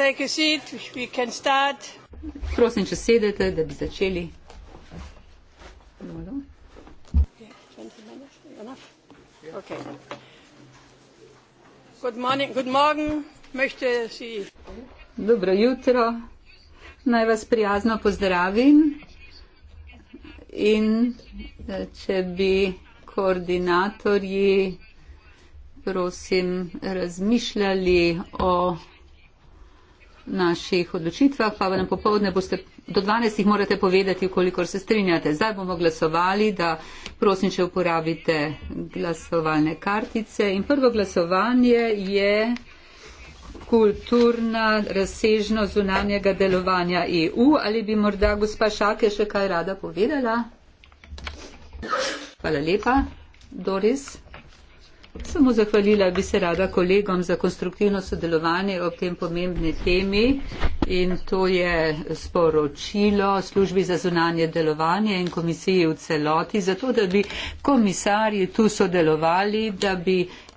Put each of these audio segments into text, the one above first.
take a seat, we can start. Prosim, če sedete, da bi začeli. Okay. Good morning, good morning, möchte Sie. Dobro jutro, naj vas prijazno pozdravim in eh, če bi koordinatorji prosim razmišljali o naših odločitvah, pa vam popovdne boste do 12. morate povedati, koliko se strinjate. Zdaj bomo glasovali, da prosim, če uporabite glasovalne kartice. In prvo glasovanje je kulturna razsežno zunanjega delovanja EU. Ali bi morda gospa Šake še kaj rada povedala? Hvala lepa, Doris. Samo zahvalila bi se rada kolegom za konstruktivno sodelovanje ob tem pomembni temi in to je sporočilo službi za zunanje delovanje in komisiji v celoti, zato da bi komisarji tu sodelovali, da bi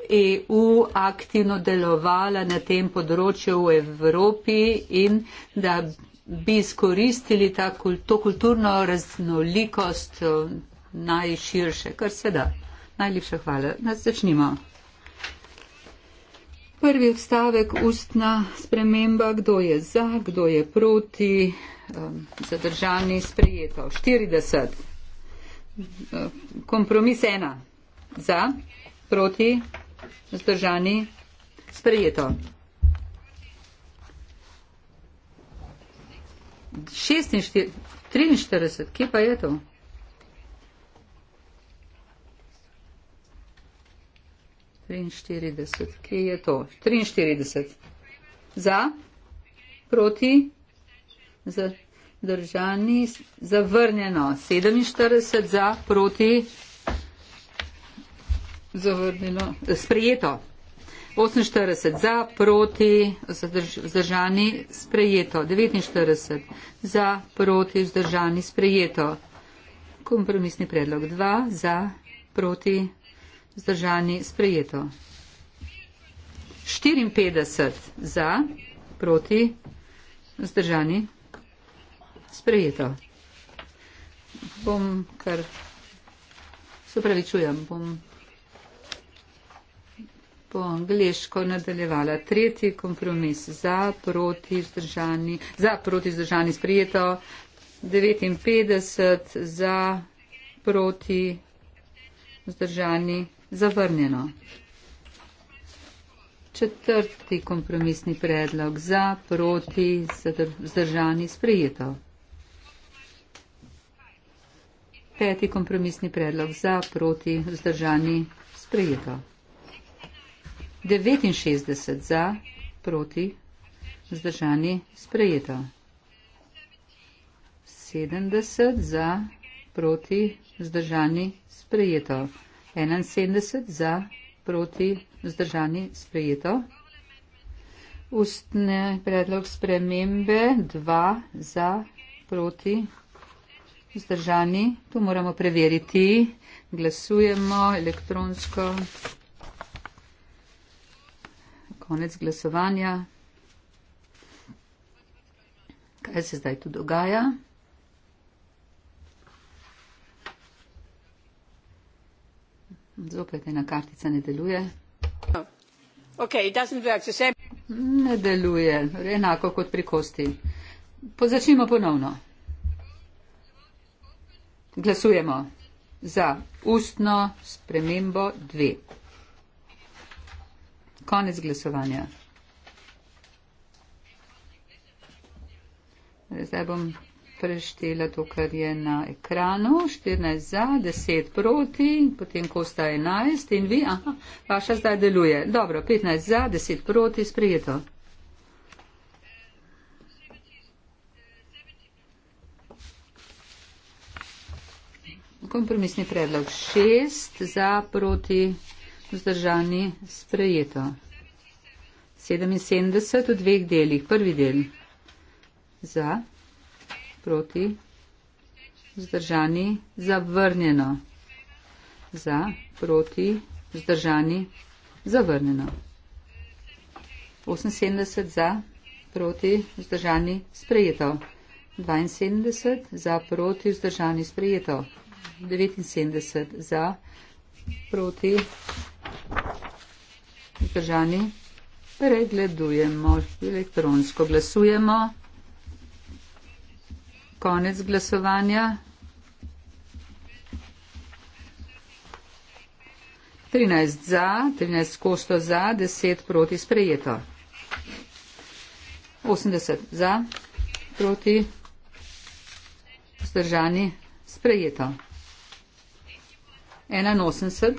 EU aktivno delovala na tem področju v Evropi in da bi izkoristili ta, to kulturno raznolikost najširše, kar se da. Najlepša hvala. Nas začnimo. Prvi odstavek, ustna sprememba, kdo je za, kdo je proti, zadržani, sprejeto. 40. Kompromis ena. Za, proti, zadržani, sprejeto. 46, 43, kje pa je to? 43, kje je to? 43. Za, proti, zadržani, zavrnjeno. 47 za, proti, zavrnjeno, sprejeto. 48 za, proti, zadržani, sprejeto. 49 za, proti, zadržani, sprejeto. Kompromisni predlog 2 za, proti, zadržani. Zdržani sprejeto. 54 za, proti, zdržani sprejeto. Bom kar, se pravi čujem, bom po angliško nadaljevala. Tretji kompromis za, proti, zdržani, za, proti, zdržani sprejeto. 59 za, proti, zdržani sprejeto zavrnjeno. Četrti kompromisni predlog za, proti, zdržani, sprejeto. Peti kompromisni predlog za, proti, zdržani, sprejeto. 69 za, proti, zdržani, sprejeto. 70 za, proti, zdržani, sprejeto. 71 za, proti vzdržani sprejeto. Ustne predlog spremembe 2 za, proti vzdržani. Tu moramo preveriti. Glasujemo elektronsko. Konec glasovanja. Kaj se zdaj tu dogaja? Zopet ena kartica ne deluje. Ne deluje, enako kot pri kosti. Pozačnimo ponovno. Glasujemo za ustno spremembo dve. Konec glasovanja. Zdaj bom preštela to, kar je na ekranu. 14 za, 10 proti, potem kosta 11 in vi, aha, vaša zdaj deluje. Dobro, 15 za, 10 proti, sprijeto. Kompromisni predlog 6 za, proti, vzdržani, sprijeto. 77 v dveh delih. Prvi del. Za proti, zdržani, zavrnjeno, za, proti, zdržani, zavrnjeno. 78 za, proti, zdržani, sprejeto. 72 za, proti, zdržani, sprejeto. 79 za, proti, zdržani, pregledujemo elektronsko, glasujemo konec glasovanja. 13 za, 13 kosto za, 10 proti sprejeto. 80 za, proti vzdržani sprejeto. 81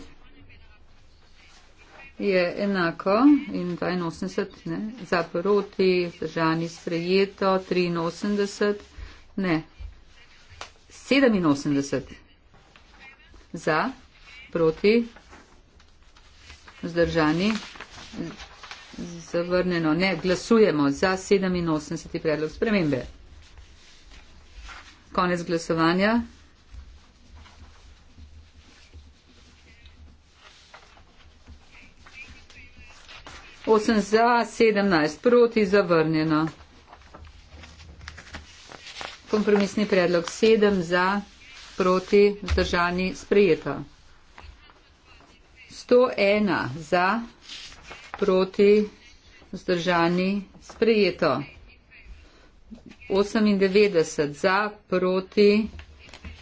je enako in 82 ne, za proti vzdržani sprejeto. 83. Ne. 87. Za, proti, vzdržani, zavrnjeno. Ne, glasujemo za 87. predlog spremembe. Konec glasovanja. Osem za, sedemnajst proti, zavrnjeno kompromisni predlog sedem za proti vzdržani sprejeta. 101 za proti vzdržani sprejeto. 98 za proti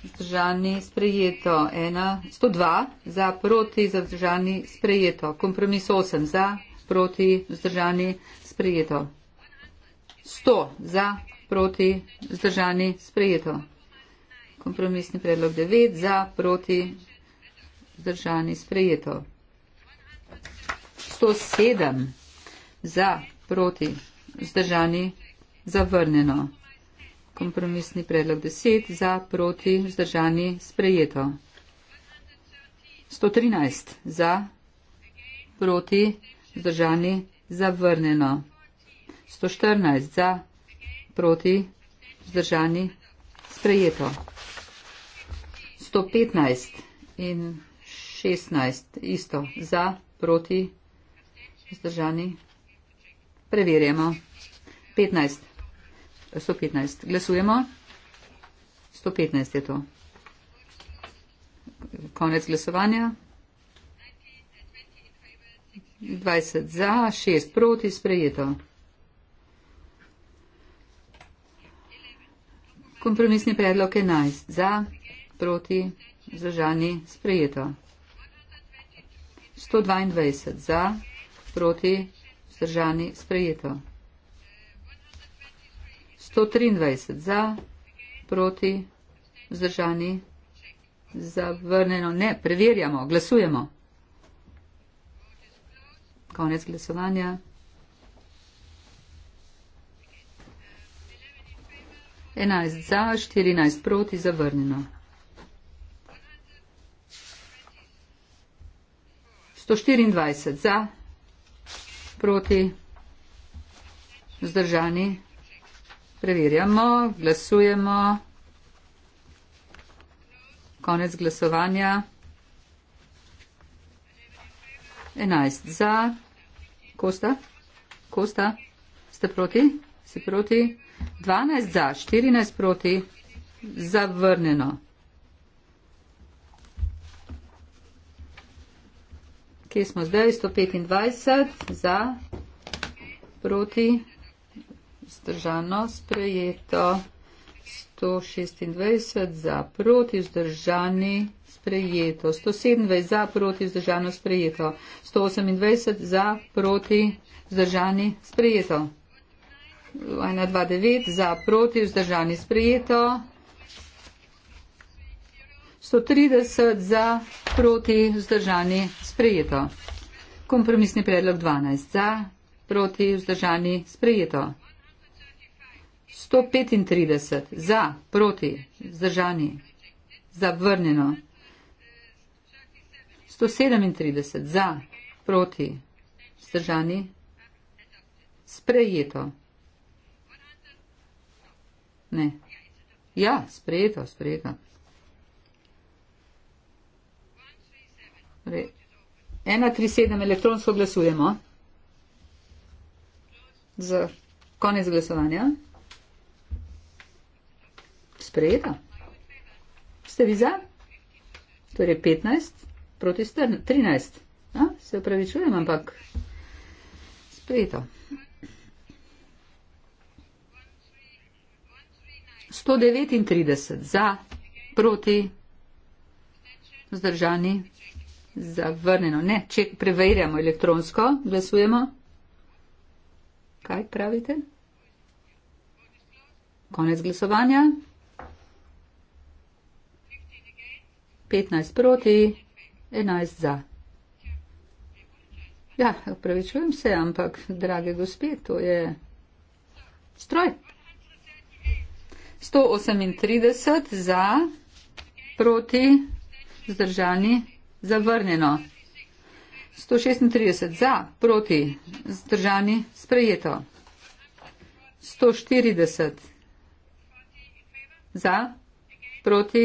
vzdržani sprejeto. 1, 102 za proti vzdržani sprejeto. Kompromis 8 za proti vzdržani sprejeto. 100 za proti, zdržani, sprejeto. Kompromisni predlog 9 za, proti, zdržani, sprejeto. 107 za, proti, zdržani, zavrnjeno. Kompromisni predlog 10 za, proti, zdržani, sprejeto. 113 za, proti, zdržani, zavrnjeno. 114 za, proti, zdržani, zavrnjeno proti vzdržani sprejeto. 115 in 16 isto za proti vzdržani preverjamo. 15. 115. Glasujemo. 115 je to. Konec glasovanja. 20 za, 6 proti, sprejeto. Kompromisni predlog 11. Za, proti, zdržani, sprejeto. 122. Za, proti, zdržani, sprejeto. 123. Za, proti, zdržani, zavrneno. Ne, preverjamo, glasujemo. Konec glasovanja. 11 za, 14 proti zavrnjeno. 124 za, proti, zdržani. Preverjamo, glasujemo. Konec glasovanja. 11 za. Kosta? Kosta? Ste proti? se proti, 12 za, 14 proti, zavrnjeno. Kje smo zdaj? 125 za, proti, zdržano, sprejeto. 126 za, proti, zdržani, sprejeto. 127 za, proti, zdržano, sprejeto. 128 za, proti, zdržani, sprejeto. 1,29 za proti vzdržani sprejeto. 130 za proti vzdržani sprejeto. Kompromisni predlog 12 za proti vzdržani sprejeto. 135 za proti vzdržani zavrnjeno. 137 za proti vzdržani sprejeto. Ne. Ja, sprejeto, sprejeto. Re. Torej, 137 elektronsko glasujemo. Za konec glasovanja. Sprejeto. Ste vi za? Torej 15 proti 13. A? Se upravičujem, ampak sprejeto. 139 za, proti, vzdržani, zavrnjeno. Ne, če preverjamo elektronsko, glasujemo. Kaj pravite? Konec glasovanja. 15 proti, 11 za. Ja, opravičujem se, ampak, drage gospe, to je stroj. 138 za, proti, zdržani, zavrnjeno. 136 za, proti, zdržani, sprejeto. 140 za, proti,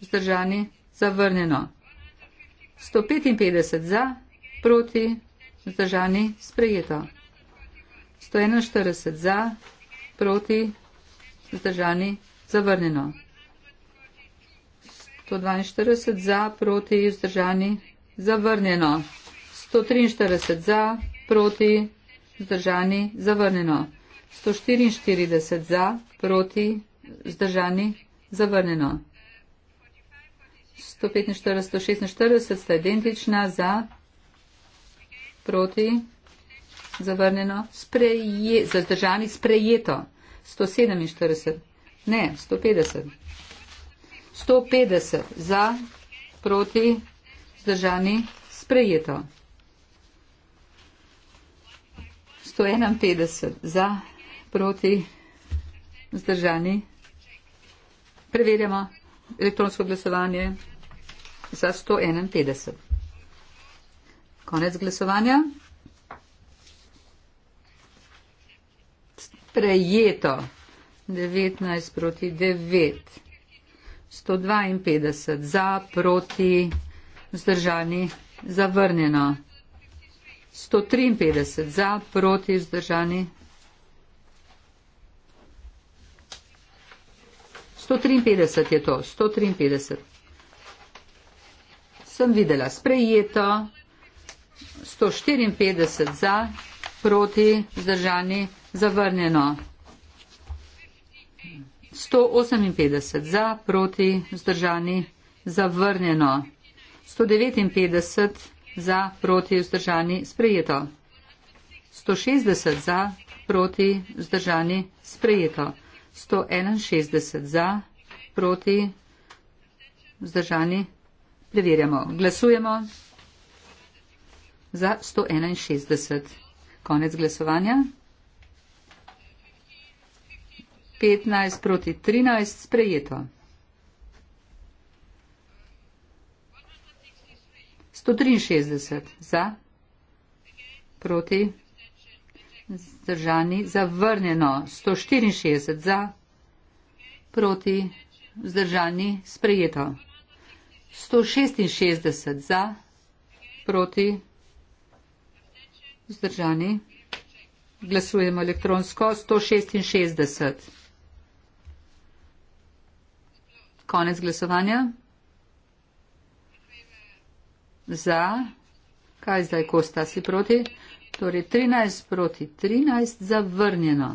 zdržani, zavrnjeno. 155 za, proti, zdržani, sprejeto. 141 za, proti, zdržani, sprejeto zdržani, zavrnjeno. 142 za, proti, zdržani, zavrnjeno. 143 za, proti, zdržani, zavrnjeno. 144 za, proti, zdržani, zavrnjeno. 145-146 sta identična za, proti, zavrnjeno, sprejeto, zadržani, sprejeto. 147, ne, 150. 150 za, proti, zdržani, sprejeto. 151 za, proti, zdržani. Preverjamo elektronsko glasovanje za 151. Konec glasovanja. prejeto 19 proti 9, 152 za proti vzdržani zavrnjeno, 153 za proti vzdržani. 153 je to, 153. Sem videla sprejeto, 154 za proti vzdržani zavrnjeno. Zavrnjeno. 158 za, proti, vzdržani, zavrnjeno. 159 za, proti, vzdržani, sprejeto. 160 za, proti, vzdržani, sprejeto. 161 za, proti, vzdržani, preverjamo. Glasujemo za 161. Konec glasovanja. 15 proti 13 sprejeto. 163 za, proti, zdržani, zavrnjeno, 164 za, proti, zdržani, sprejeto, 166 za, proti, zdržani, glasujemo elektronsko, 166. Konec glasovanja. Za. Kaj zdaj, ko sta si proti? Torej 13 proti 13 zavrnjeno.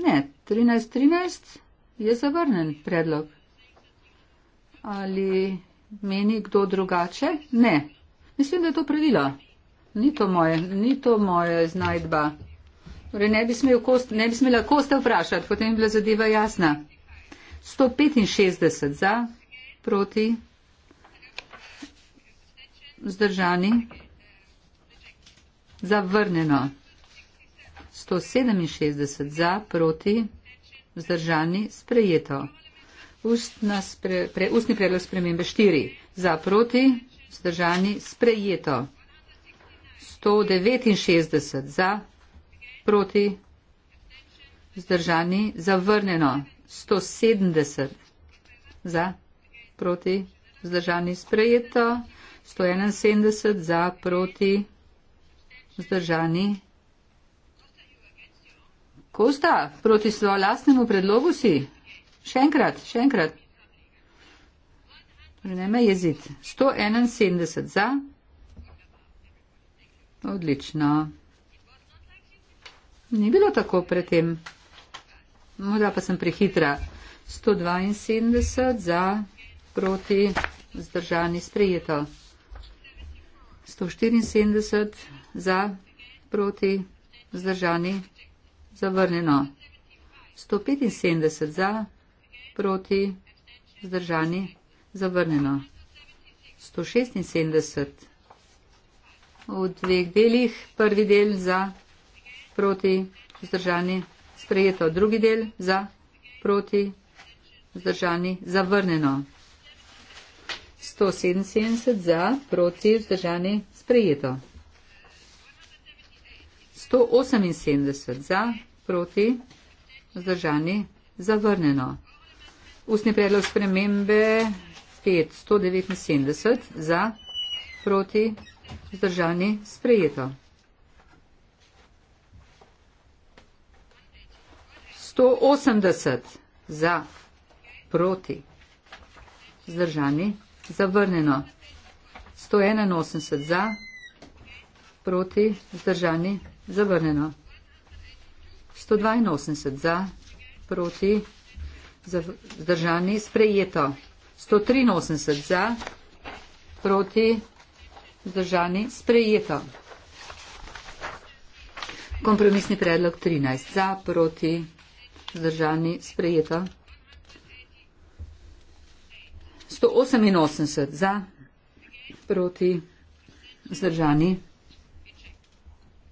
Ne, 13-13 je zavrnen predlog. Ali meni kdo drugače? Ne. Mislim, da je to pravilo. Ni to moje, ni to moje znajdba. Torej, ne bi, kost, ne bi smela koste vprašati, potem je bila zadeva jasna. 165 za, proti, zdržani, zavrnjeno. 167 za, proti, zdržani, sprejeto. Ustna spre, pre, ustni predlog spremembe 4. Za, proti, zdržani, sprejeto. 169 za, proti vzdržani, zavrnjeno 170 za proti vzdržani sprejeto, 171 za proti vzdržani. Kosta, proti svojo lastnemu predlogu si? Še enkrat, še enkrat. Ne me jezit. 171 za. Odlično. Ni bilo tako predtem. Morda pa sem prehitra. 172 za proti zdržani sprejeto. 174 za proti zdržani zavrnjeno. 175 za proti zdržani zavrnjeno. 176 v dveh delih, prvi del za proti, vzdržani, sprejeto. Drugi del za, proti, vzdržani, zavrnjeno. 177 za, proti, vzdržani, sprejeto. 178 za, proti, vzdržani, zavrnjeno. Ustni predlog spremembe 5, 179 za, proti, vzdržani, sprejeto. 180 za, proti, zdržani, zavrnjeno. 181 za, proti, zdržani, zavrnjeno. 182 za, proti, zdržani, sprejeto. 183 za, proti, zdržani, sprejeto. Kompromisni predlog 13 za, proti, zdržani. Zdržani sprejeta. 188 za, proti zdržani.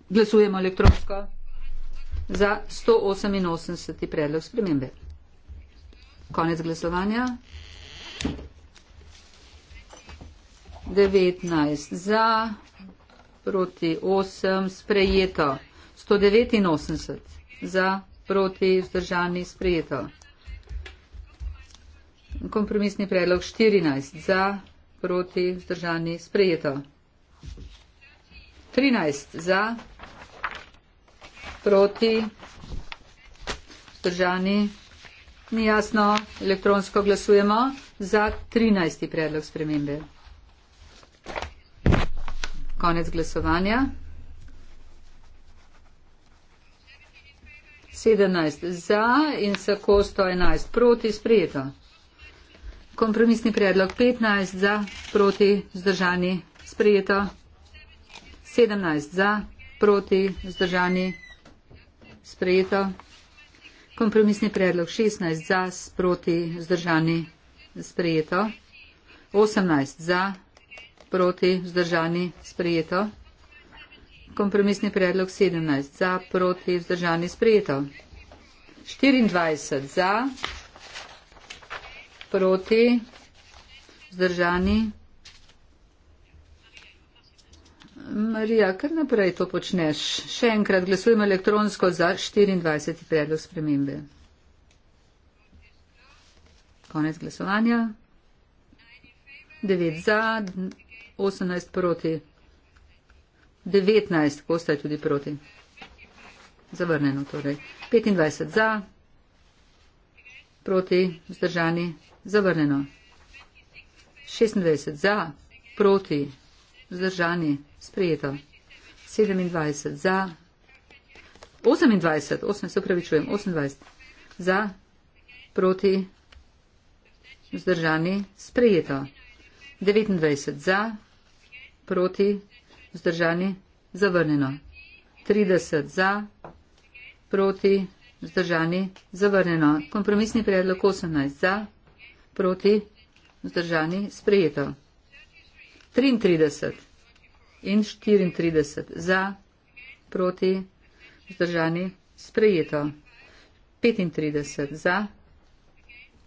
Glasujemo elektronsko za 188 predlog spremembe. Konec glasovanja. 19 za, proti 8 sprejeto. 189 za proti vzdržani sprejeto. Kompromisni predlog 14 za proti vzdržani sprejeto. 13 za proti vzdržani. Ni jasno, elektronsko glasujemo za 13. predlog spremembe. Konec glasovanja. 17 za in sako 111 proti sprejeto. Kompromisni predlog 15 za, proti zdržani sprejeto. 17 za, proti zdržani sprejeto. Kompromisni predlog 16 za, proti zdržani sprejeto. 18 za, proti zdržani sprejeto. Kompromisni predlog 17 za, proti, vzdržani, sprejeto. 24 za, proti, vzdržani. Marija, kar naprej to počneš. Še enkrat glasujemo elektronsko za 24 predlog spremembe. Konec glasovanja. 9 za, 18 proti. 19, ko ste tudi proti. Zavrneno torej. 25 za, proti, vzdržani, zavrneno. 26 za, proti, vzdržani, sprejeto. 27 za, 28, 8, se upravičujem, 28 za, proti, vzdržani, sprejeto. 29 za, proti, Zdržani? Zavrnjeno. 30 za, proti, zdržani, zavrnjeno. Kompromisni predlog 18 za, proti, zdržani, sprejeto. 33 in 34 za, proti, zdržani, sprejeto. 35 za,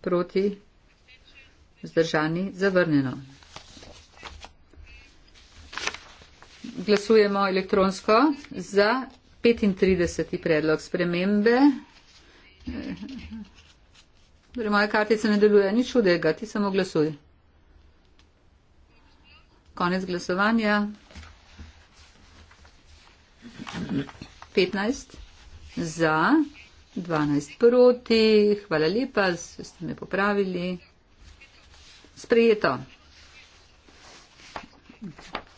proti, zdržani, zavrnjeno. glasujemo elektronsko za 35. predlog spremembe. Dore, moja kartica ne deluje, ni čudega, ti samo glasuj. Konec glasovanja. 15 za, 12 proti, hvala lepa, ste me popravili. Sprejeto.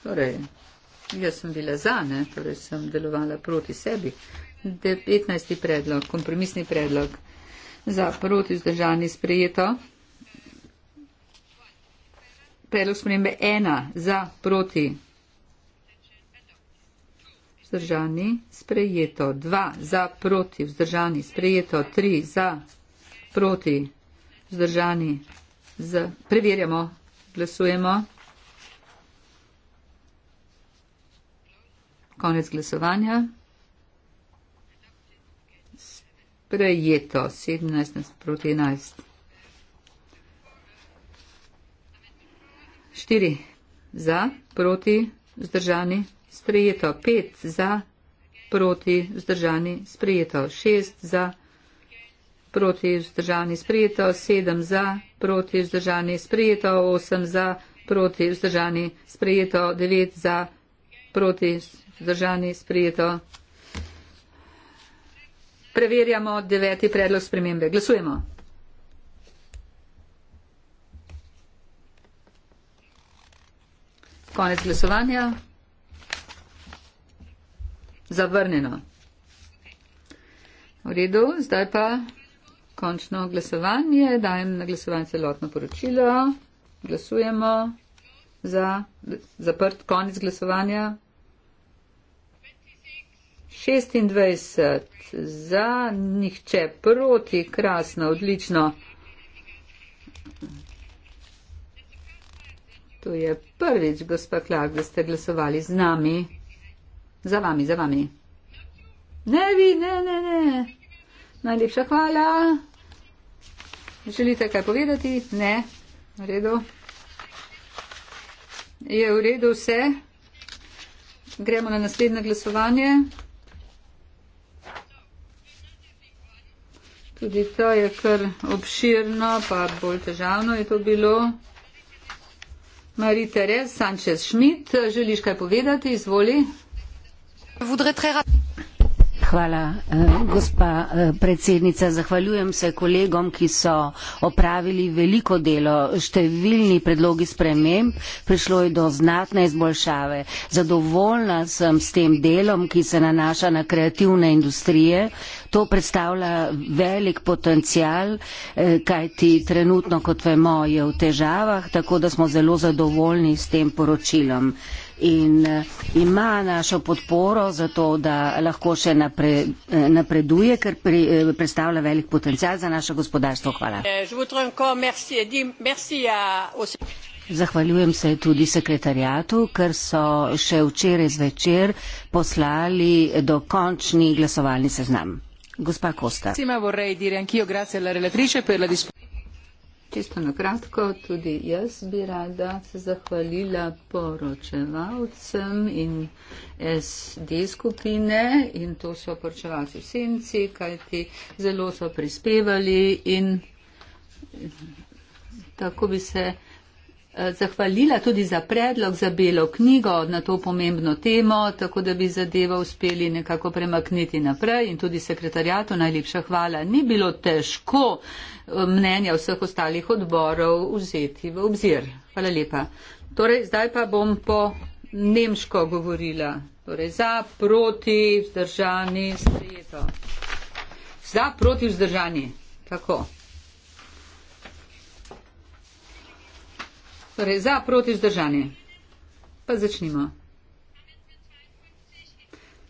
Torej, jaz sem bila za, ne, torej sem delovala proti sebi. 15. predlog, kompromisni predlog za proti zdržani sprejeto. Predlog spremembe 1 za proti vzdržani sprejeto, 2 za proti vzdržani sprejeto, 3 za proti vzdržani. Z... Preverjamo, glasujemo. Konec glasovanja. Sprejeto 17 proti 11. 4 za, proti, zdržani, sprejeto. 5 za, proti, zdržani, sprejeto. 6 za, proti, zdržani, sprejeto. 7 za, proti, zdržani, sprejeto. 8 za, proti, zdržani, sprejeto. 9 za, proti, zdržani. Zdržani sprijeto. Preverjamo deveti predlog spremembe. Glasujemo. Konec glasovanja. Zavrnjeno. V redu, zdaj pa končno glasovanje. Dajem na glasovanje celotno poročilo. Glasujemo za zaprt konec glasovanja. 26 za, nihče proti, krasno, odlično. To je prvič, gospa Klag, da ste glasovali z nami. Za vami, za vami. Ne vi, ne, ne, ne. Najlepša hvala. Želite kaj povedati? Ne. V redu. Je v redu vse. Gremo na naslednje glasovanje. Tudi to je kar obširno, pa bolj težavno je to bilo. Marie Therese Sanchez Schmidt, želiš kaj povedati? Izvoli. Hvala, eh, gospa eh, predsednica. Zahvaljujem se kolegom, ki so opravili veliko delo, številni predlogi sprememb, prišlo je do znatne izboljšave. Zadovoljna sem s tem delom, ki se nanaša na kreativne industrije, to predstavlja velik potencial, eh, kaj ti trenutno, kot vemo, je v težavah, tako da smo zelo zadovoljni s tem poročilom. In eh, ima našo podporo za to, da lahko še napre, eh, napreduje, ker pri, predstavlja velik potencial za naše gospodarstvo. Hvala. Zahvaljujem se tudi sekretarjatu, ker so še včeraj zvečer poslali dokončni glasovalni seznam. Čisto na kratko, tudi jaz bi rada se zahvalila poročevalcem in SD skupine in to so poročevalci v senci, kajti zelo so prispevali in tako bi se. Eh, zahvalila tudi za predlog za belo knjigo na to pomembno temo, tako da bi zadevo uspeli nekako premakniti naprej in tudi sekretarjatu najlepša hvala. Ni bilo težko eh, mnenja vseh ostalih odborov vzeti v obzir. Hvala lepa. Torej, zdaj pa bom po nemško govorila. Torej, za, proti, vzdržani, sprejeto. Za, proti, vzdržani. Tako. Torej, za proti vzdržanje. Pa začnimo.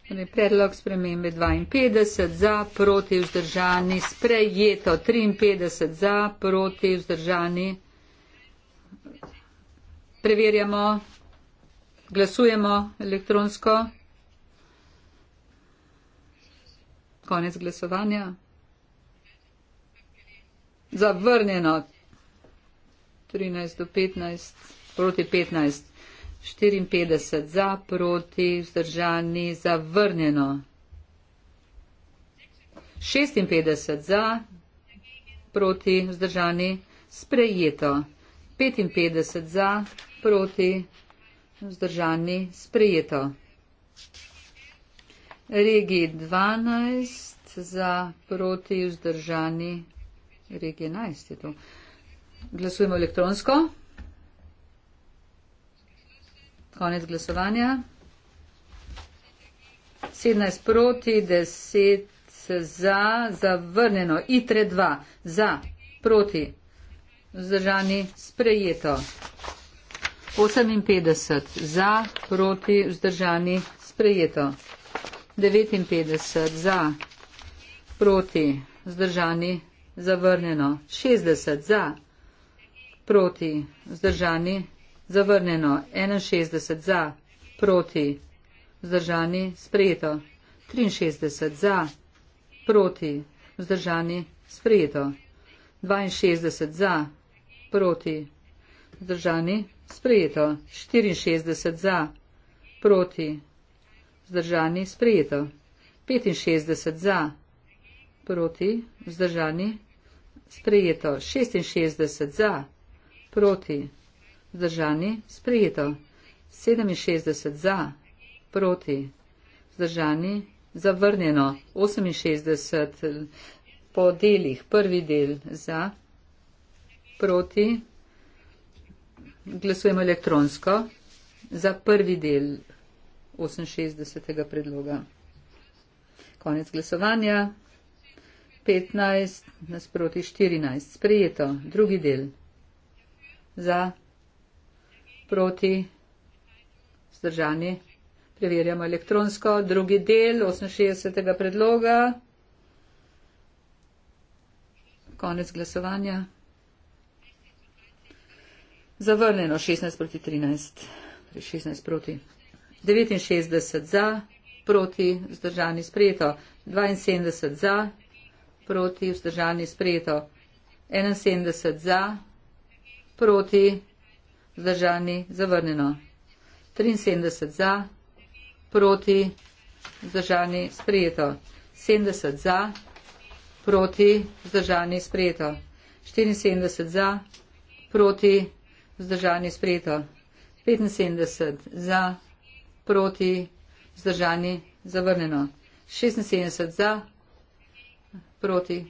Torej, predlog spremembe 52 za proti vzdržanje, sprejeto 53 za proti vzdržanje. Preverjamo, glasujemo elektronsko. Konec glasovanja. Zavrnjeno 13 do 15, proti 15, 54 za, proti vzdržani, zavrnjeno. 56 za, proti vzdržani, sprejeto. 55 za, proti vzdržani, sprejeto. Regi 12 za, proti vzdržani, regi 11 je to. Glasujemo elektronsko. Konec glasovanja. 17 proti, 10 za, zavrnjeno. ITRE 2 za, proti, vzdržani, sprejeto. 58 za, proti, vzdržani, sprejeto. 59 za, proti, vzdržani, zavrnjeno. 60 za, proti, vzdržani, zavrnjeno, 61 za, proti, vzdržani, sprejeto, 63 za, proti, vzdržani, sprejeto, 62 za, proti, vzdržani, sprejeto, 64 za, proti, vzdržani, sprejeto, 65 za, proti, vzdržani, sprejeto, 66 za, proti, proti, vzdržani, sprijeto, 67 za, proti, vzdržani, zavrnjeno, 68 po delih, prvi del za, proti, glasujemo elektronsko, za prvi del 68. predloga. Konec glasovanja. 15 nasproti 14. Sprejeto. Drugi del za proti zdržani. Preverjamo elektronsko. Drugi del 68. predloga. Konec glasovanja. Zavrnjeno 16 proti 13. 16 torej proti. 69 za, proti vzdržani sprejeto. 72 za, proti vzdržani sprejeto. 71 za, proti, zdržani, zavrnjeno. 73 za, proti, zdržani, sprejeto. 70 za, proti, zdržani, sprejeto. 74 za, proti, zdržani, sprejeto. 75 za, proti, zdržani, zavrnjeno. 76 za, proti.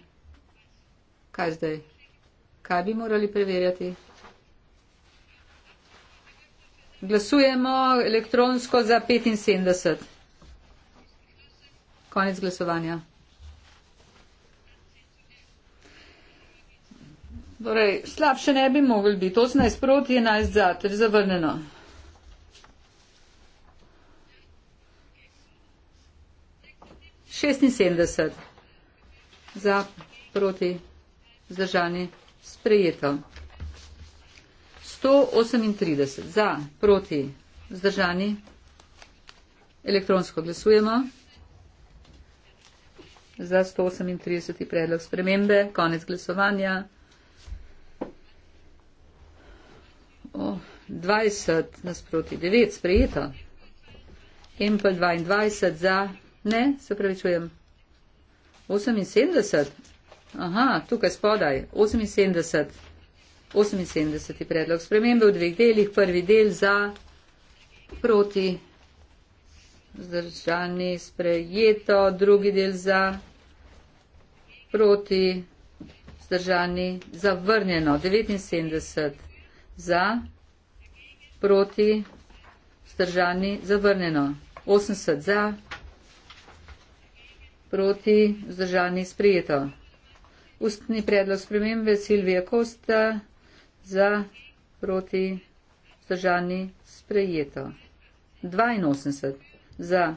Kaj zdaj? Kaj bi morali preverjati? Glasujemo elektronsko za 75. Konec glasovanja. Torej, slabše ne bi mogli biti. 18 proti, 11 za, ter torej zavrneno. Šestinsedemdeset za proti zdržani sprejeto. 138 za, proti, zdržani. Elektronsko glasujemo. Za 138 predlog spremembe, konec glasovanja. O, 20 nasproti 9, sprejeto. MP22 za, ne, se pravi, čujem. 78. Aha, tukaj spodaj, 78. 78. predlog spremembe v dveh delih. Prvi del za proti zdržani sprejeto, drugi del za proti zdržani zavrnjeno. 79 za proti zdržani zavrnjeno. 80 za proti zdržani sprejeto. Ustni predlog spremembe Silvija Kosta za, proti, vzdržani, sprejeto. 82 za,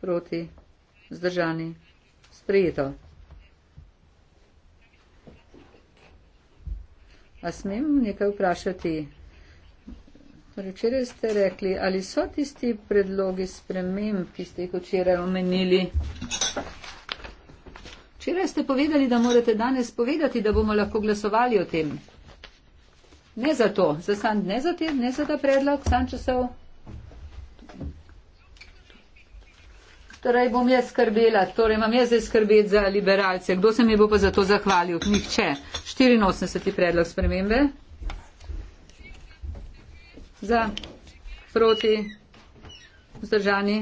proti, vzdržani, sprejeto. A smem nekaj vprašati? Torej, včeraj ste rekli, ali so tisti predlogi spremem, ki ste jih včeraj omenili? Včeraj ste povedali, da morate danes povedati, da bomo lahko glasovali o tem. Ne za to, za sam, ne za te, ne za ta predlog, sam časov. Torej bom jaz skrbela, torej imam jaz zdaj skrbeti za liberalce. Kdo se mi bo pa za to zahvalil? Nihče. 84. predlog spremembe. Za, proti, vzdržani.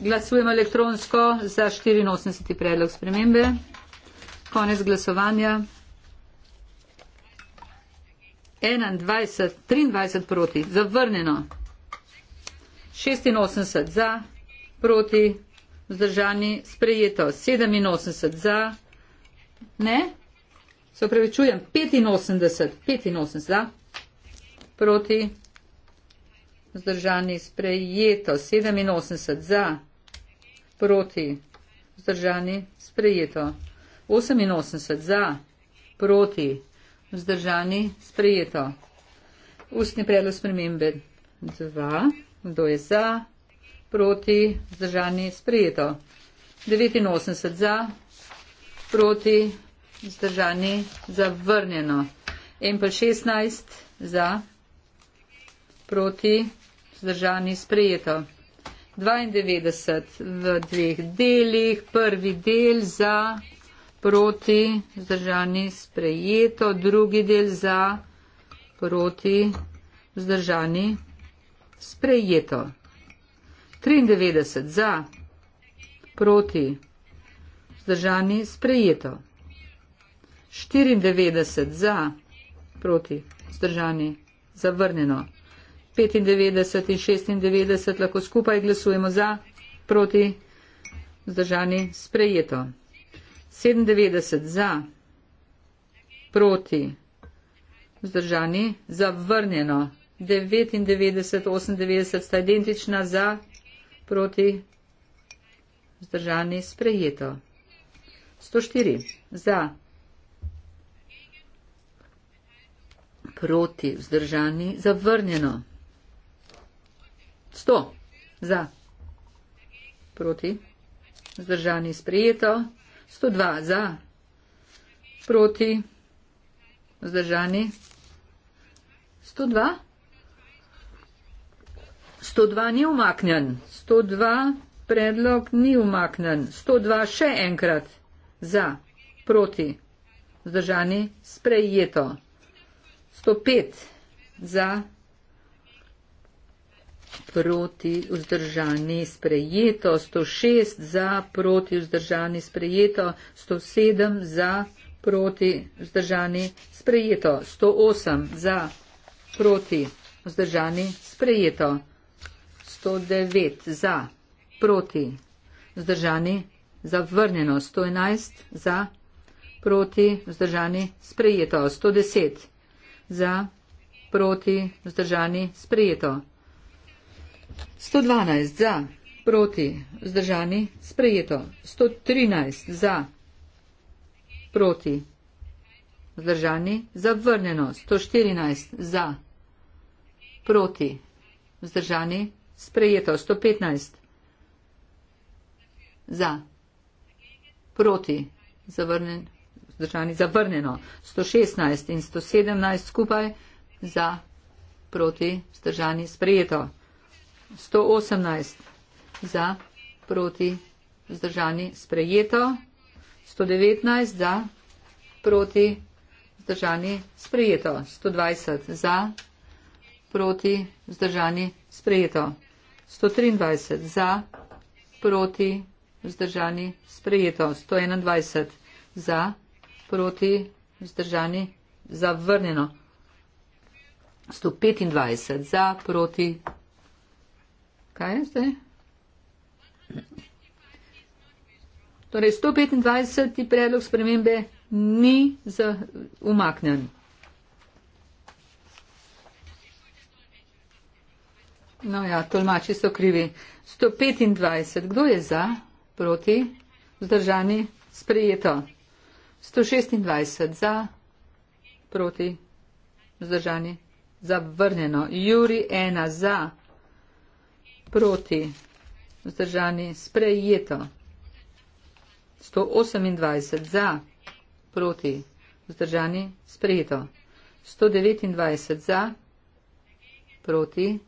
Glasujemo elektronsko za 84. predlog spremembe. Konec glasovanja. 21, 23 proti, zavrnjeno. 86 za, proti, vzdržani, sprejeto. 87 za, ne, se upravičujem, 85, 85 za, proti, vzdržani, sprejeto. 87 za, proti, vzdržani, sprejeto. 88 za, proti, vzdržani, sprejeto. Ustni predlog spremembe 2, kdo je za, proti, vzdržani, sprejeto. 89 za, proti, vzdržani, zavrnjeno. MP16 za, proti, vzdržani, sprejeto. 92 v dveh delih, prvi del za, proti, vzdržani, sprejeto, drugi del za, proti, vzdržani, sprejeto. 93 za, proti, vzdržani, sprejeto. 94 za, proti, vzdržani, zavrnjeno. 95 in 96 lahko skupaj glasujemo za, proti, vzdržani, sprejeto. 97 za, proti, vzdržani, zavrnjeno. 99, 98 sta identična za, proti, vzdržani, sprejeto. 104 za, proti, vzdržani, zavrnjeno. 100 za, proti, vzdržani, sprejeto. 102 za, proti, vzdržani. 102? 102 ni umaknjen, 102 predlog ni umaknjen, 102 še enkrat za, proti, vzdržani, sprejeto. 105 za, proti proti vzdržani sprejeto, 106 za proti vzdržani sprejeto, 107 za proti vzdržani sprejeto, 108 za proti vzdržani sprejeto, 109 za proti vzdržani zavrnjeno, 111 za proti vzdržani sprejeto, 110 za proti vzdržani sprejeto. 112 za, proti, vzdržani, sprejeto. 113 za, proti, vzdržani, zavrnjeno. 114 za, proti, vzdržani, sprejeto. 115 za, proti, zavrnjen, vzdržani, zavrnjeno. 116 in 117 skupaj za, proti, vzdržani, sprejeto. 118 za, proti, vzdržani, sprejeto. 119 za, proti, vzdržani, sprejeto. 120 za, proti, vzdržani, sprejeto. 123 za, proti, vzdržani, sprejeto. 121 za, proti, vzdržani, zavrnjeno. 125 za, proti, vzdržani. Kaj je zdaj? Torej, 125. predlog spremembe ni umaknen. No ja, tolmači so krivi. 125. Kdo je za, proti, vzdržani, sprejeto? 126. Za, proti, vzdržani, zavrnjeno. Juri ena za proti, vzdržani, sprejeto. 128 za, proti, vzdržani, sprejeto. 129 za, proti,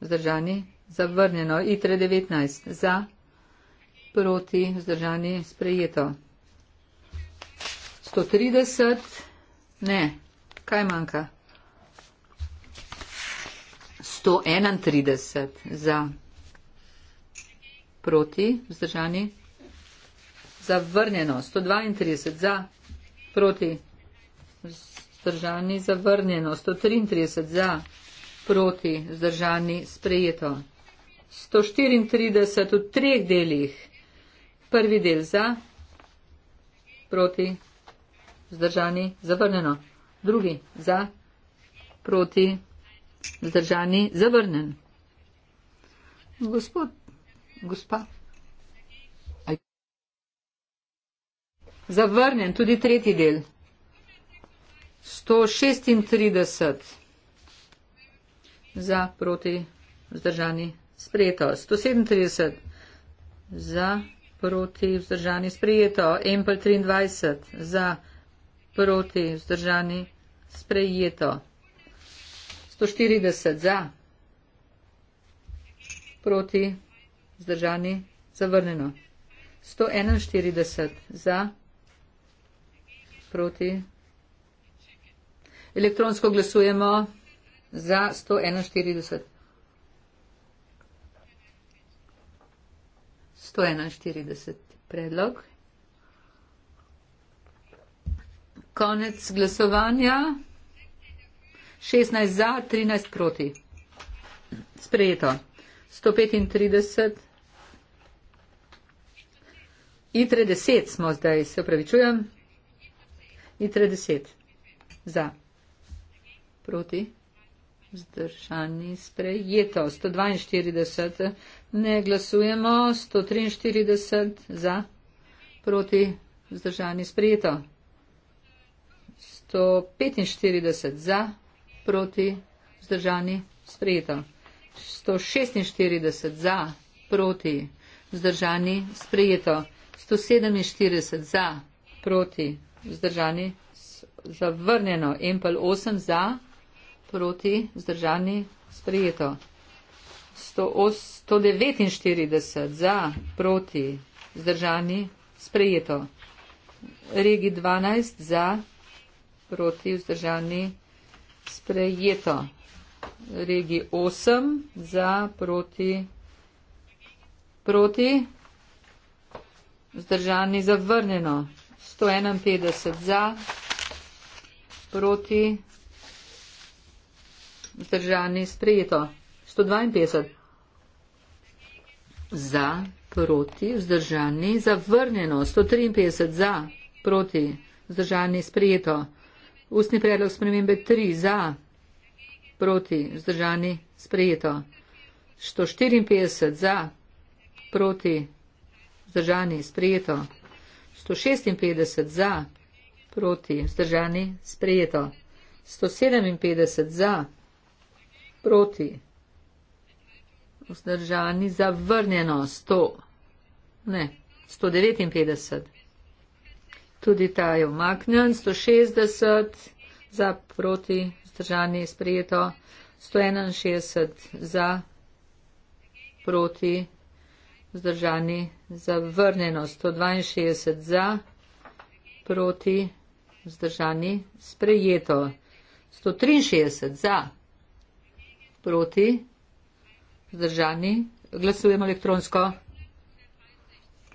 vzdržani, zavrnjeno. ITRE 19 za, proti, vzdržani, sprejeto. 130, ne, kaj manjka? 131 za, proti, vzdržani, zavrnjeno, 132 za, proti, vzdržani, zavrnjeno, 133 za, proti, vzdržani, sprejeto. 134 v treh delih, prvi del za, proti, vzdržani, zavrnjeno, drugi za, proti, vzdržani, zavrnjen. Gospod Gospa. Zavrnjen tudi tretji del. 136 za proti vzdržani sprejeto. 137 za proti vzdržani sprejeto. Empel 23 za proti vzdržani sprejeto. 140 za proti Zdržani, zavrnjeno. 141 za, proti. Elektronsko glasujemo za 141. 141 predlog. Konec glasovanja. 16 za, 13 proti. Sprejeto. 135. ITRE 10 smo zdaj, se upravičujem. ITRE 10 za. Proti. Zdržani sprejeto. 142 ne glasujemo. 143 za. Proti. Zdržani sprejeto. 145 za. Proti. Zdržani sprejeto. 146 za. Proti. Zdržani sprejeto. 147 za, proti vzdržani, zavrnjeno in pa 8 za, proti vzdržani, sprijeto. 149 za, proti vzdržani, sprijeto. Regi 12 za, proti vzdržani, sprijeto. Regi 8 za, proti. Proti Vzdržani zavrnjeno. 151 za, proti. Vzdržani sprejeto. 152 za, proti. Vzdržani zavrnjeno. 153 za, proti. Vzdržani sprejeto. Ustni predlog spremembe 3 za, proti. Vzdržani sprejeto. 154 za, proti vzdržani, sprejeto. 156 za, proti, vzdržani, sprejeto. 157 za, proti, vzdržani, zavrnjeno. 100, ne, 159. Tudi ta je omaknjen. 160 za, proti, vzdržani, sprejeto. 161 za, proti, vzdržani za vrnjeno 162 za, proti vzdržani sprejeto 163 za, proti vzdržani glasujemo elektronsko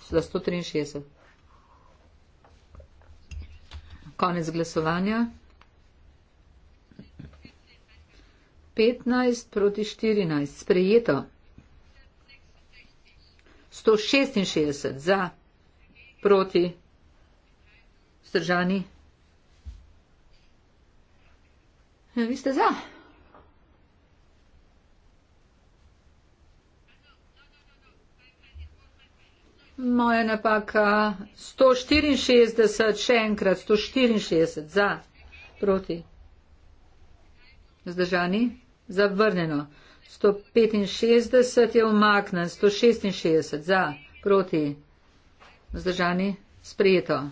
za 163. Konec glasovanja. 15 proti 14. Sprejeto. 166 za, proti, vzdržani. Ja, vi ste za. Moja napaka 164, še enkrat 164 za, proti, vzdržani, zavrnjeno. 165 je omaknen, 166 za, proti, vzdržani, sprejeto.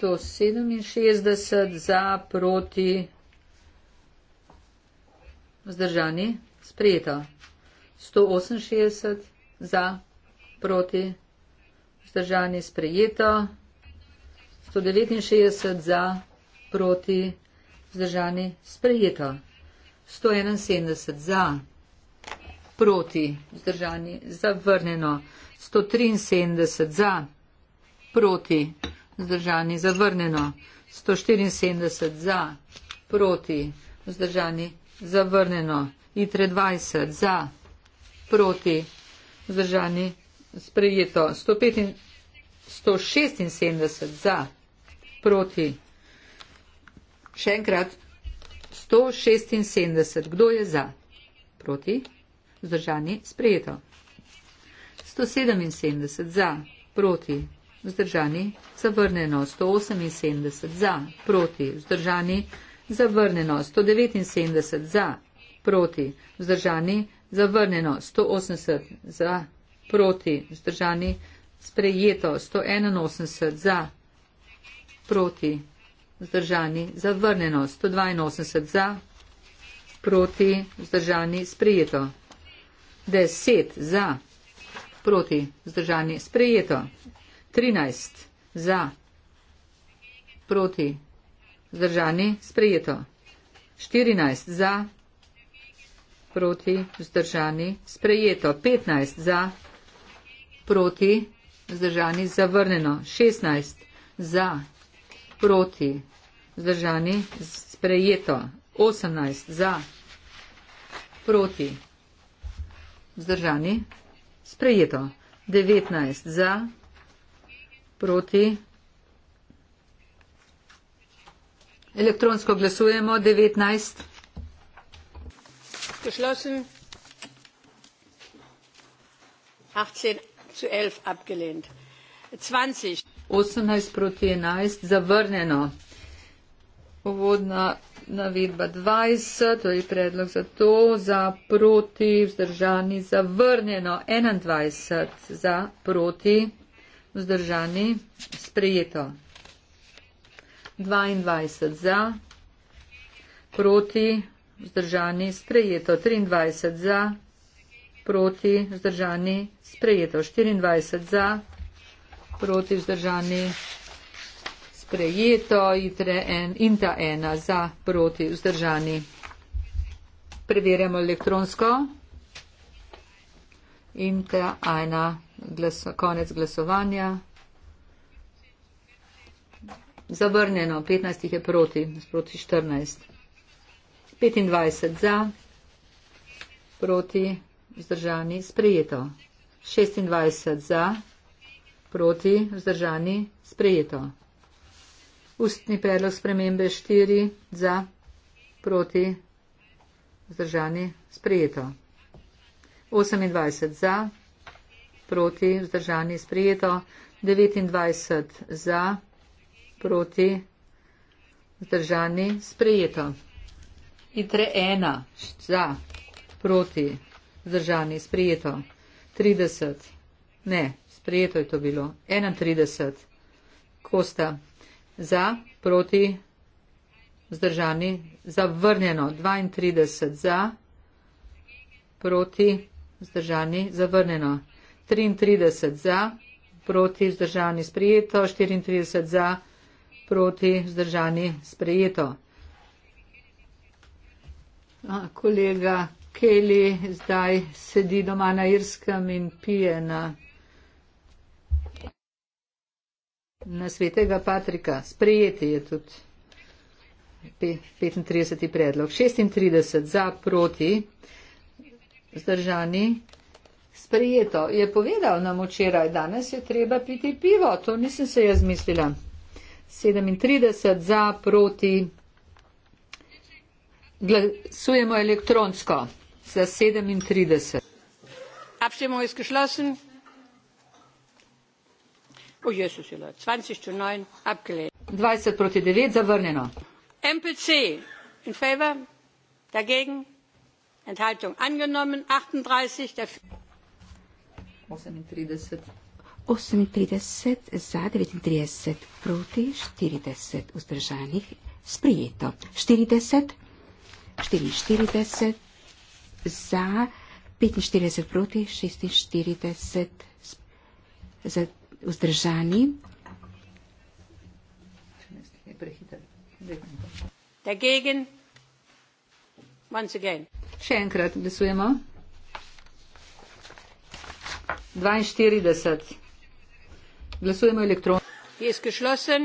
167 za, proti, vzdržani, sprejeto. 168 za, proti, vzdržani, sprejeto. 169 za, proti, vzdržani, sprejeto. 171 za, proti vzdržani, zavrnjeno, 173 za, proti vzdržani, zavrnjeno, 174 za, proti vzdržani, zavrnjeno, itre 20 za, proti vzdržani, sprejeto, 175 za, proti, še enkrat, 176. Kdo je za? Proti? Vzdržani? Sprejeto. 177. Za? Proti? Vzdržani? Zavrneno. 178. Za? Proti? Vzdržani? Zavrneno. 179. Za? Proti? Vzdržani? Zavrneno. 180. Za? Proti? Vzdržani? Sprejeto. 181. Za? Proti? Vzdržani? vzdržani, zavrnjeno, 182 za, proti, vzdržani, sprejeto, 10 za, proti, vzdržani, sprejeto, 13 za, proti, vzdržani, sprejeto, 14 za, proti, vzdržani, sprejeto, 15 za, proti, vzdržani, zavrnjeno, 16 za, proti, zdržani, sprejeto, 18 za, proti, zdržani, sprejeto, 19 za, proti, elektronsko glasujemo, 19. Geschlossen. 18 zu 11 abgelehnt. 20. 18 proti 11 zavrnjeno. Uvodna navedba 20, to je predlog za to, za proti vzdržani zavrnjeno. 21 za proti vzdržani sprejeto. 22 za proti vzdržani sprejeto. 23 za proti vzdržani sprejeto. 24 za proti vzdržani sprejeto en, in ta ena za proti vzdržani. Preverjamo elektronsko in ta ena glaso, konec glasovanja. Zavrnjeno, 15 jih je proti, proti 14. 25 za, proti, vzdržani, sprejeto. 26 za proti vzdržani sprejeto. Ustni predlog spremembe 4 za proti vzdržani sprejeto. 28 za proti vzdržani sprejeto. 29 za proti vzdržani sprejeto. ITRE 1 za proti vzdržani sprejeto. 30 ne sprejeto je to bilo. 31, ko sta za, proti, zdržani, zavrnjeno. 32, za, proti, zdržani, zavrnjeno. 33, za, proti, zdržani, sprejeto. 34, za, proti, zdržani, sprejeto. A, kolega Kelly zdaj sedi doma na Irskem in pije na. na svetega Patrika, sprejeti je tudi 35. predlog, 36 za proti zdržani. Sprijeto. Je povedal nam včeraj, danes je treba piti pivo, to nisem se jaz mislila. 37 za proti. Glasujemo elektronsko za 37 dvajset proti devet zavrnjeno osemintrideset za devetintrideset proti štirideset vzdržanih sprejeto štirideset štiriinštirideset za petinštirideset proti šestinštirideset za vzdržani. Dagegen. Once again. Še enkrat glasujemo. 42. Glasujemo elektronsko.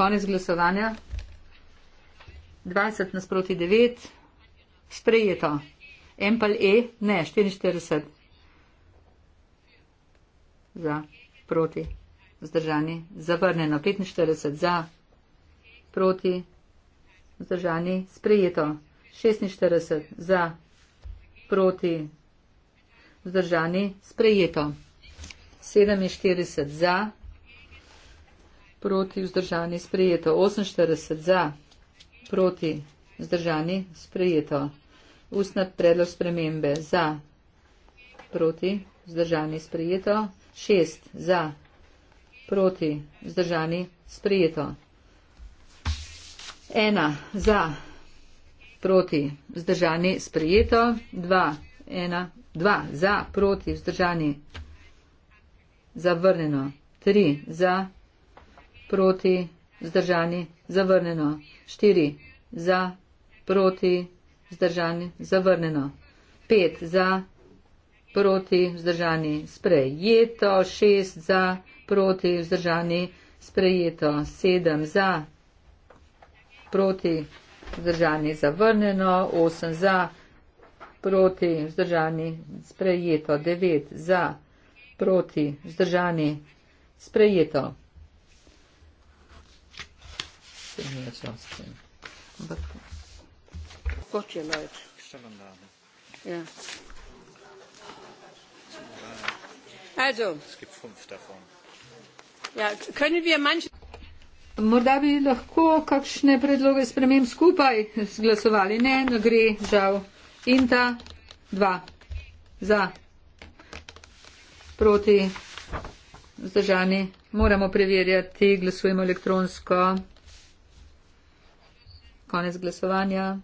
Konec glasovanja. 20 nasproti 9. Sprejeto. Empel E. Ne, 44 za, proti, vzdržani, zavrnjeno, 45 za, proti, vzdržani, sprejeto, 46 za, proti, vzdržani, sprejeto, 47 za, proti, vzdržani, sprejeto, 48 za, proti, vzdržani, sprejeto, ustna predlog spremembe za, proti, vzdržani, sprejeto, šest za, proti, vzdržani, sprejeto. Ena za, proti, vzdržani, sprejeto. Dva, ena, dva za, proti, vzdržani, zavrnjeno. Tri za, proti, vzdržani, zavrnjeno. Štiri za, proti, vzdržani, zavrnjeno. Pet za, proti, vzdržani, zavrnjeno proti vzdržani sprejeto, šest za proti vzdržani sprejeto, sedem za proti vzdržani zavrnjeno, osem za proti vzdržani sprejeto, devet za proti vzdržani sprejeto. Yeah. Ja, Morda bi lahko kakšne predloge sprememb skupaj zglasovali. Ne, ne no, gre, žal. In ta dva. Za. Proti. Zdržani. Moramo preverjati. Glasujemo elektronsko. Konec glasovanja.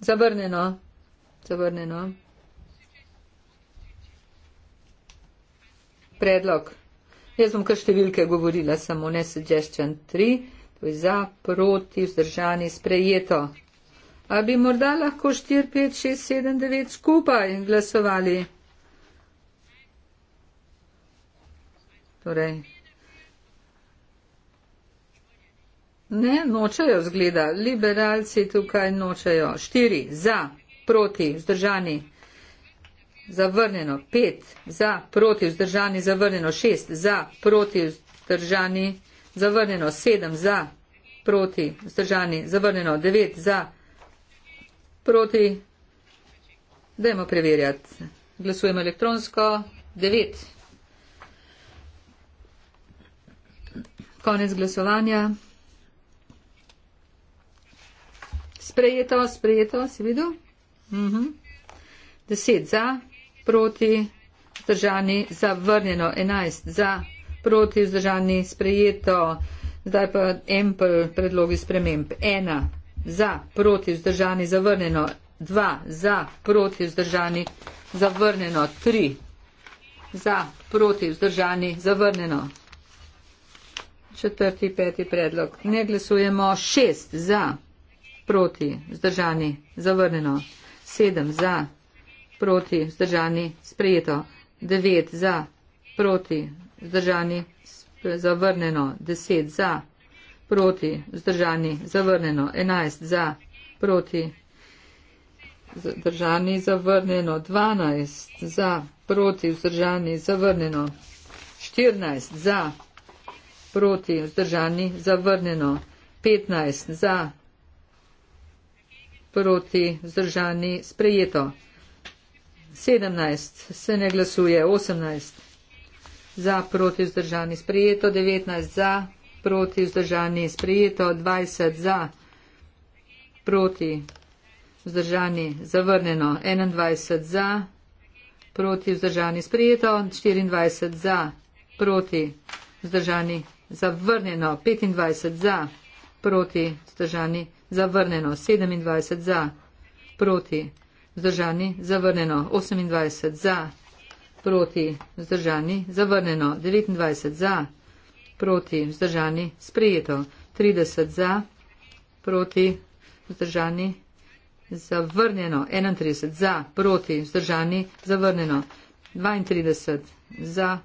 Zavrnjeno. Zavrnjeno. predlog. Jaz bom kar številke govorila, samo ne suggestion 3, to je za, proti, vzdržani, sprejeto. A bi morda lahko 4, 5, 6, 7, 9 skupaj glasovali? Torej. Ne, nočejo zgleda. Liberalci tukaj nočejo. 4 za, proti, vzdržani zavrnjeno 5, za proti vzdržani zavrnjeno 6, za proti vzdržani zavrnjeno 7, za proti vzdržani zavrnjeno 9, za proti. Dajmo preverjati. Glasujemo elektronsko 9. Konec glasovanja. Sprejeto, sprejeto, si videl? Mhm. Deset za, proti vzdržani zavrnjeno, 11 za proti vzdržani sprejeto, zdaj pa empl predlogi sprememb, 1 za proti vzdržani zavrnjeno, 2 za proti vzdržani zavrnjeno, 3 za proti vzdržani zavrnjeno. Četrti, peti predlog. Ne glasujemo. Šest za, proti, zdržani, zavrnjeno. Sedem za, proti zdržani sprejeto, 9 za proti zdržani zavrnjeno, 10 za proti zdržani zavrnjeno, 11 za proti zdržani zavrnjeno, 12 za proti zdržani zavrnjeno, 14 za proti zdržani zavrnjeno, 15 za proti zdržani sprejeto. 17 se ne glasuje, 18 za, proti vzdržani sprejeto, 19 za, proti vzdržani sprejeto, 20 za, proti vzdržani zavrnjeno, 21 za, proti vzdržani sprejeto, 24 za, proti vzdržani zavrnjeno, 25 za, proti vzdržani zavrnjeno, 27 za, proti Zdržani, zavrnjeno 28 za, proti vzdržani, zavrnjeno 29 za, proti vzdržani, sprejeto 30 za, proti vzdržani, zavrnjeno 31 za, proti vzdržani, zavrnjeno 32 za,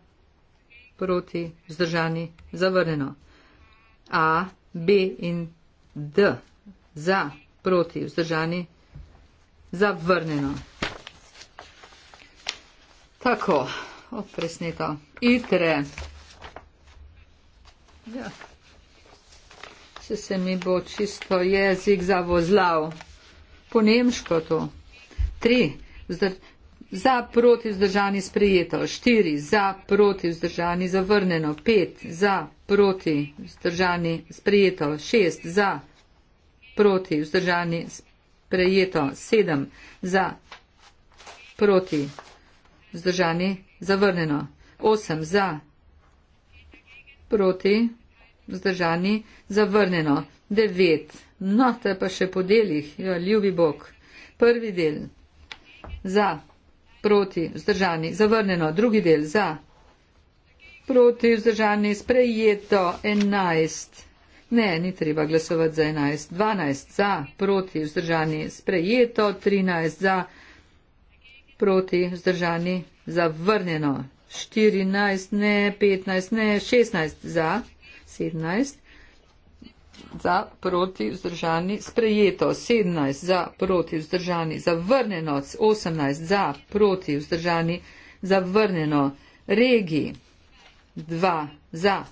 proti vzdržani, zavrnjeno A, B in D za, proti vzdržani, Zavrnjeno. Tako, opresneto. Itre. Ja. Se se mi bo čisto jezik zavozlal. Po nemško to. Tri. Zdr za proti vzdržani sprijeto. Štiri. Za proti vzdržani zavrnjeno. Pet. Za proti vzdržani sprijeto. Šest. Za proti vzdržani sprijeto prejeto sedem za proti vzdržani zavrnjeno, osem za proti vzdržani zavrnjeno, devet. No, te pa še po delih, jo ja, ljubi Bog. Prvi del za proti vzdržani zavrnjeno, drugi del za proti vzdržani sprejeto, enajst. Ne, ni treba glasovati za 11. 12 za, proti, vzdržani, sprejeto, 13 za, proti, vzdržani, zavrnjeno, 14, ne, 15, ne, 16 za, 17 za, proti, vzdržani, sprejeto, 17 za, proti, vzdržani, zavrnjeno, 18 za, proti, vzdržani, zavrnjeno, regi, 2 za,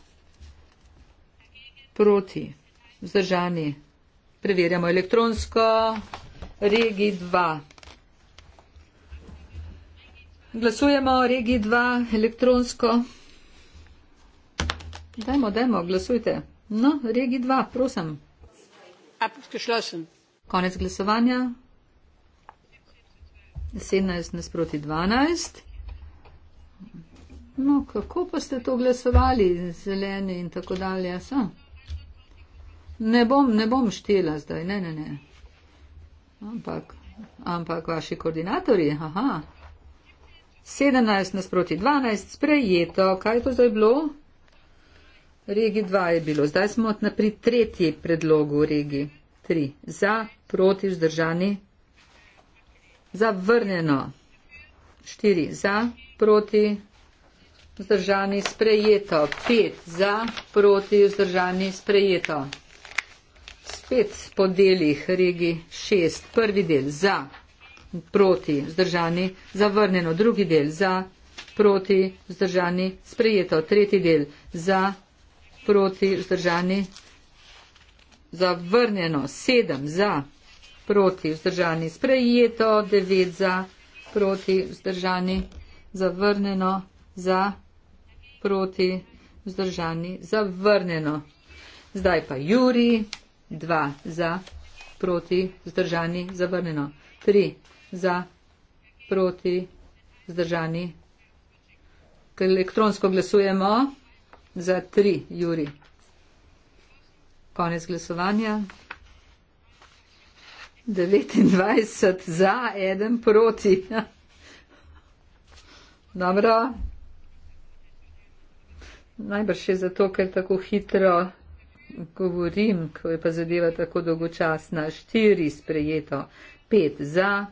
proti, vzdržani. Preverjamo elektronsko, regi 2. Glasujemo regi 2 elektronsko. Dajmo, dajmo, glasujte. No, regi 2, prosim. Konec glasovanja. 17 nasproti 12. No, kako pa ste to glasovali, zeleni in tako dalje? So ne bom, ne bom štela zdaj, ne, ne, ne. Ampak, ampak vaši koordinatorji, aha. 17 nasproti 12, sprejeto. Kaj je to zdaj bilo? Regi 2 je bilo. Zdaj smo pri tretji predlogu regi 3. Za, proti, vzdržani. Zavrnjeno. 4 za, proti, vzdržani, sprejeto. 5 za, proti, vzdržani, sprejeto spet po delih regi 6, prvi del za, proti, zdržani, zavrnjeno, drugi del za, proti, zdržani, sprejeto, tretji del za, proti, zdržani, zavrnjeno, sedem za, proti, zdržani, sprejeto, devet za, proti, zdržani, zavrnjeno, za, proti, zdržani, zavrnjeno. Zdaj pa Juri, 2 za, proti, zdržani, zavrnjeno. 3 za, proti, zdržani. Ker elektronsko glasujemo za 3, Juri. Konec glasovanja. 29 za, 1 proti. Dobro. Najbrž je zato, ker tako hitro govorim, ko je pa zadeva tako dolgočasna. Štiri sprejeto, pet za,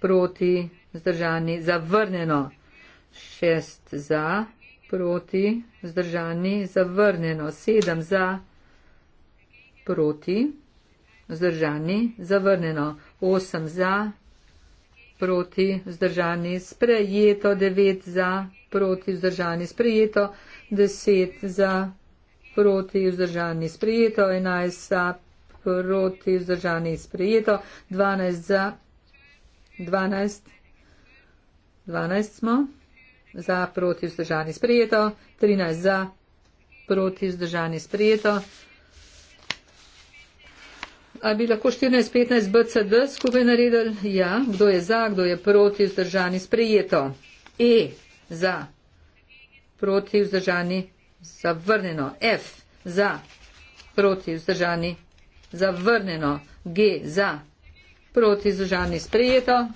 proti, zdržani, zavrnjeno. Šest za, proti, zdržani, zavrnjeno. Sedem za, proti, zdržani, zavrnjeno. Osem za, proti, zdržani, sprejeto. Devet za, proti, zdržani, sprejeto. Deset za, proti proti vzdržani sprejeto, 11 za proti vzdržani sprejeto, 12 za 12, 12 smo za proti vzdržani sprejeto, 13 za proti vzdržani sprejeto. A bi lahko 14-15 BCD skupaj naredili? Ja, kdo je za, kdo je proti vzdržani sprejeto. E za proti vzdržani sprejeto zavrnjeno. F za proti vzdržani, zavrnjeno. G za proti vzdržani, sprejeto.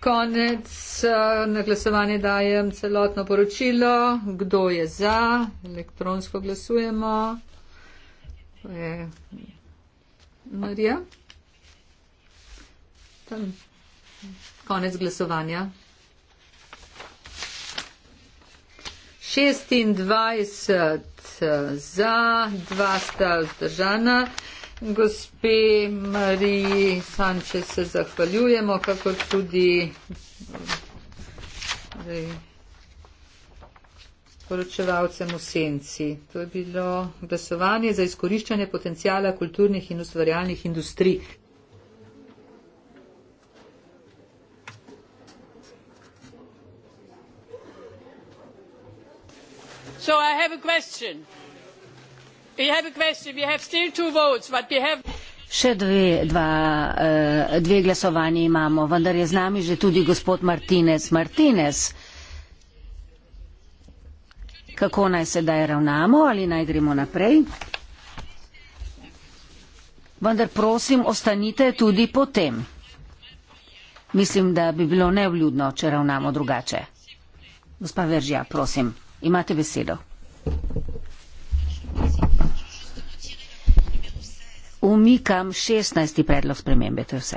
Konec, eh, na glasovanje dajem celotno poročilo, kdo je za, elektronsko glasujemo. E, Marija. Tam. Konec glasovanja. 26 eh, za, dva sta vzdržana. Gospe Mariji Sanče se zahvaljujemo, kako tudi zdaj, poročevalcem v senci. To je bilo glasovanje za izkoriščanje potencijala kulturnih in ustvarjalnih industrij. so i have a question we have a question we have still two votes but we have Še dve, dva, eh, dve glasovanje imamo, vendar je z nami že tudi gospod Martinez. Martinez, kako naj sedaj ravnamo ali naj gremo naprej? Vendar prosim, ostanite tudi potem. Mislim, da bi bilo nevljudno, če ravnamo drugače. Gospa Veržja, prosim. Imate besedo. Umikam 16. predlog spremembe, to je vse.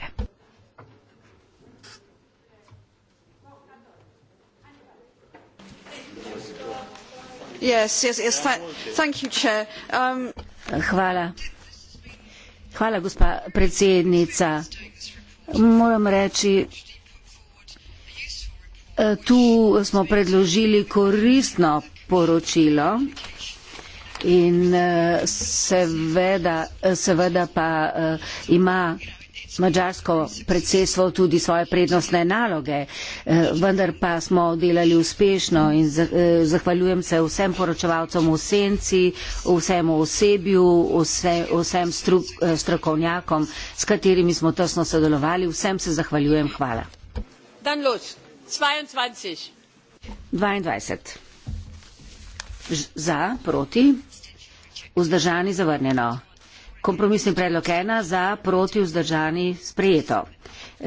Yes, yes, yes, thank, thank um, Hvala. Hvala, gospa predsednica. Moram reči, Eh, tu smo predložili koristno poročilo in eh, seveda, eh, seveda pa ima mađarsko predsedstvo tudi svoje prednostne naloge, vendar pa smo delali uspešno in zahvaljujem se vsem poročevalcem v senci, vsem osebju, vse, vsem strokovnjakom, s katerimi smo tesno sodelovali. Vsem se zahvaljujem. Hvala. Dan luč dvaindvajset za proti vzdržani zavrnjeno kompromisni predlog ena za proti vzdržani sprejeto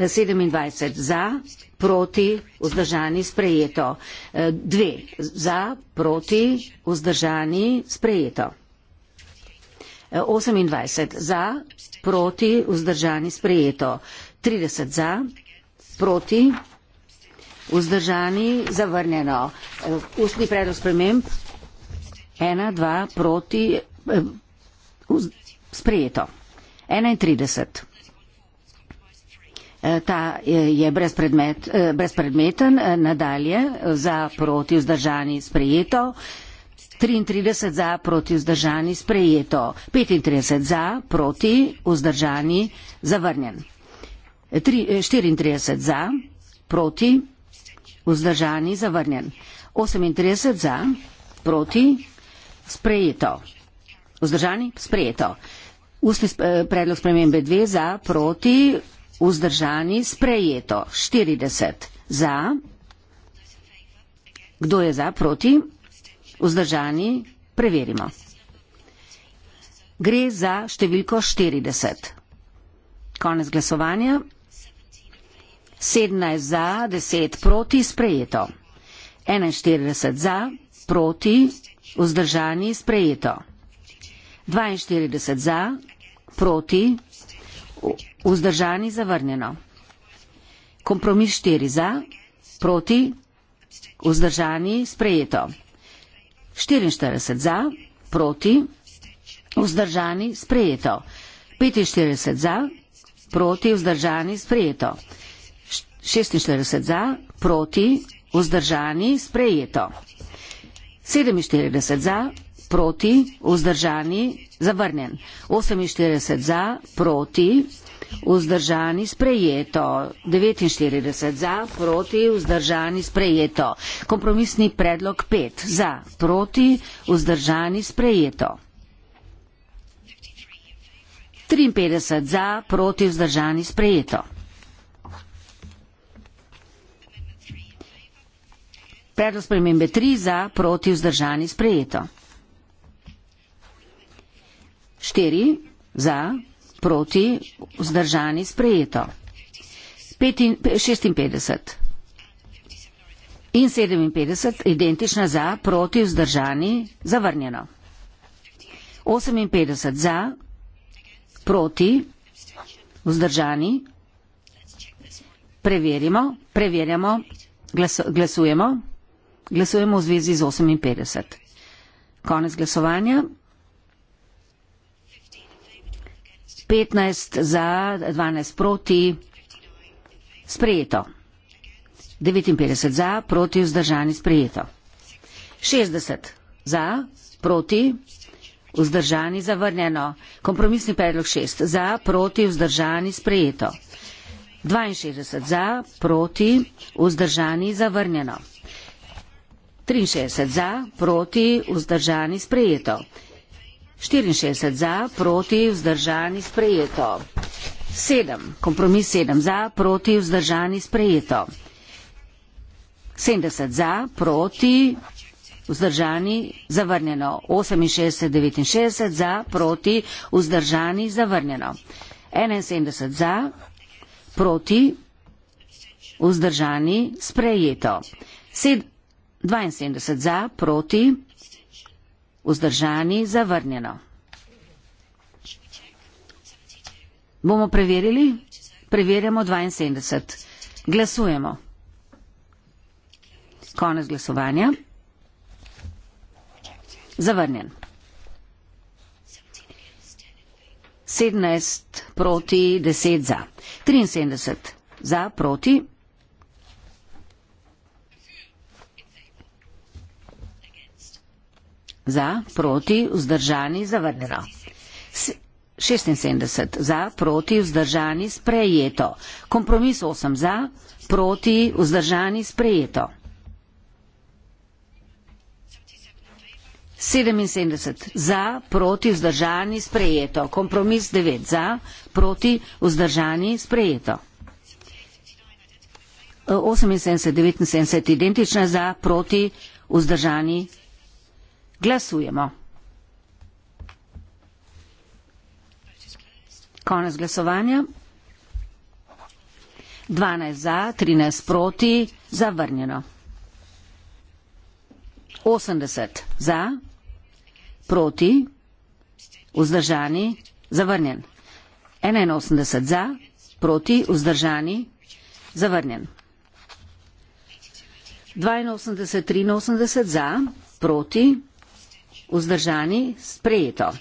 sedemindvajset za proti vzdržani sprejeto dve za proti vzdržani sprejeto osemindvajset za proti vzdržani sprejeto trideset za proti Vzdržani, zavrnjeno. Eh, ustni predlog sprememb. Ena, dva, proti. Eh, vz, sprejeto. 31. Eh, ta je brezpredmet, brezpredmeten. Nadalje za proti vzdržani sprejeto. 33 za proti vzdržani sprejeto. 35 za proti vzdržani zavrnjen. 34 za proti vzdržani zavrnjen. 38 za, proti, sprejeto. Vzdržani, sprejeto. Ustni eh, predlog spremembe 2 za, proti, vzdržani, sprejeto. 40 za. Kdo je za, proti, vzdržani, preverimo. Gre za številko 40. Konec glasovanja. 17 za, 10 proti sprejeto. 41 za, proti, vzdržani sprejeto. 42 za, proti, vzdržani zavrnjeno. Kompromis 4 za, proti, vzdržani sprejeto. 44 za, proti, vzdržani sprejeto. 45 za, proti, vzdržani sprejeto. 46 za, proti, vzdržani, sprejeto. 47 za, proti, vzdržani, zavrnjen. 48 za, proti, vzdržani, sprejeto. 49 za, proti, vzdržani, sprejeto. Kompromisni predlog 5 za, proti, vzdržani, sprejeto. 53 za, proti, vzdržani, sprejeto. podprlo spremembe tri za, proti vzdržani sprejeto. Štiri za, proti vzdržani sprejeto. 56 in 57 identična za, proti vzdržani zavrnjeno. 58 za, proti vzdržani. Preverimo, preverjamo, glasujemo. Glasujemo v zvezi z 58. Konec glasovanja. 15 za, 12 proti. Sprejeto. 59 za, proti vzdržani sprejeto. 60 za, proti vzdržani zavrnjeno. Kompromisni predlog 6 za, proti vzdržani sprejeto. 62 za, proti vzdržani zavrnjeno. 63 za, proti, vzdržani, sprejeto. 64 za, proti, vzdržani, sprejeto. 7. Kompromis 7 za, proti, vzdržani, sprejeto. 70 za, proti, vzdržani, zavrnjeno. 68, 69 za, proti, vzdržani, zavrnjeno. 71 za, proti, vzdržani, sprejeto. 7. 72 za, proti, vzdržani, zavrnjeno. Bomo preverili? Preverjamo 72. Glasujemo. Konec glasovanja. Zavrnjen. 17 proti 10 za. 73 za, proti. za, proti, vzdržani, zavrnjeno. 76 za, proti, vzdržani, sprejeto. Kompromis 8 za, proti, vzdržani, sprejeto. 77 za, proti, vzdržani, sprejeto. Kompromis 9 za, proti, vzdržani, sprejeto. 78, 79, identična za, proti, vzdržani, sprejeto. Glasujemo. Konec glasovanja. 12 za, 13 proti, zavrnjeno. 80 za, proti, vzdržani, zavrnjen. 81 za, proti, vzdržani, zavrnjen. 82, 83 za, proti, vzdržani vzdržani, sprejeto.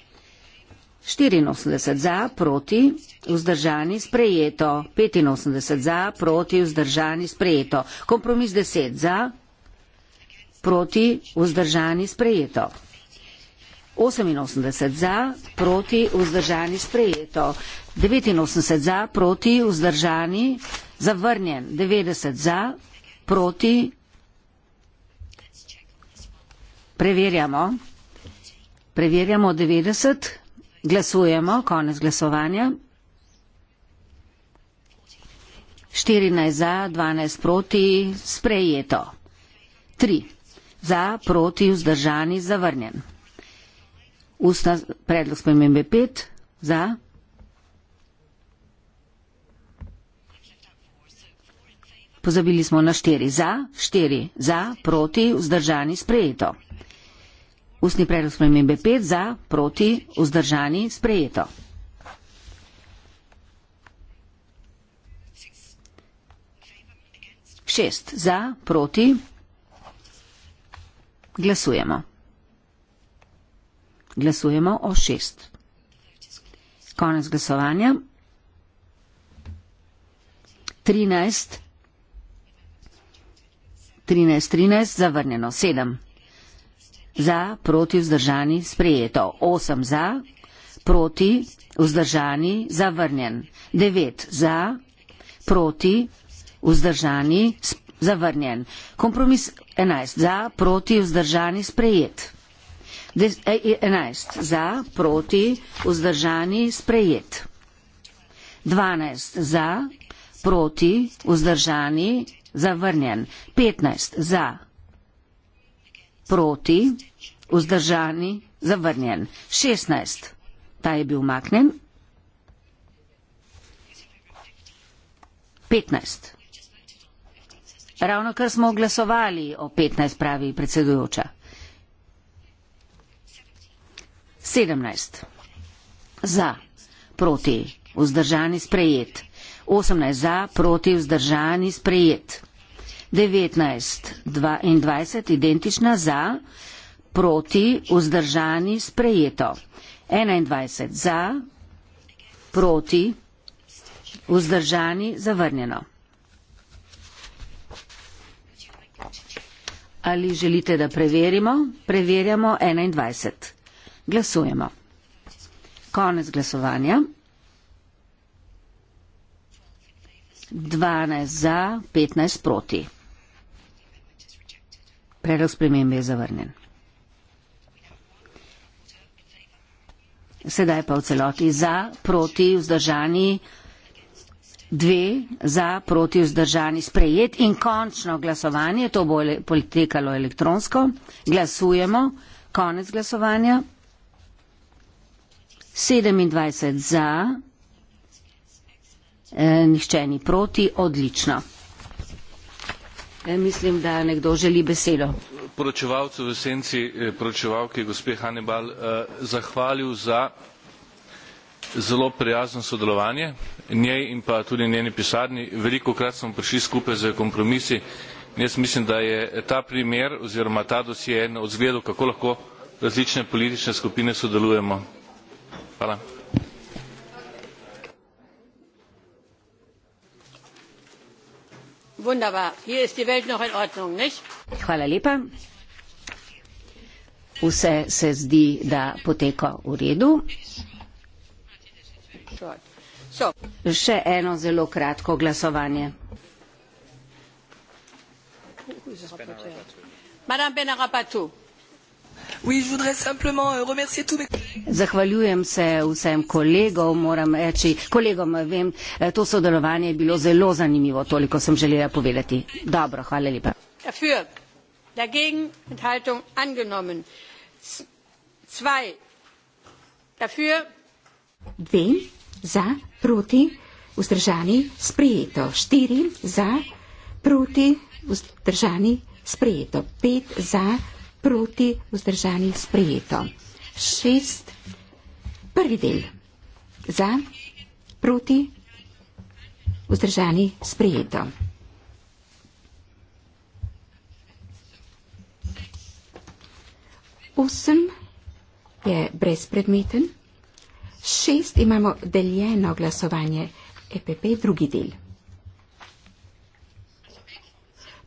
84 za, proti, vzdržani, sprejeto. 85 za, proti, vzdržani, sprejeto. Kompromis 10 za, proti, vzdržani, sprejeto. 88 za, proti, vzdržani, sprejeto. 89 za, proti, vzdržani, zavrnjen. 90 za, proti. Preverjamo. Preverjamo 90. Glasujemo. Konec glasovanja. 14 za, 12 proti. Sprejeto. 3. Za, proti, vzdržani, zavrnjen. Ustna predlog spremembe 5. Za. Pozabili smo na 4. Za, 4. Za, proti, vzdržani, sprejeto. Ustni predlog spremembe 5 za, proti, vzdržani, sprejeto. Šest za, proti, glasujemo. Glasujemo o šest. Konec glasovanja. Trinajst. Trinajst, trinajst, zavrnjeno. Sedem za, proti, vzdržani, sprejeto. 8 za, proti, vzdržani, zavrnjen. 9 e, e, za, proti, vzdržani, zavrnjen. Kompromis 11 za, proti, vzdržani, sprejet. 11 za, proti, vzdržani, sprejet. 12 za, proti, vzdržani, zavrnjen. 15 za, proti, vzdržani, sprejet proti, vzdržani, zavrnjen. 16. Ta je bil umaknen. 15. Ravno kar smo glasovali o 15, pravi predsedujoča. 17. Za, proti, vzdržani, sprejet. 18 za, proti, vzdržani, sprejet. 19, 22, identična za, proti, vzdržani, sprejeto. 21 za, proti, vzdržani, zavrnjeno. Ali želite, da preverimo? Preverjamo 21. Glasujemo. Konec glasovanja. 12 za, 15 proti predlog spremembe je zavrnen. Sedaj pa v celoti za, proti, vzdržani, dve, za, proti, vzdržani, sprejet in končno glasovanje. To bo potekalo elektronsko. Glasujemo. Konec glasovanja. 27 za, eh, nihče ni proti, odlično. E, mislim, da nekdo želi besedo. Poročevalcu v senci e, poročevalke gospe Hannibal e, zahvalil za zelo prijazno sodelovanje njej in pa tudi njeni pisarni. Veliko krat smo prišli skupaj z kompromisi. Jaz mislim, da je ta primer oziroma ta dosje en od zgledov, kako lahko različne politične skupine sodelujemo. Hvala. Hvala lepa. Vse se zdi, da poteka v redu. Še eno zelo kratko glasovanje. Madame Benarabatou. Euh, Zahvaljujem se vsem kolegom, moram reči, kolegom vem, eh, to sodelovanje je bilo zelo zanimivo, toliko sem želela povedati. Dobro, hvala lepa. Dve za, proti, vzdržani, sprejeto. Štiri za, proti, vzdržani, sprejeto. Pet za, proti vzdržani sprejeto. Šest. Prvi del. Za, proti, vzdržani sprejeto. Osem je brezpredmeten. Šest imamo deljeno glasovanje EPP, drugi del.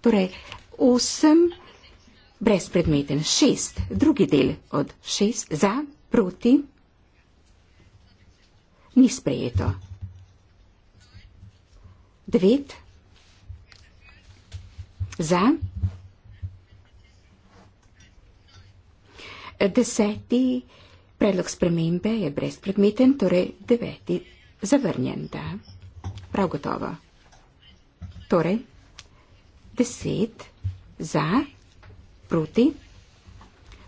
Torej, osem brezpredmeten šest, drugi del od šest za, proti, ni sprejeto. Devet za, deseti predlog spremembe je brezpredmeten, torej deveti zavrnjen, da, prav gotovo. Torej, deset za, proti,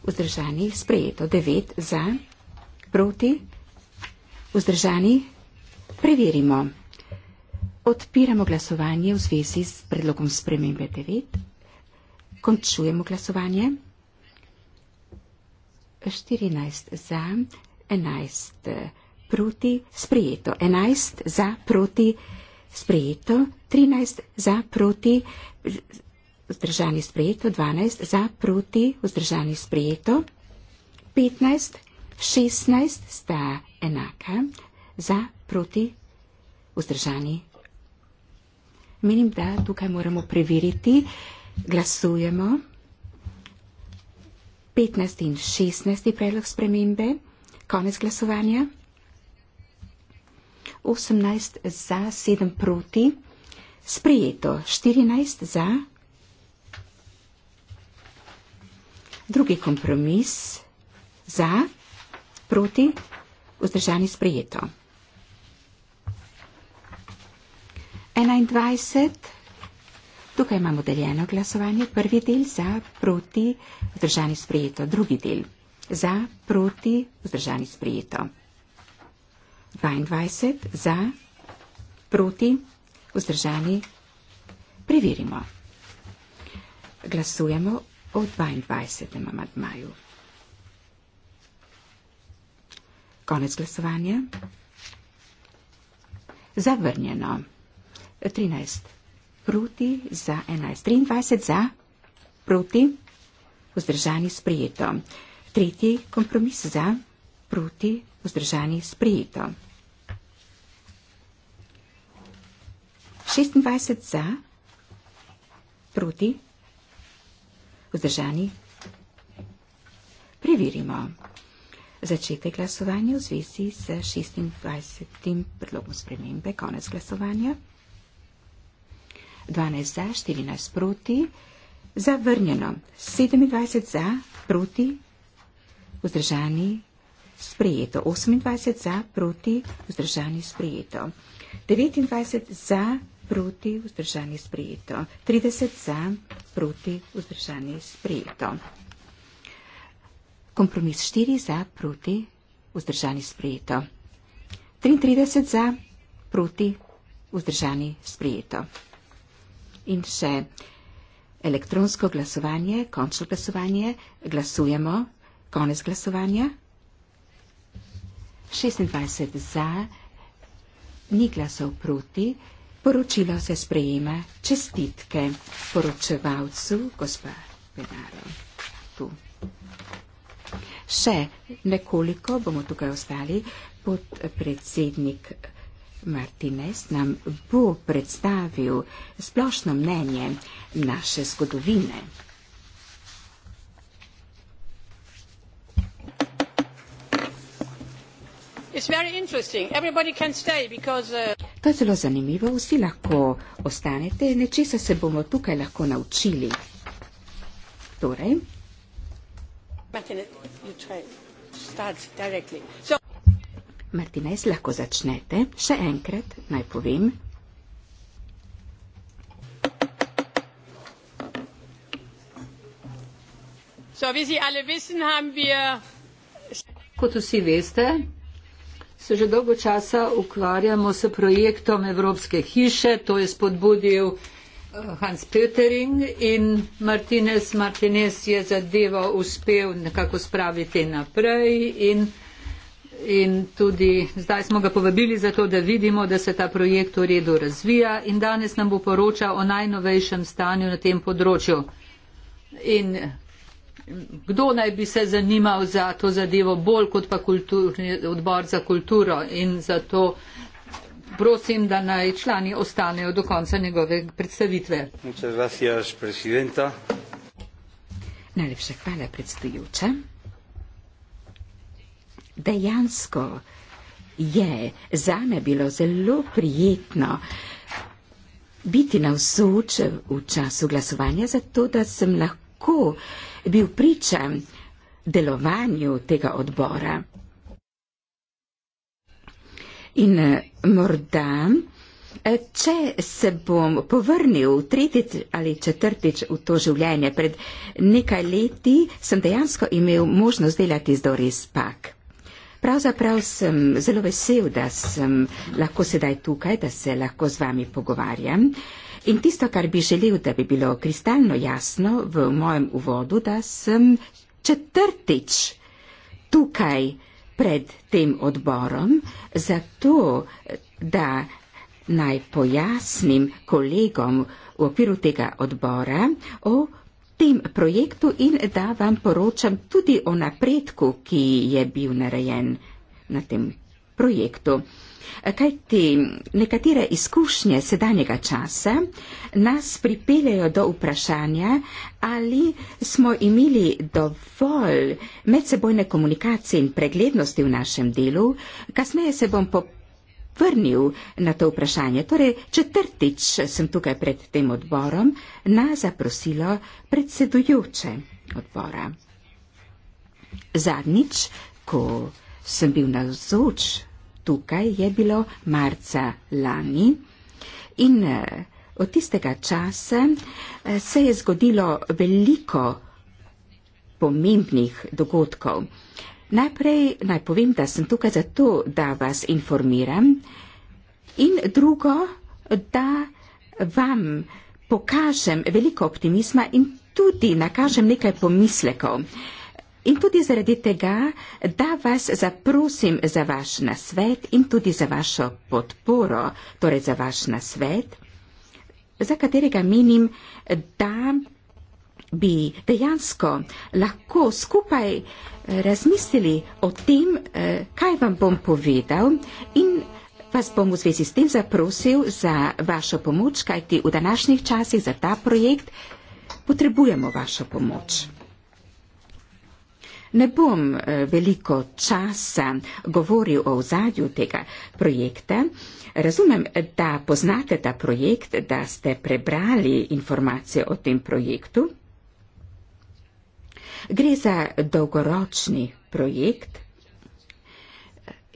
vzdržani, sprejeto, devet za, proti, vzdržani, preverimo. Odpiramo glasovanje v zvezi s predlogom spremembe 9. Končujemo glasovanje. 14 za, 11 proti, sprejeto. 11 za, proti, sprejeto. 13 za, proti, vzdržani sprejeto, 12 za, proti, vzdržani sprejeto, 15, 16 sta enaka, za, proti, vzdržani. Menim, da tukaj moramo preveriti, glasujemo. 15 in 16 predlog spremembe, konec glasovanja. 18 za, 7 proti, sprejeto, 14 za, Drugi kompromis za, proti, vzdržani sprejeto. 21. Tukaj imamo deljeno glasovanje. Prvi del za, proti, vzdržani sprejeto. Drugi del za, proti, vzdržani sprejeto. 22. Za, proti, vzdržani. Preverimo. Glasujemo o 22. amadmaju. Konec glasovanja. Zavrnjeno. 13. Proti za 11. 23 za. Proti. Vzdržani sprijeto. Tretji kompromis za. Proti. Vzdržani sprijeto. 26 za. Proti. Vzdržani. Preverimo začetek glasovanja v zvezi s 26. predlogom spremembe, konec glasovanja. 12 za, 14 proti, zavrnjeno, 27 za, proti, vzdržani, sprejeto, 28 za, proti, vzdržani, sprejeto, 29 za, proti vzdržani sprejeto. 30 za proti vzdržani sprejeto. Kompromis 4 za proti vzdržani sprejeto. 33 za proti vzdržani sprejeto. In še elektronsko glasovanje, končno glasovanje, glasujemo, konec glasovanja. 26 za, ni glasov proti, Poročilo se sprejema čestitke poročevalcu, gospa Benaro. Tu. Še nekoliko bomo tukaj ostali, pod predsednik Martinez nam bo predstavil splošno mnenje naše zgodovine. It's very interesting. Everybody can stay because... Uh... To je zelo zanimivo, vsi lahko ostanete, nečesa se bomo tukaj lahko naučili. Torej. Martinez, lahko začnete. Še enkrat naj povem. So, wie Sie alle wissen, haben wir. Kot vsi veste, se že dolgo časa ukvarjamo s projektom Evropske hiše, to je spodbudil eh, Hans Pötering in Martinez Martinez je zadevo uspel nekako spraviti naprej in, in tudi zdaj smo ga povabili za to, da vidimo, da se ta projekt v redu razvija in danes nam bo poročal o najnovejšem stanju na tem področju. In kdo naj bi se zanimal za to zadevo bolj kot pa kulturni odbor za kulturo in zato prosim, da naj člani ostanejo do konca njegove predstavitve. Najlepše hvala, predstavljajoče. Dejansko je za me bilo zelo prijetno biti na vsoče v času glasovanja, zato da sem lahko bil priča delovanju tega odbora. In eh, morda, eh, če se bom povrnil tretjič ali četrtič v to življenje, pred nekaj leti sem dejansko imel možnost delati z Doris Pak. Pravzaprav sem zelo vesel, da sem lahko sedaj tukaj, da se lahko z vami pogovarjam. In tisto, kar bi želel, da bi bilo kristalno jasno v mojem uvodu, da sem četrtič tukaj pred tem odborom, zato da naj pojasnim kolegom v okviru tega odbora o tem projektu in da vam poročam tudi o napredku, ki je bil narejen na tem projektu. Kajti nekatere izkušnje sedanjega časa nas pripeljajo do vprašanja, ali smo imeli dovolj medsebojne komunikacije in preglednosti v našem delu. Kasneje se bom vrnil na to vprašanje. Torej, četrtič sem tukaj pred tem odborom na zaprosilo predsedujoče odbora. Zadnjič, ko sem bil na zoč tukaj je bilo marca lani in eh, od tistega časa eh, se je zgodilo veliko pomembnih dogodkov. Najprej naj povem, da sem tukaj zato, da vas informiram in drugo, da vam pokažem veliko optimizma in tudi nakažem nekaj pomislekov. In tudi zaradi tega, da vas zaprosim za vaš nasvet in tudi za vašo podporo, torej za vaš nasvet, za katerega menim, da bi dejansko lahko skupaj eh, razmislili o tem, eh, kaj vam bom povedal in vas bom v zvezi s tem zaprosil za vašo pomoč, kajti v današnjih časih za ta projekt potrebujemo vašo pomoč. Ne bom eh, veliko časa govoril o ozadju tega projekta. Razumem, da poznate ta projekt, da ste prebrali informacije o tem projektu. Gre za dolgoročni projekt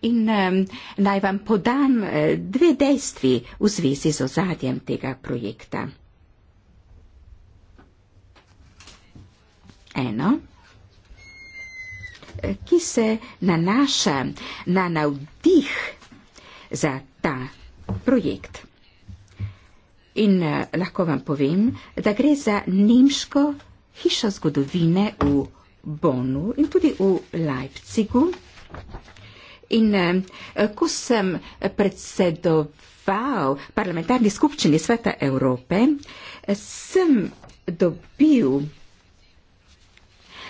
in naj vam podam eh, dve dejstvi v zvezi z ozadjem tega projekta. Eno. Eh, ki se nanaša na navdih za ta projekt. In eh, lahko vam povem, da gre za nemško hišo zgodovine v Bonu in tudi v Leipzigu. In eh, ko sem predsedoval parlamentarni skupščini Sveta Evrope, sem dobil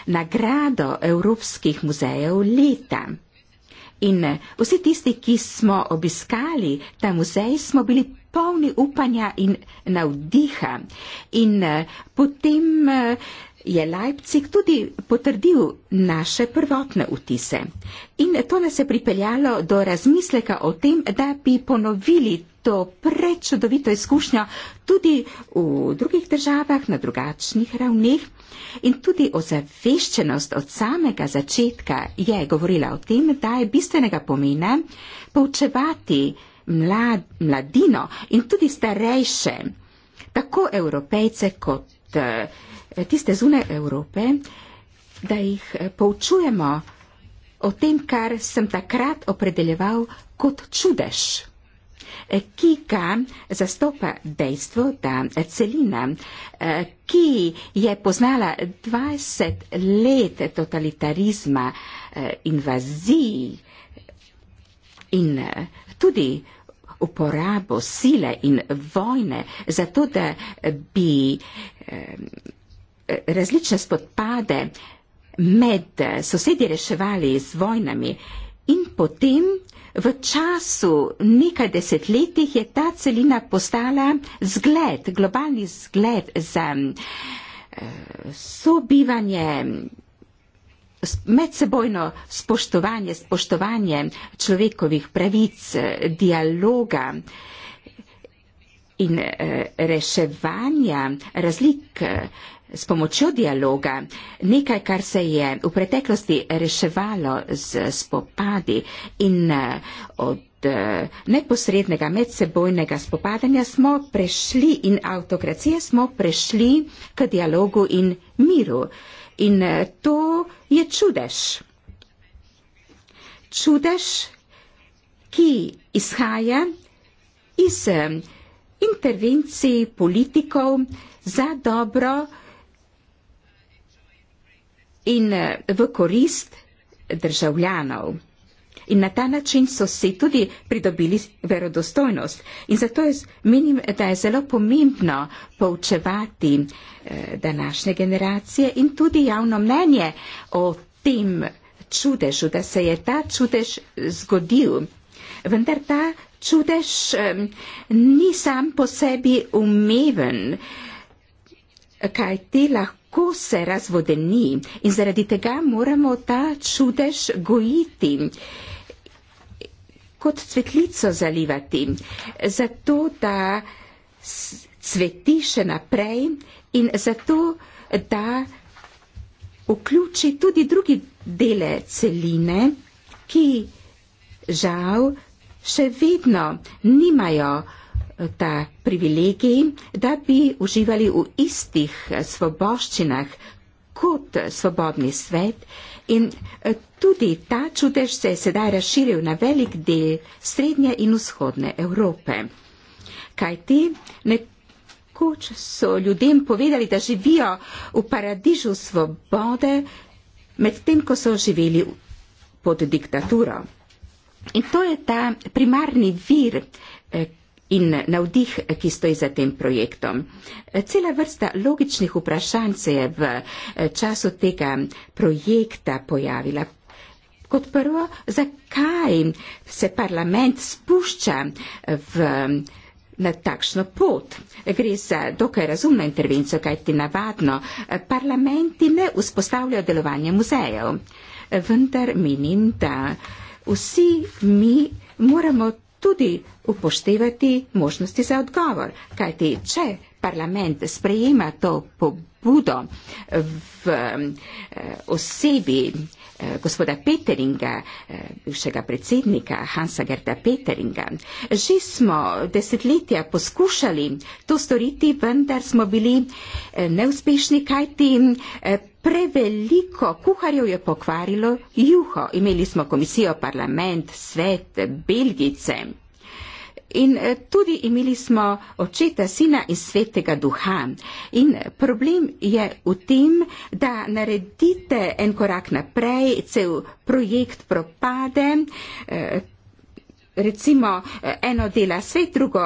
nagrado Evropskih muzejev leta. In eh, vsi tisti, ki smo obiskali ta muzej, smo bili polni upanja in navdiha. In eh, potem eh, je Leipzig tudi potrdil naše prvotne vtise. In to nas je pripeljalo do razmisleka o tem, da bi ponovili to prečudovito izkušnjo tudi v drugih državah na drugačnih ravneh in tudi ozaveščenost od samega začetka je govorila o tem, da je bistvenega pomena poučevati mlad, mladino in tudi starejše, tako evropejce kot eh, tiste zune Evrope, da jih eh, poučujemo o tem, kar sem takrat opredeljeval kot čudež ki ga zastopa dejstvo, da celina, eh, ki je poznala 20 let totalitarizma, eh, invazij in eh, tudi uporabo sile in vojne, zato da bi različne spopade med sosedi reševali z vojnami in potem v času nekaj desetletjih je ta celina postala zgled, globalni zgled za eh, sobivanje, medsebojno spoštovanje, spoštovanje človekovih pravic, dialoga in eh, reševanja razlik s pomočjo dialoga nekaj, kar se je v preteklosti reševalo z spopadi in eh, od eh, neposrednega medsebojnega spopadanja smo prešli in avtokracije smo prešli k dialogu in miru. In eh, to je čudež. Čudež, ki izhaja iz intervencij politikov za dobro, in eh, v korist državljanov. In na ta način so si tudi pridobili verodostojnost. In zato jaz menim, da je zelo pomembno poučevati eh, današnje generacije in tudi javno mnenje o tem čudežu, da se je ta čudež zgodil. Vendar ta čudež ni sam po sebi umeven, kaj ti lahko tako se razvodeni in zaradi tega moramo ta čudež gojiti, kot cvetlico zalivati, zato da cveti še naprej in zato da vključi tudi druge dele celine, ki žal še vedno nimajo ta privilegij, da bi uživali v istih svoboščinah kot svobodni svet in eh, tudi ta čudež se je sedaj razširil na velik del srednje in vzhodne Evrope. Kajti nekoč so ljudem povedali, da živijo v paradižu svobode, medtem ko so živeli pod diktaturo. In to je ta primarni vir, eh, in navdih, ki stoji za tem projektom. Cela vrsta logičnih vprašanj se je v eh, času tega projekta pojavila. Kot prvo, zakaj se parlament spušča eh, v, na takšno pot? Gre za dokaj razumno intervencijo, kajti navadno eh, parlamenti ne vzpostavljajo delovanje muzejev. Vendar menim, da vsi mi moramo tudi upoštevati možnosti za odgovor. Kajti, če parlament sprejema to pobudo v eh, osebi eh, gospoda Peteringa, eh, bivšega predsednika Hansa Gerda Peteringa. Že smo desetletja poskušali to storiti, vendar smo bili neuspešni, kajti preveliko kuharjev je pokvarilo juho. Imeli smo komisijo, parlament, svet, Belgice in eh, tudi imeli smo očeta, sina in svetega duha. In problem je v tem, da naredite en korak naprej, cel projekt propade. Eh, recimo eh, eno dela svet, drugo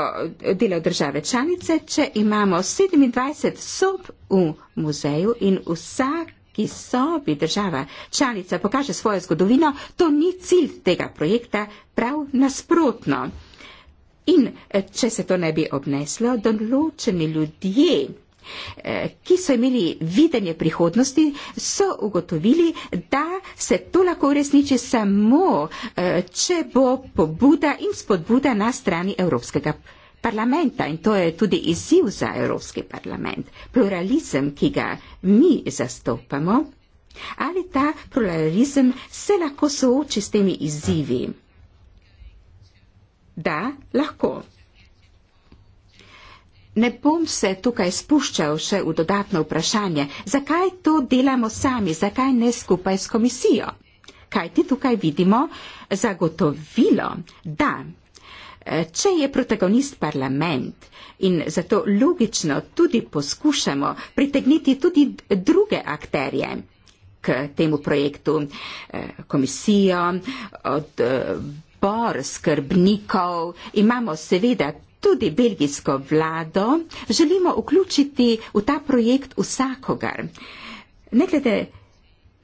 dela države članice, če imamo 27 sob v muzeju in vsak ki sobi država članica pokaže svojo zgodovino, to ni cilj tega projekta, prav nasprotno. In eh, če se to ne bi obneslo, določeni ljudje, eh, ki so imeli videnje prihodnosti, so ugotovili, da se to lahko uresniči samo, eh, če bo pobuda in spodbuda na strani Evropskega parlamenta. In to je tudi izziv za Evropski parlament. Pluralizem, ki ga mi zastopamo, ali ta pluralizem se lahko sooči s temi izzivi. Da, lahko. Ne bom se tukaj spuščal še v dodatno vprašanje, zakaj to delamo sami, zakaj ne skupaj s komisijo. Kaj ti tukaj vidimo? Zagotovilo, da eh, če je protagonist parlament in zato logično tudi poskušamo pritegniti tudi druge akterje k temu projektu, eh, komisijo, od eh, odbor skrbnikov, imamo seveda tudi belgijsko vlado, želimo vključiti v ta projekt vsakogar. Ne glede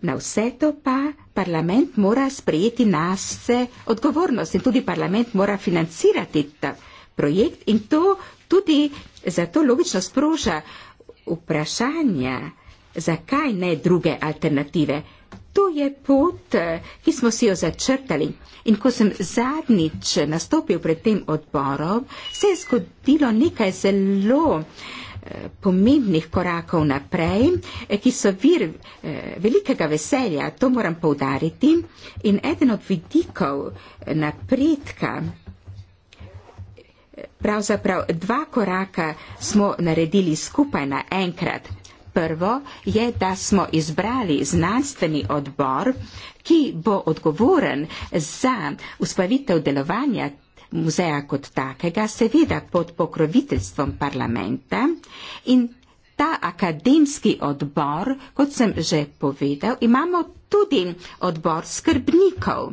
na vse to pa parlament mora sprejeti nasce odgovornost in tudi parlament mora financirati ta projekt in to tudi zato logično sproža vprašanja, zakaj ne druge alternative to je pot, eh, ki smo si jo začrtali. In ko sem zadnjič nastopil pred tem odborom, se je zgodilo nekaj zelo eh, pomembnih korakov naprej, eh, ki so vir velikega veselja, to moram povdariti. In eden od vidikov napredka, pravzaprav dva koraka smo naredili skupaj naenkrat prvo je, da smo izbrali znanstveni odbor, ki bo odgovoren za uspavitev delovanja muzeja kot takega, seveda pod pokroviteljstvom parlamenta. In ta akademski odbor, kot sem že povedal, imamo tudi odbor skrbnikov.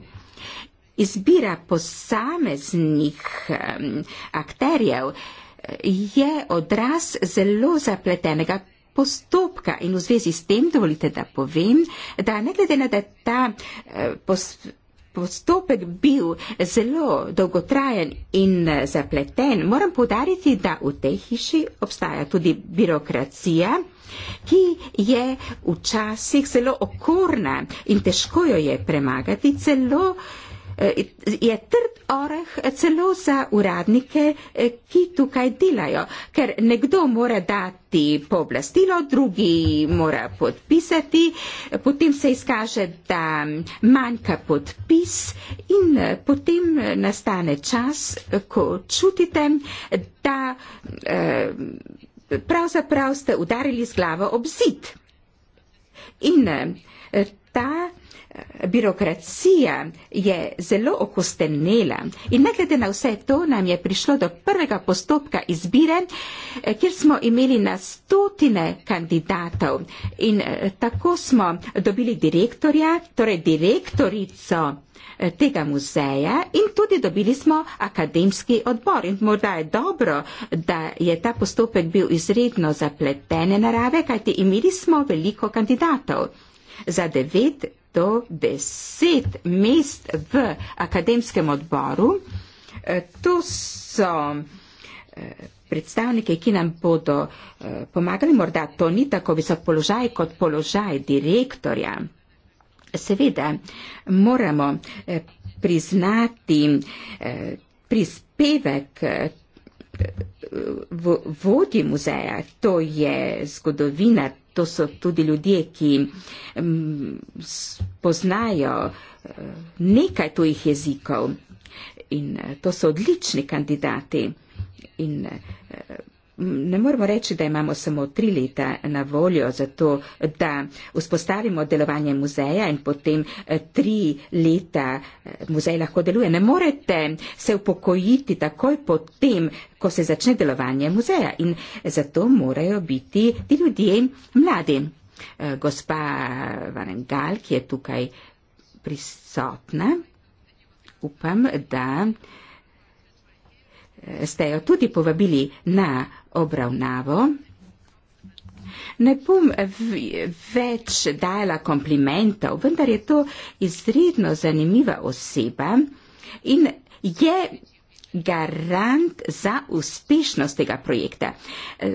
Izbira posameznih um, akterjev eh, je odraz zelo zapletenega postopka in v zvezi s tem dovolite, da povem, da ne glede na to, da ta eh, pos, postopek bil zelo dolgotrajen in eh, zapleten, moram povdariti, da v tej hiši obstaja tudi birokracija, ki je včasih zelo okorna in težko jo je premagati celo uh, je trd oreh celo za uradnike, eh, ki tukaj delajo, ker nekdo mora dati pooblastilo, drugi mora podpisati, potem se izkaže, da manjka podpis in eh, potem eh, nastane čas, ko čutite, da pravzaprav ste udarili z glavo ob zid. In ta Birokracija je zelo okostenela in ne glede na vse to nam je prišlo do prvega postopka izbire, eh, kjer smo imeli na stotine kandidatov in eh, tako smo dobili direktorja, torej direktorico eh, tega muzeja in tudi dobili smo akademski odbor. In morda je dobro, da je ta postopek bil izredno zapletene narave, kajti imeli smo veliko kandidatov. Za devet do deset mest v akademskem odboru. E, to so e, predstavnike, ki nam bodo e, pomagali, morda to ni tako visok položaj kot položaj direktorja. Seveda moramo priznati prispevek vodji muzeja, to je zgodovina to so tudi ljudje, ki mm, poznajo eh, nekaj tujih jezikov in eh, to so odlični kandidati. In eh, Ne moramo reči, da imamo samo tri leta na voljo za to, da vzpostavimo delovanje muzeja in potem eh, tri leta eh, muzej lahko deluje. Ne morete se upokojiti takoj potem, ko se začne delovanje muzeja in zato morajo biti ti ljudje mladi. Eh, gospa Vanengal, ki je tukaj prisotna, upam, da ste jo tudi povabili na obravnavo. Ne bom več dajala komplimentov, vendar je to izredno zanimiva oseba in je garant za uspešnost tega projekta. E,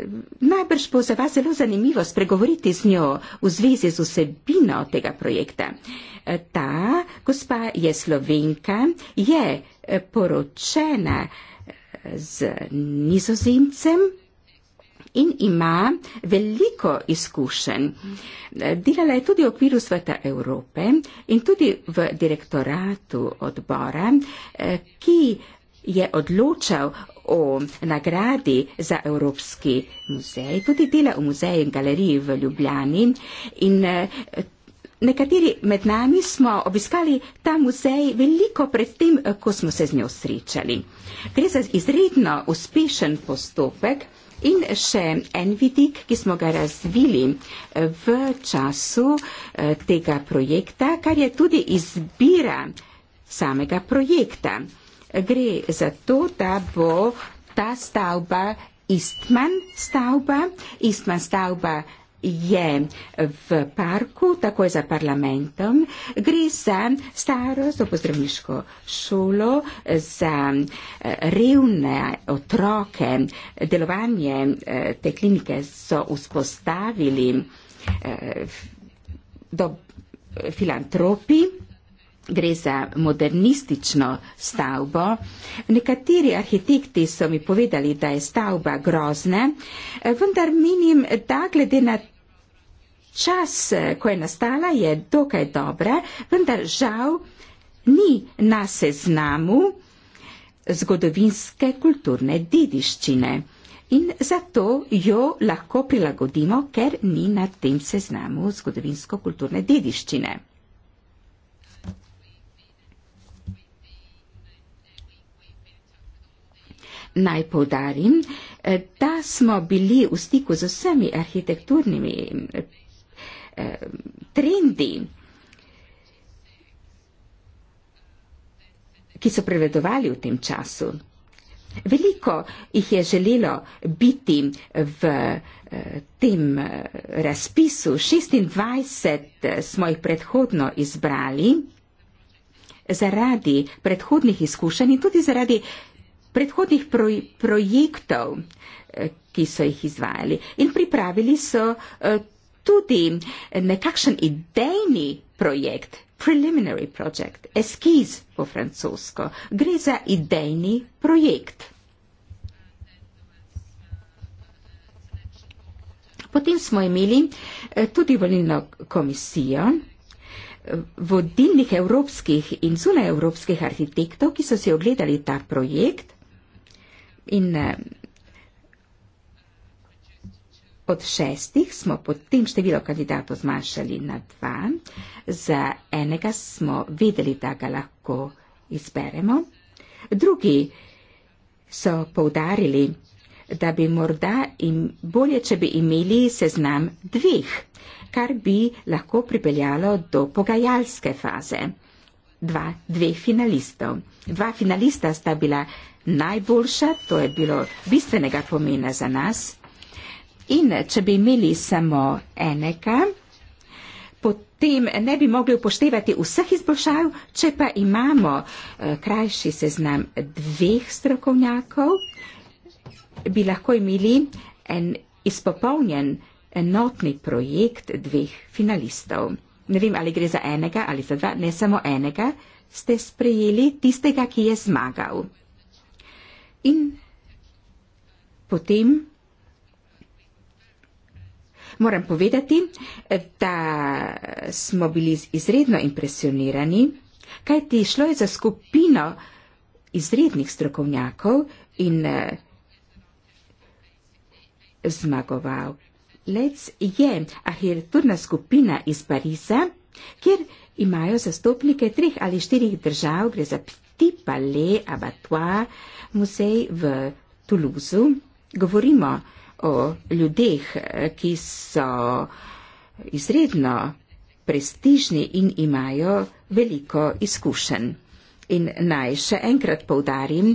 najbrž bo za vas zelo zanimivo spregovoriti z njo v zvezi z vsebino tega projekta. E, ta gospa je slovenka, je e, poročena z nizozemcem in ima veliko izkušenj. Delala je tudi v okviru sveta Evrope in tudi v direktoratu odbora, ki je odločal o nagradi za Evropski muzej, tudi dela v muzeju in galeriji v Ljubljani in eh, Nekateri med nami smo obiskali ta muzej veliko predtem, ko smo se z njo srečali. Gre za izredno uspešen postopek in še en vidik, ki smo ga razvili eh, v času eh, tega projekta, kar je tudi izbira samega projekta. Gre za to, da bo ta stavba Istman stavba, Istman stavba je v parku, takoj za parlamentom, gre za staro zopozdravniško šolo, za eh, revne otroke. Delovanje eh, te klinike so vzpostavili eh, do filantropi. Gre za modernistično stavbo. Nekateri arhitekti so mi povedali, da je stavba grozna, vendar menim, da glede na čas, ko je nastala, je dokaj dobra, vendar žal ni na seznamu zgodovinske kulturne dediščine. In zato jo lahko prilagodimo, ker ni na tem seznamu zgodovinsko-kulturne dediščine. Naj povdarim, eh, da smo bili v stiku z vsemi arhitekturnimi eh, trendi, ki so prevedovali v tem času. Veliko jih je želelo biti v eh, tem razpisu, 26 smo jih predhodno izbrali zaradi predhodnih izkušenj in tudi zaradi eh, predhodnih proj projektov, eh, ki so jih izvajali. In pripravili so eh, tudi eh, nekakšen idejni projekt, preliminary project, eskiz po francosko. Gre za idejni projekt. Potem smo imeli tudi volilno komisijo vodilnih evropskih in zunaj evropskih arhitektov, ki so si ogledali ta projekt In eh, od šestih smo potem število kandidatov zmanjšali na dva. Za enega smo videli, da ga lahko izberemo. Drugi so povdarili, da bi morda im, bolje, če bi imeli seznam dveh, kar bi lahko pripeljalo do pogajalske faze. Dva, dveh finalistov. Dva finalista sta bila najboljša, to je bilo bistvenega pomena za nas. In če bi imeli samo enega, potem ne bi mogli upoštevati vseh izboljšav, če pa imamo eh, krajši seznam dveh strokovnjakov, bi lahko imeli en izpopolnjen enotni projekt dveh finalistov. Ne vem, ali gre za enega ali za dva, ne samo enega, ste sprejeli tistega, ki je zmagal. In potem moram povedati, da smo bili izredno impresionirani, kaj ti šlo je za skupino izrednih strokovnjakov in eh, zmagoval. Lec je arhitekturna skupina iz Pariza, kjer imajo zastopnike treh ali štirih držav, gre za Petit Palais Abattoir, muzej v Toulouse. Govorimo o ljudeh, ki so izredno prestižni in imajo veliko izkušenj. In naj še enkrat povdarim,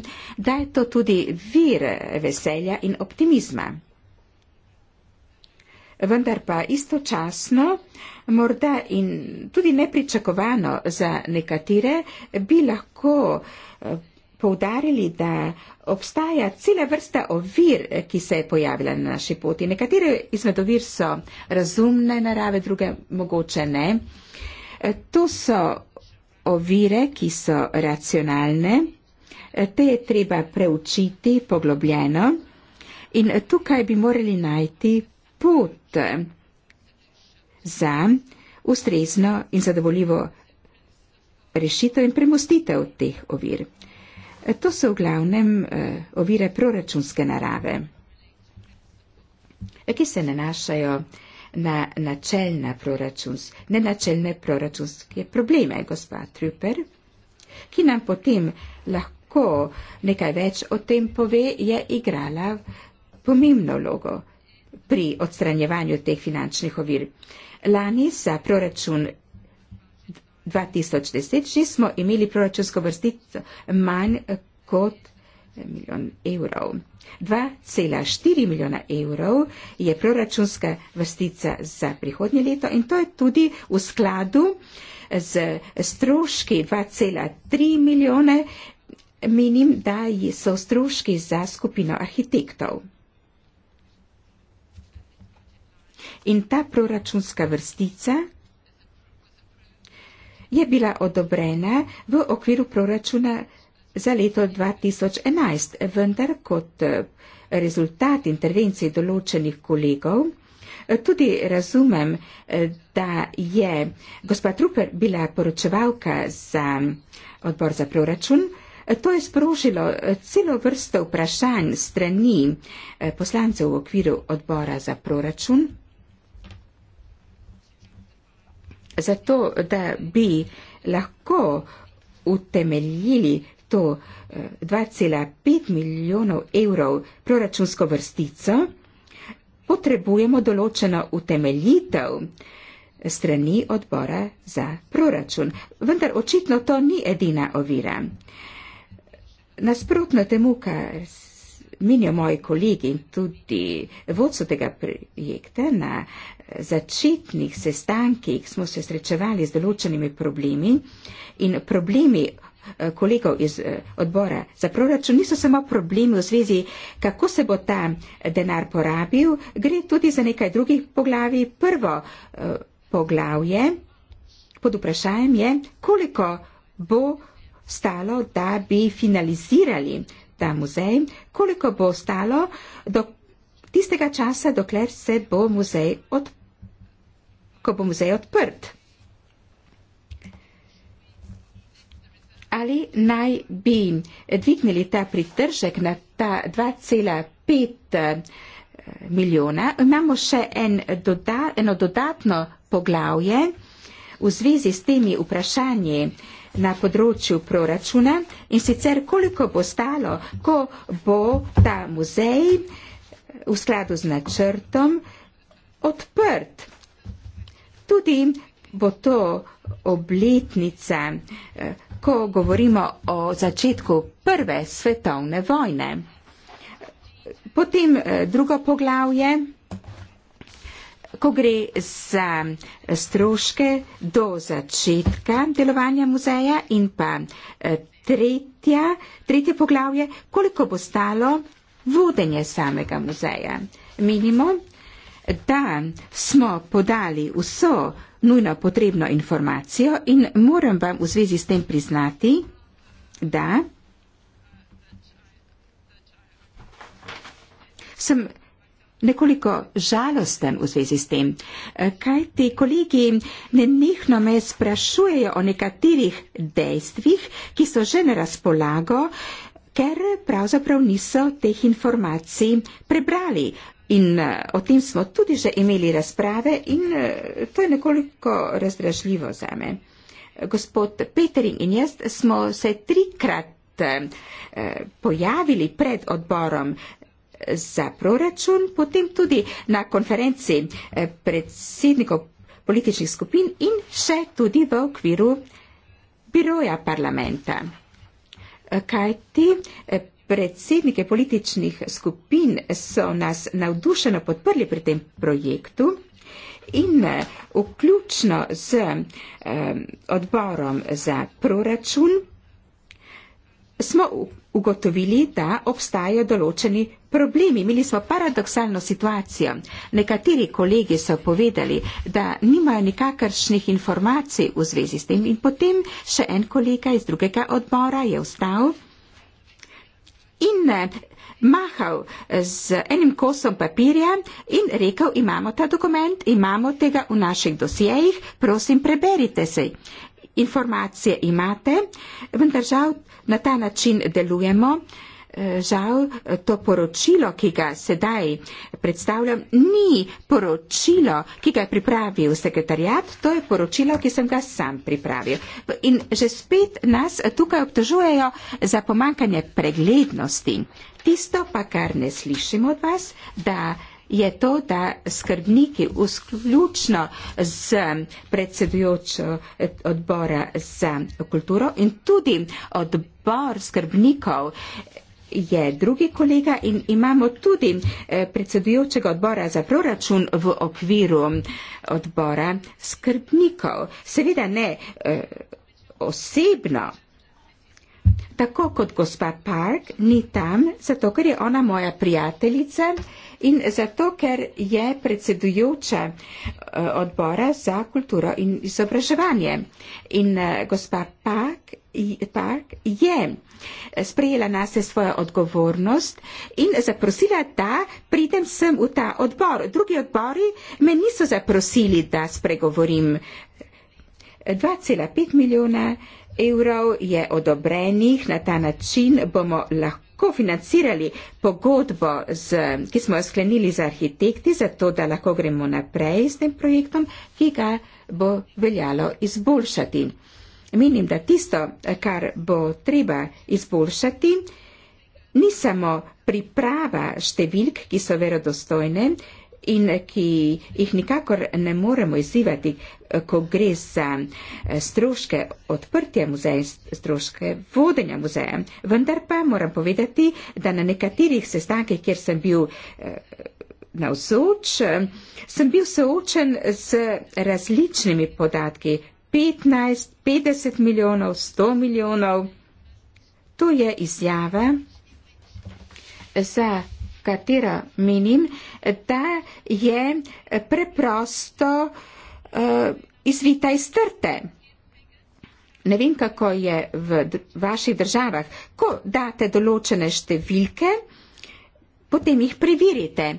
da je to tudi vir veselja in optimizma vendar pa istočasno, morda in tudi nepričakovano za nekatere, bi lahko eh, poudarili, da obstaja cela vrsta ovir, ki se je pojavila na naši poti. Nekatere izmed ovir so razumne narave, druge mogoče ne. Eh, to so ovire, ki so racionalne, eh, te je treba preučiti poglobljeno in tukaj bi morali najti pot za ustrezno in zadovoljivo rešitev in premostitev teh ovir. To so v glavnem eh, ovire proračunske narave, ki se nanašajo na načelne, proračuns, ne načelne proračunske probleme, gospa Trüper, ki nam potem lahko nekaj več o tem pove, je igrala pomembno logo pri odstranjevanju teh finančnih ovir. Lani za proračun 2010 smo imeli proračunsko vrstico manj kot milijon evrov. 2,4 milijona evrov je proračunska vrstica za prihodnje leto in to je tudi v skladu z stroški 2,3 milijone. Menim, da so stroški za skupino arhitektov. In ta proračunska vrstica je bila odobrena v okviru proračuna za leto 2011, vendar kot eh, rezultat intervencij določenih kolegov. Eh, tudi razumem, eh, da je gospa Truper bila poročevalka za odbor za proračun. To je sprožilo celo vrsto vprašanj strani poslancev v okviru odbora za proračun. zato da bi lahko utemeljili to 2,5 eh, milijonov evrov proračunsko vrstico, potrebujemo določeno utemeljitev strani odbora za proračun. Vendar očitno to ni edina ovira. Nasprotno temu, kar se menijo moji kolegi in tudi vodstvo tega projekta, na začetnih sestankih smo se srečevali z določenimi problemi in problemi eh, kolegov iz eh, odbora za proračun niso samo problemi v zvezi, kako se bo ta denar porabil, gre tudi za nekaj drugih poglavi. Prvo eh, poglavje pod vprašanjem je, koliko bo stalo, da bi finalizirali ta muzej, koliko bo stalo do tistega časa, dokler se bo muzej, od, ko bo muzej odprt. Ali naj bi dvignili ta pritržek na ta 2,5 eh, milijona? Imamo še en doda, eno dodatno poglavje v zvezi s temi vprašanji na področju proračuna in sicer koliko bo stalo, ko bo ta muzej v skladu z načrtom odprt. Tudi bo to obletnica, eh, ko govorimo o začetku prve svetovne vojne. Potem eh, drugo poglavje ko gre za stroške do začetka delovanja muzeja in pa eh, tretja, tretje poglavje, koliko bo stalo vodenje samega muzeja. Menimo, da smo podali vso nujno potrebno informacijo in moram vam v zvezi s tem priznati, da sem nekoliko žalosten v zvezi s tem, eh, kajti kolegi nenehno me sprašujejo o nekaterih dejstvih, ki so že na razpolago, ker pravzaprav niso teh informacij prebrali. In eh, o tem smo tudi že imeli razprave in eh, to je nekoliko razdražljivo za me. Gospod Petering in jaz smo se trikrat pojavili pred odborom za proračun, potem tudi na konferenci eh, predsednikov političnih skupin in še tudi v okviru biroja parlamenta. Eh, Kaj ti eh, predsednike političnih skupin so nas navdušeno podprli pri tem projektu in vključno z odborom za proračun smo ugotovili, da obstajajo določeni problemi, imeli smo paradoksalno situacijo. Nekateri kolegi so povedali, da nimajo nikakršnih informacij v zvezi s tem in potem še en kolega iz drugega odbora je vstal in eh, mahal eh, z enim kosom papirja in rekel, imamo ta dokument, imamo tega v naših dosjejih, prosim, preberite se. Informacije imate, vendar žal na ta način delujemo. Uh, Žal to poročilo, ki ga sedaj predstavljam, ni poročilo, ki ga je pripravil sekretarjat, to je poročilo, ki sem ga sam pripravil. In že spet nas tukaj obtožujejo za pomankanje preglednosti. Tisto pa, kar ne slišim od vas, da je to, da skrbniki vključno z predsedujočo odbora za kulturo in tudi odbor skrbnikov je drugi kolega in imamo tudi eh, predsedujočega odbora za proračun v okviru odbora skrbnikov. Seveda ne eh, osebno. Tako kot gospa Park ni tam, zato ker je ona moja prijateljica in zato, ker je predsedujoča eh, odbora za kulturo in izobraževanje. In eh, gospa Park, Park je sprejela na se svojo odgovornost in zaprosila, da pridem sem v ta odbor. Drugi odbori me niso zaprosili, da spregovorim. 2,5 milijona evrov je odobrenih na ta način, bomo lahko lahko financirali pogodbo, z, ki smo jo sklenili z arhitekti, zato da lahko gremo naprej s tem projektom, ki ga bo veljalo izboljšati. Menim, da tisto, kar bo treba izboljšati, ni samo priprava številk, ki so verodostojne, in ki jih nikakor ne moremo izzivati, eh, ko gre za eh, stroške odprtja muzeja, stroške vodenja muzeja. Vendar pa moram povedati, da na nekaterih sestankih, kjer sem bil eh, navzoč, sem bil soočen z različnimi podatki. 15, 50 milijonov, 100 milijonov. To je izjava za katero menim, da je preprosto uh, eh, izvita iz trte. Ne vem, kako je v vaših državah. Ko date določene številke, potem jih privirite.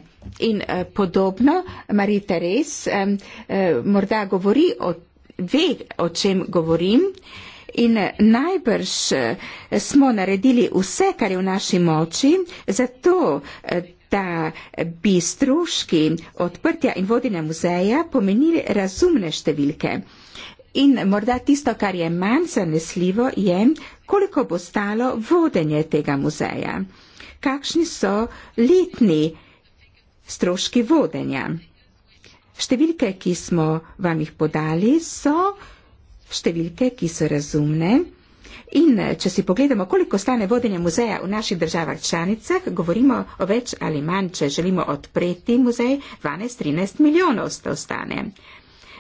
In eh, podobno, Marita res eh, eh, morda govori, o, ve, o čem govorim. Eh, in najbrž eh, smo naredili vse, kar je v naši moči, zato eh, da bi stroški odprtja in vodine muzeja pomenili razumne številke. In morda tisto, kar je manj zanesljivo, je, koliko bo stalo vodenje tega muzeja. Kakšni so letni stroški vodenja? Številke, ki smo vam jih podali, so številke, ki so razumne. In eh, če si pogledamo, koliko stane vodenje muzeja v naših državah članicah, govorimo o več ali manj, če želimo odpreti muzej, 12-13 milijonov to stane.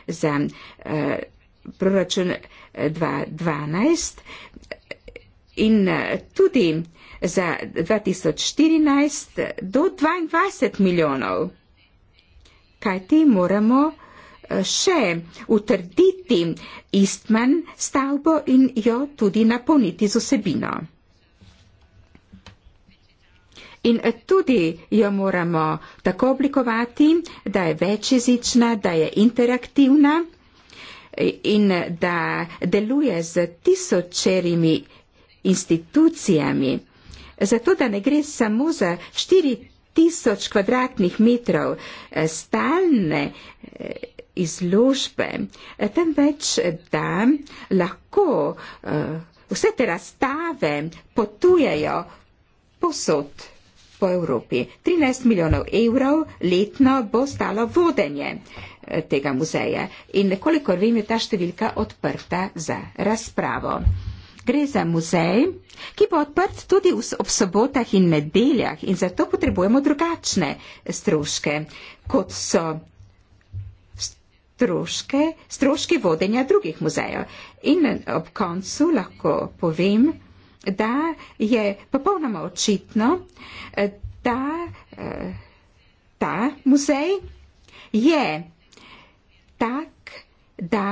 Za uh, proračun 2012 eh, in uh, tudi za 2014 do 22 milijonov. Kaj ti moramo? Eh, še utrditi istmen stavbo in jo tudi napolniti z osebino. In eh, tudi jo moramo tako oblikovati, da je večjezična, da je interaktivna eh, in da deluje z tisočerimi institucijami. Zato, da ne gre samo za 4000 kvadratnih metrov stalne izložbe, eh, temveč da lahko eh, vse te razstave potujejo posod po Evropi. 13 milijonov evrov letno bo stalo vodenje eh, tega muzeja in kolikor vem, je ta številka odprta za razpravo. Gre za muzej, ki bo odprt tudi ob sobotah in nedeljah in zato potrebujemo drugačne stroške, kot so troške, stroške vodenja drugih muzejev. In ob koncu lahko povem, da je popolnoma očitno, eh, da eh, ta muzej je tak, da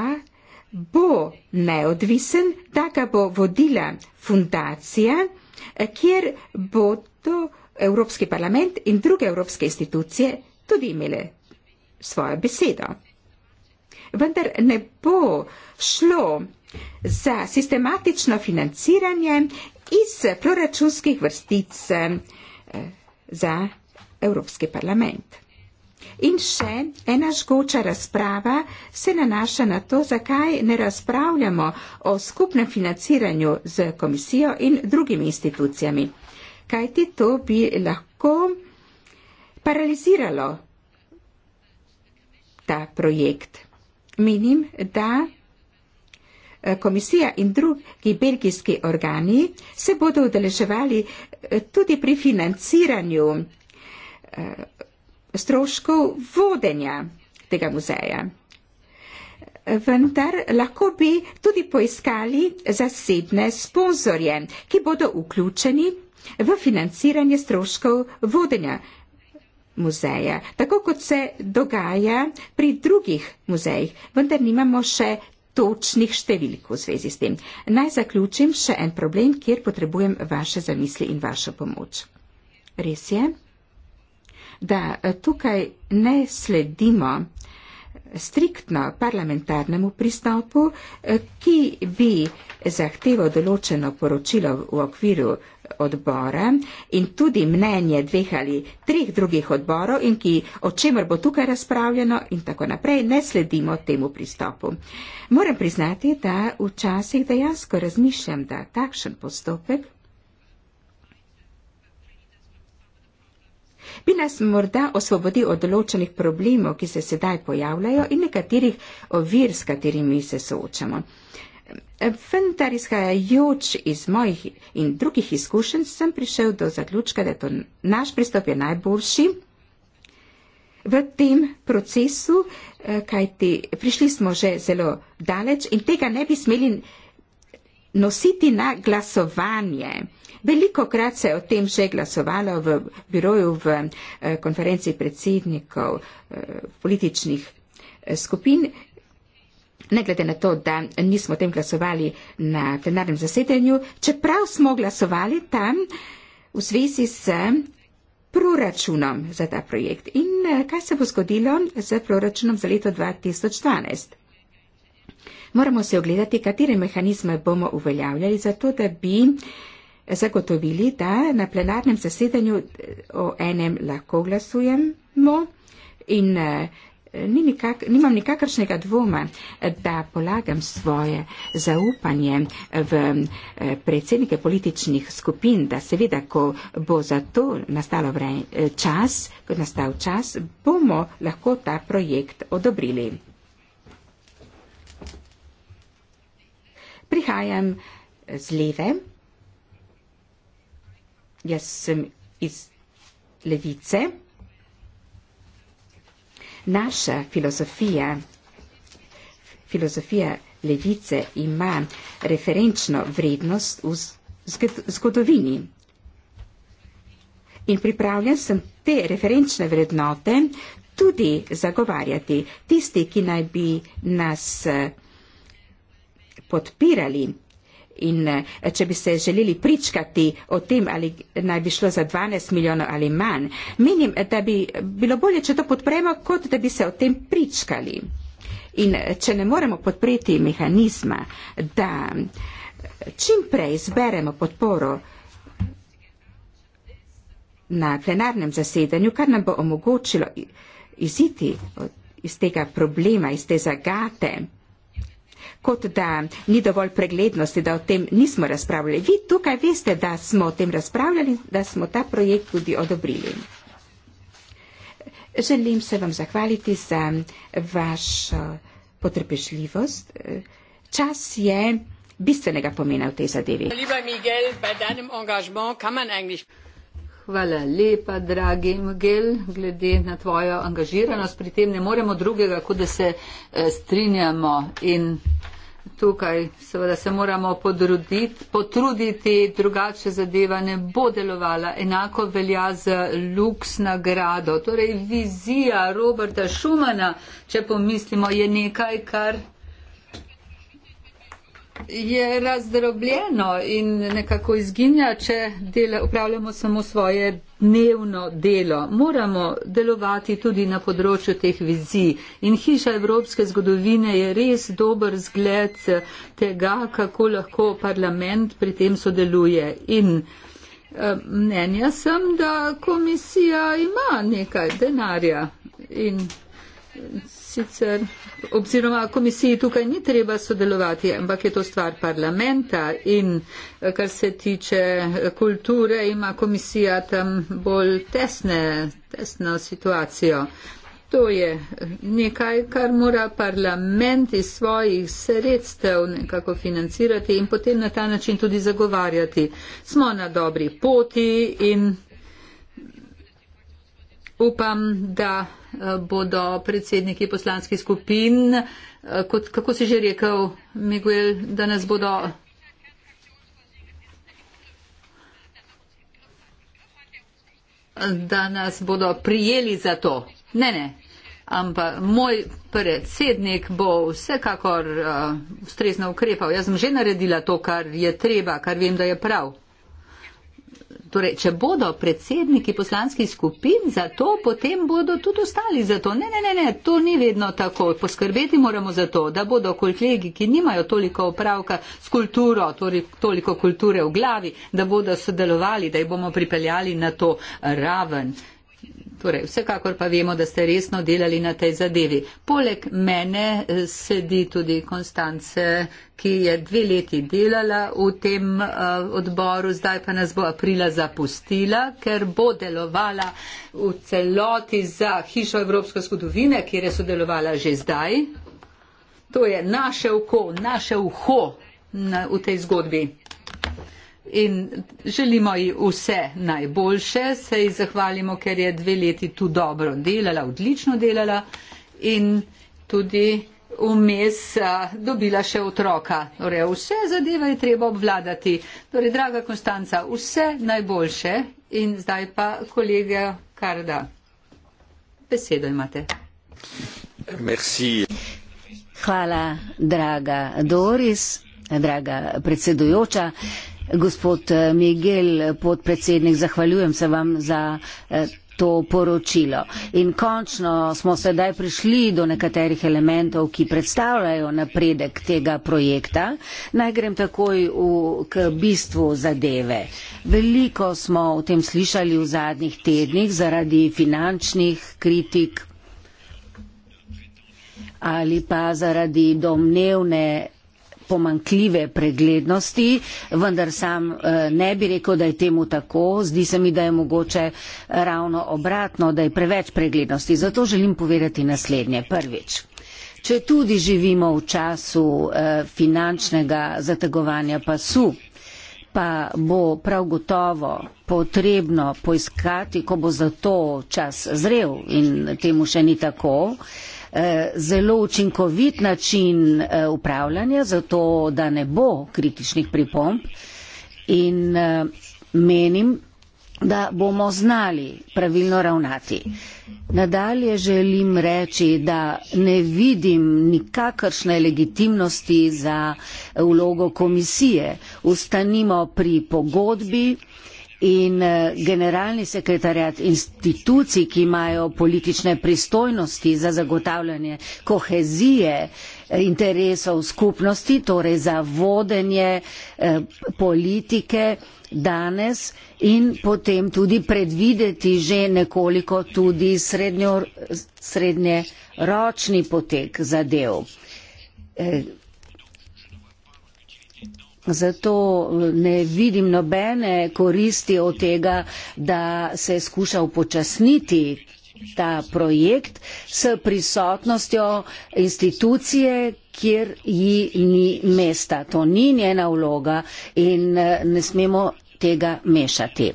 bo neodvisen, da ga bo vodila fundacija, eh, kjer bodo Evropski parlament in druge evropske institucije tudi imele svojo besedo vendar ne bo šlo za sistematično financiranje iz proračunskih vrstic eh, za Evropski parlament. In še ena žgoča razprava se nanaša na to, zakaj ne razpravljamo o skupnem financiranju z komisijo in drugimi institucijami. Kajti to bi lahko paraliziralo ta projekt menim, da eh, komisija in drugi belgijski organi se bodo udeleževali eh, tudi pri financiranju eh, stroškov vodenja tega muzeja. Vendar lahko bi tudi poiskali zasebne sponzorje, ki bodo vključeni v financiranje stroškov vodenja muzeje, tako kot se dogaja pri drugih muzejih, vendar nimamo še točnih številk v zvezi s tem. Naj zaključim še en problem, kjer potrebujem vaše zamisli in vašo pomoč. Res je, da eh, tukaj ne sledimo eh, striktno parlamentarnemu pristopu, eh, ki bi zahteval določeno poročilo v okviru odbora in tudi mnenje dveh ali treh drugih odborov in ki, o čemer bo tukaj razpravljeno in tako naprej, ne sledimo temu pristopu. Moram priznati, da včasih dejansko razmišljam, da takšen postopek bi nas morda osvobodil od določenih problemov, ki se sedaj pojavljajo in nekaterih ovir, s katerimi se soočamo vendar izhajajoč iz mojih in drugih izkušenj sem prišel do zaključka, da je to naš pristop je najboljši v tem procesu, eh, kajti prišli smo že zelo daleč in tega ne bi smeli nositi na glasovanje. Veliko krat se je o tem že glasovalo v biroju v eh, konferenci predsednikov eh, političnih skupin ne glede na to, da nismo o tem glasovali na plenarnem zasedanju, čeprav smo glasovali tam v zvezi s proračunom za ta projekt. In eh, kaj se bo zgodilo z proračunom za leto 2012? Moramo se ogledati, katere mehanizme bomo uveljavljali za to, da bi zagotovili, da na plenarnem zasedanju eh, o enem lahko glasujemo in eh, ni nikak, nimam nikakršnega dvoma, da polagam svoje zaupanje v eh, predsednike političnih skupin, da seveda, ko bo za to nastalo vrej, eh, čas, ko nastal čas, bomo lahko ta projekt odobrili. Prihajam eh, z leve. Jaz sem iz levice. Naša filozofija, filozofija levice ima referenčno vrednost v zgodovini. In pripravljen sem te referenčne vrednote tudi zagovarjati. Tisti, ki naj bi nas eh, podpirali In eh, če bi se želeli pričkati o tem, ali naj bi šlo za 12 milijonov ali manj, menim, da bi bilo bolje, če to podpremo, kot da bi se o tem pričkali. In eh, če ne moremo podpreti mehanizma, da eh, čim prej zberemo podporo na plenarnem zasedanju, kar nam bo omogočilo iziti iz tega problema, iz te zagate kot da ni dovolj preglednosti, da o tem nismo razpravljali. Vi tukaj veste, da smo o tem razpravljali, da smo ta projekt tudi odobrili. Želim se vam zahvaliti za vašo potrpežljivost. Čas je bistvenega pomena v tej zadevi. Hvala lepa, dragi Miguel, glede na tvojo angažiranost. Pri tem ne moremo drugega, kot da se eh, strinjamo in tukaj seveda se moramo potruditi, drugače zadeva ne bo delovala. Enako velja za luks nagrado. Torej, vizija Roberta Šumana, če pomislimo, je nekaj, kar je razdrobljeno in nekako izginja, če dele, upravljamo samo svoje dnevno delo. Moramo delovati tudi na področju teh vizij in hiša evropske zgodovine je res dober zgled tega, kako lahko parlament pri tem sodeluje. In eh, mnenja sem, da komisija ima nekaj denarja in sicer, obziroma komisiji tukaj ni treba sodelovati, ampak je to stvar parlamenta in eh, kar se tiče eh, kulture, ima komisija tam bolj tesne, tesno situacijo. To je eh, nekaj, kar mora parlament iz svojih sredstev nekako financirati in potem na ta način tudi zagovarjati. Smo na dobri poti in upam, da eh, bodo predsedniki poslanskih skupin, eh, kot, kako si že rekel, Miguel, da nas bodo. da nas bodo prijeli za to. Ne, ne. Ampak moj predsednik bo vsekakor uh, ustrezno ukrepal. Jaz sem že naredila to, kar je treba, kar vem, da je prav. Torej, če bodo predsedniki poslanskih skupin za to, potem bodo tudi ostali za to. Ne, ne, ne, ne, to ni vedno tako. Poskrbeti moramo za to, da bodo kolegi, ki nimajo toliko opravka s kulturo, torej toliko kulture v glavi, da bodo sodelovali, da jih bomo pripeljali na to raven. Torej, vsekakor pa vemo, da ste resno delali na tej zadevi. Poleg mene eh, sedi tudi Konstance, ki je dve leti delala v tem uh, odboru, zdaj pa nas bo aprila zapustila, ker bo delovala v celoti za hišo Evropske zgodovine, kjer je sodelovala že zdaj. To je naše oko, naše uho na, v tej zgodbi in želimo ji vse najboljše. Se ji zahvalimo, ker je dve leti tu dobro delala, odlično delala in tudi vmes dobila še otroka. Torej, vse zadeve je treba obvladati. Torej, draga Konstanca, vse najboljše in zdaj pa kolega Karda. Besedo imate. Merci. Hvala, draga Doris, draga predsedujoča. Gospod eh, Miguel, podpredsednik, zahvaljujem se vam za eh, to poročilo. In končno smo sedaj prišli do nekaterih elementov, ki predstavljajo napredek tega projekta. Naj grem takoj v, k bistvu zadeve. Veliko smo o tem slišali v zadnjih tednih zaradi finančnih kritik ali pa zaradi domnevne pomankljive preglednosti, vendar sam eh, ne bi rekel, da je temu tako. Zdi se mi, da je mogoče ravno obratno, da je preveč preglednosti. Zato želim povedati naslednje. Prvič. Če tudi živimo v času eh, finančnega zategovanja pasu, pa bo prav gotovo potrebno poiskati, ko bo za to čas zrel in temu še ni tako, Eh, zelo učinkovit način eh, upravljanja, zato da ne bo kritičnih pripomb in eh, menim, da bomo znali pravilno ravnati. Nadalje želim reči, da ne vidim nikakršne legitimnosti za vlogo komisije. Ustanimo pri pogodbi, in eh, generalni sekretarjat institucij, ki imajo politične pristojnosti za zagotavljanje kohezije eh, interesov skupnosti, torej za vodenje eh, politike danes in potem tudi predvideti že nekoliko tudi srednjo, srednjeročni potek zadev. Zato ne vidim nobene koristi od tega, da se skuša upočasniti ta projekt s prisotnostjo institucije, kjer ji ni mesta. To ni njena vloga in eh, ne smemo tega mešati.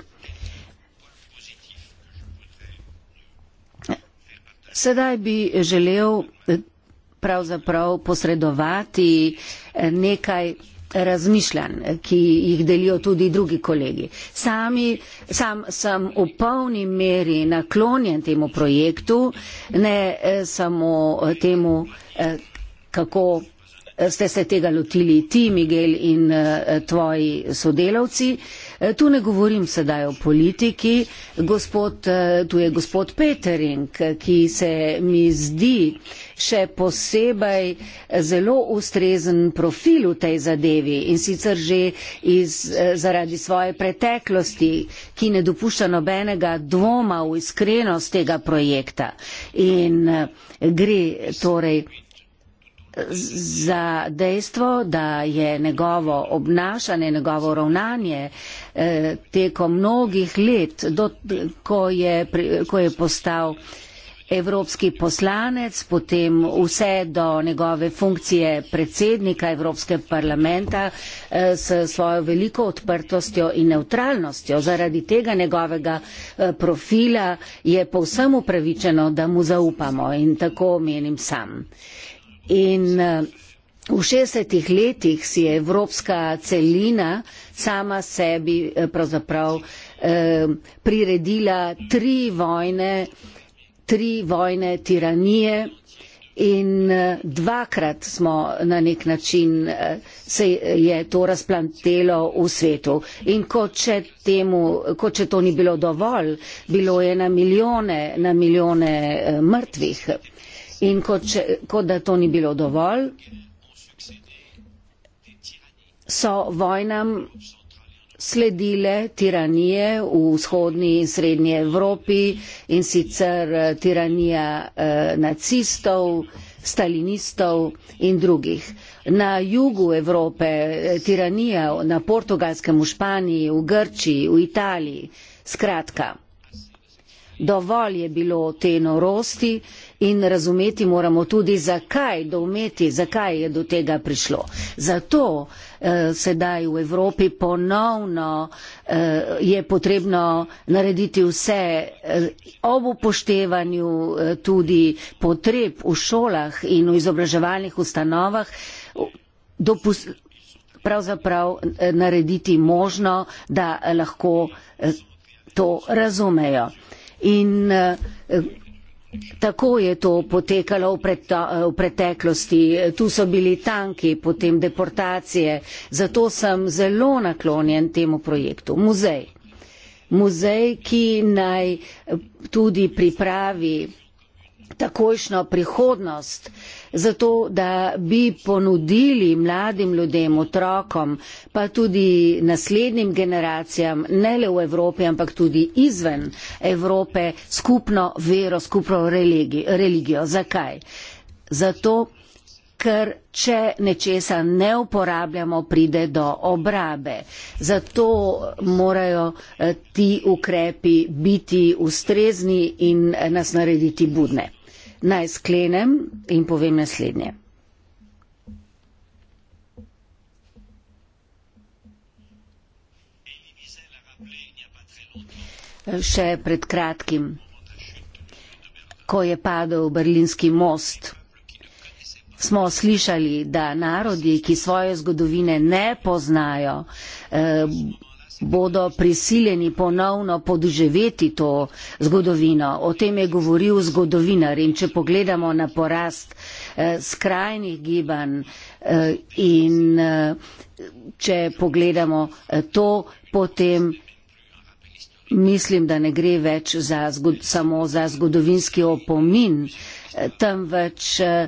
Sedaj bi želel eh, pravzaprav posredovati eh, nekaj razmišljanj, ki jih delijo tudi drugi kolegi. Sami, sam sem v polni meri naklonjen temu projektu, ne eh, samo eh, temu, eh, kako ste se tega lotili ti, Miguel, in tvoji sodelavci. Tu ne govorim sedaj o politiki. Gospod, tu je gospod Petering, ki se mi zdi, še posebej zelo ustrezen profil v tej zadevi in sicer že iz, eh, zaradi svoje preteklosti, ki ne dopušča nobenega dvoma v iskrenost tega projekta. In eh, gre torej za dejstvo, da je njegovo obnašanje, njegovo ravnanje eh, tekom mnogih let, do, ko, je, ko je postal eh, evropski poslanec, potem vse do njegove funkcije predsednika Evropske parlamenta eh, s svojo veliko odprtostjo in neutralnostjo. Zaradi tega njegovega eh, profila je povsem upravičeno, da mu zaupamo in tako menim sam. In eh, v 60 letih si je evropska celina sama sebi pravzaprav priredila tri vojne, tri vojne tiranije in eh, dvakrat smo na nek način eh, se je to razplantelo v svetu. In ko če, temu, ko če to ni bilo dovolj, bilo je na milijone, na milijone eh, mrtvih. In ko, če, ko da to ni bilo dovolj, so vojnam sledile tiranije v vzhodnji in srednji Evropi in sicer eh, tiranija eh, nacistov, stalinistov in drugih. Na jugu Evrope eh, tiranija na portugalskem, v Španiji, v Grčiji, v Italiji. Skratka, dovolj je bilo te norosti in razumeti moramo tudi, zakaj, doumeti, zakaj je do tega prišlo. Zato, eh, eh, sedaj v Evropi ponovno eh, je potrebno narediti vse eh, ob upoštevanju eh, tudi potreb v šolah in v izobraževalnih ustanovah. Dopust, pravzaprav eh, narediti možno, da eh, lahko eh, to razumejo. In, eh, Tako je to potekalo v, v preteklosti. Tu so bili tanki, potem deportacije. Zato sem zelo naklonjen temu projektu. Muzej. Muzej, ki naj tudi pripravi takojšno prihodnost, zato da bi ponudili mladim ljudem, otrokom, pa tudi naslednjim generacijam, ne le v Evropi, ampak tudi izven Evrope, skupno vero, skupno religijo. Zakaj? Zato, ker če nečesa ne uporabljamo, pride do obrabe. Zato morajo eh, ti ukrepi biti ustrezni in eh, nas narediti budne. Naj sklenem in povem naslednje. Še pred kratkim, ko je padel Berlinski most, smo slišali, da narodi, ki svoje zgodovine ne poznajo, eh, bodo prisiljeni ponovno podživeti to zgodovino. O tem je govoril zgodovinar in če pogledamo na porast eh, skrajnih gibanj eh, in eh, če pogledamo eh, to, potem mislim, da ne gre več za samo za zgodovinski opomin, eh, temveč eh,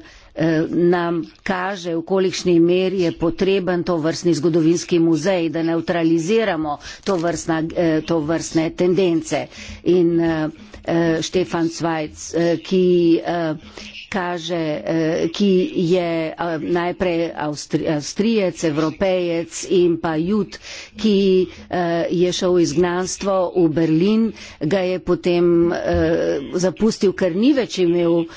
nam kaže, v kolikšni meri je potreben to vrstni zgodovinski muzej, da neutraliziramo to, vrstna, eh, to vrstne tendence. In, uh, eh, Štefan Svajc, eh, ki eh, kaže, eh, ki je eh, najprej Avstri Avstrijec, Evropejec in pa Jud, ki eh, je šel v izgnanstvo v Berlin, ga je potem eh, zapustil, ker ni več imel eh,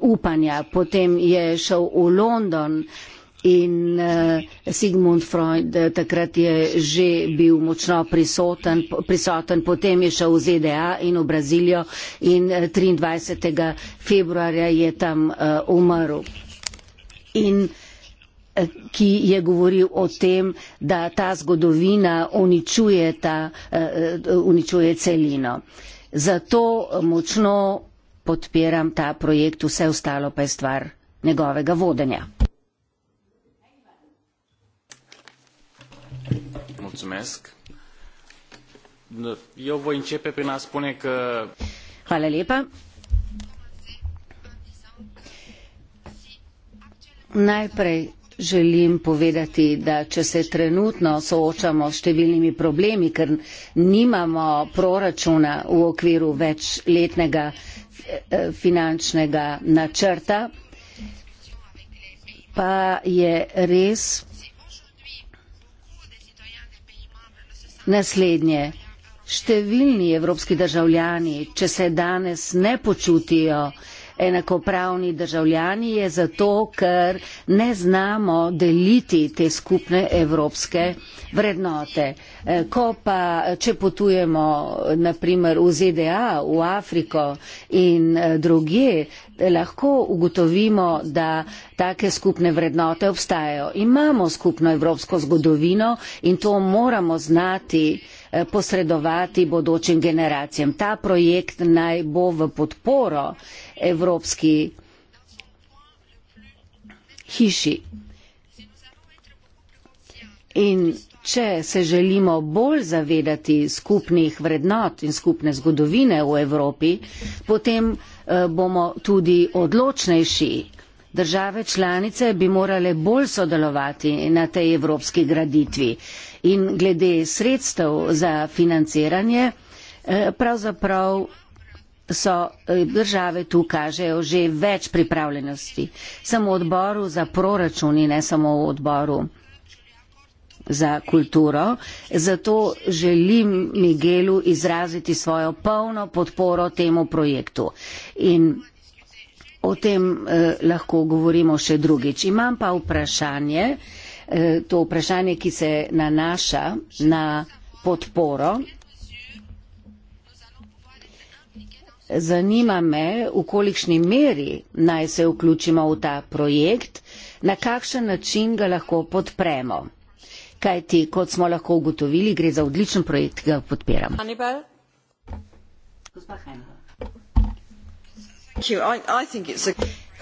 upanja. Potem je šel v London. Eh, in uh, Sigmund Freud eh, takrat je že bil močno prisoten, prisoten, potem je šel v ZDA in v Brazilijo in 23. Eh, februarja je tam uh, umrl. In, ki je govoril o tem, da ta zgodovina uničuje, ta, uh, uničuje celino. Zato močno podpiram ta projekt, vse ostalo pa je stvar njegovega vodenja. Eu voi începe prin a spune că... Hvala lepa. Najprej želim povedati, da če se trenutno soočamo s številnimi problemi, ker nimamo proračuna v okviru večletnega eh, finančnega načrta, pa je res Naslednje. Številni evropski državljani, če se danes ne počutijo enakopravni državljani, je zato, ker ne znamo deliti te skupne evropske vrednote. Eh, ko pa, eh, če potujemo naprimer v ZDA, v Afriko in eh, drugje, lahko ugotovimo, da take skupne vrednote obstajajo. Imamo skupno evropsko zgodovino in to moramo znati posredovati bodočim generacijam. Ta projekt naj bo v podporo evropski hiši. In Če se želimo bolj zavedati skupnih vrednot in skupne zgodovine v Evropi, potem eh, bomo tudi odločnejši. Države članice bi morale bolj sodelovati na tej evropski graditvi in glede sredstev za financiranje, eh, pravzaprav so eh, države tu kažejo že več pripravljenosti. Samo v odboru za proračun in ne samo v odboru za kulturo. Zato želim Miguelu izraziti svojo polno podporo temu projektu. In o tem eh, lahko govorimo še drugič. Imam pa vprašanje, eh, to vprašanje, ki se nanaša na podporo. Zanima me, v kolikšni meri naj se vključimo v ta projekt, na kakšen način ga lahko podpremo kajti, kot smo lahko ugotovili, gre za odličen projekt, ki ga podpiramo.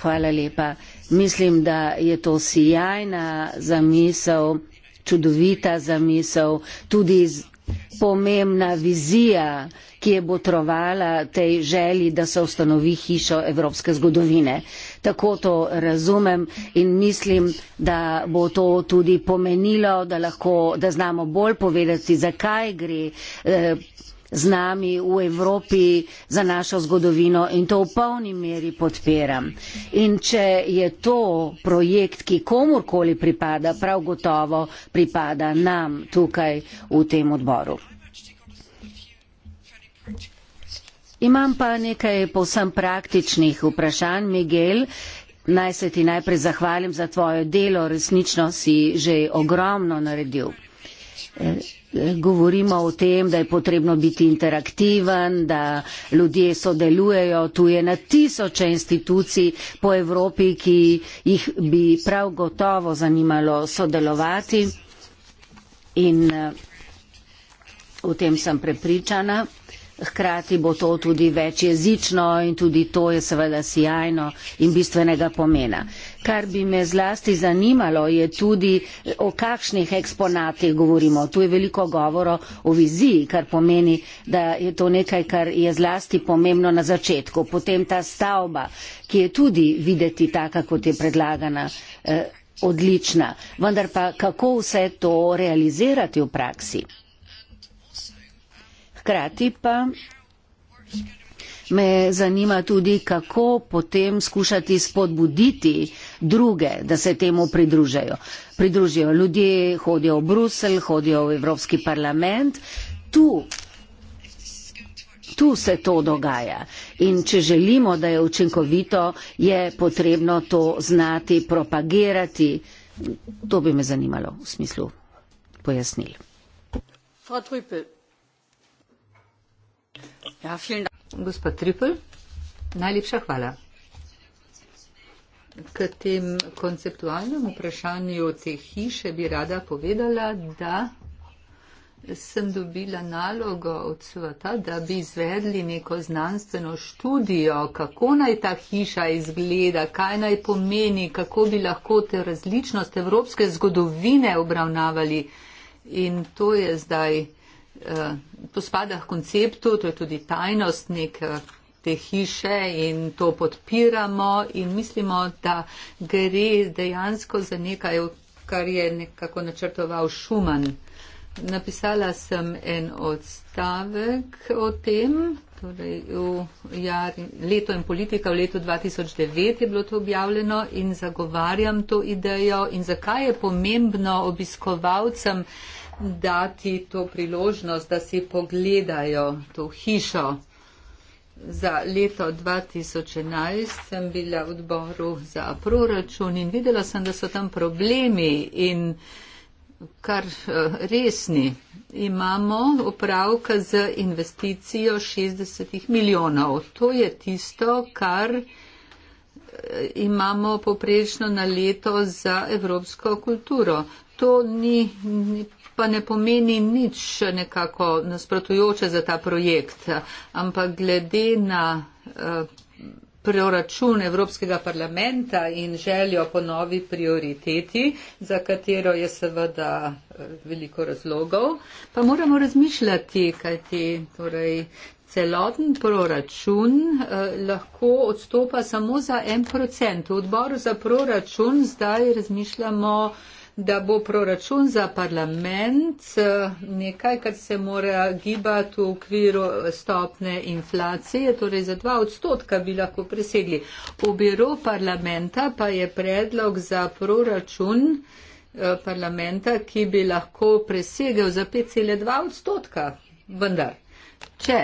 Hvala lepa. Mislim, da je to sijajna zamisel, čudovita zamisel, tudi pomembna vizija, ki je botrovala tej želji, da se ustanovi hišo evropske zgodovine. Tako to razumem in mislim, da bo to tudi pomenilo, da, lahko, da znamo bolj povedati, zakaj gre. Eh, z nami v Evropi za našo zgodovino in to v polni meri podpiram. In če je to projekt, ki komorkoli pripada, prav gotovo pripada nam tukaj v tem odboru. Imam pa nekaj povsem praktičnih vprašanj, Miguel. Naj se ti najprej zahvalim za tvoje delo, resnično si že ogromno naredil. Govorimo o tem, da je potrebno biti interaktiven, da ljudje sodelujejo. Tu je na tisoče institucij po Evropi, ki jih bi prav gotovo zanimalo sodelovati. In eh, o tem sem prepričana. Hkrati bo to tudi večjezično in tudi to je seveda sjajno in bistvenega pomena. Kar bi me zlasti zanimalo, je tudi, o kakšnih eksponatih govorimo. Tu je veliko govora o viziji, kar pomeni, da je to nekaj, kar je zlasti pomembno na začetku. Potem ta stavba, ki je tudi videti taka, kot je predlagana, eh, odlična. Vendar pa, kako vse to realizirati v praksi? Hkrati pa me zanima tudi, kako potem skušati spodbuditi druge, da se temu pridružajo. pridružijo. Ljudje hodijo v Brusel, hodijo v Evropski parlament. Tu, tu se to dogaja. In če želimo, da je učinkovito, je potrebno to znati, propagirati. To bi me zanimalo v smislu pojasnil. Frau Trüppel. Ja, Gospa Tripl, najlepša hvala. K tem konceptualnem vprašanju te hiše bi rada povedala, da sem dobila nalogo od sveta, da bi izvedli neko znanstveno študijo, kako naj ta hiša izgleda, kaj naj pomeni, kako bi lahko te različnost evropske zgodovine obravnavali. In to je zdaj to eh, spada k konceptu, to je tudi tajnost nek te hiše in to podpiramo in mislimo, da gre dejansko za nekaj, kar je nekako načrtoval Šuman. Napisala sem en odstavek o tem, torej v jari, leto in politika v letu 2009 je bilo to objavljeno in zagovarjam to idejo in zakaj je pomembno obiskovalcem uh, dati to priložnost, da si pogledajo to hišo. Za leto 2011 sem bila v odboru za proračun in videla sem, da so tam problemi in kar eh, resni. Imamo upravka z investicijo 60 milijonov. To je tisto, kar eh, imamo poprečno na leto za evropsko kulturo. To ni, ni pa ne pomeni nič nekako nasprotujoče za ta projekt, ampak glede na eh, proračun Evropskega parlamenta in željo po novi prioriteti, za katero je seveda eh, veliko razlogov, pa moramo razmišljati, kaj ti torej. Celoten proračun eh, lahko odstopa samo za en procent. V odboru za proračun zdaj razmišljamo eh, da bo proračun za parlament eh, nekaj, kar se mora gibati v okviru stopne inflacije, torej za dva odstotka bi lahko presegli. V biro parlamenta pa je predlog za proračun eh, parlamenta, ki bi lahko presegel za 5,2 odstotka. Vendar, če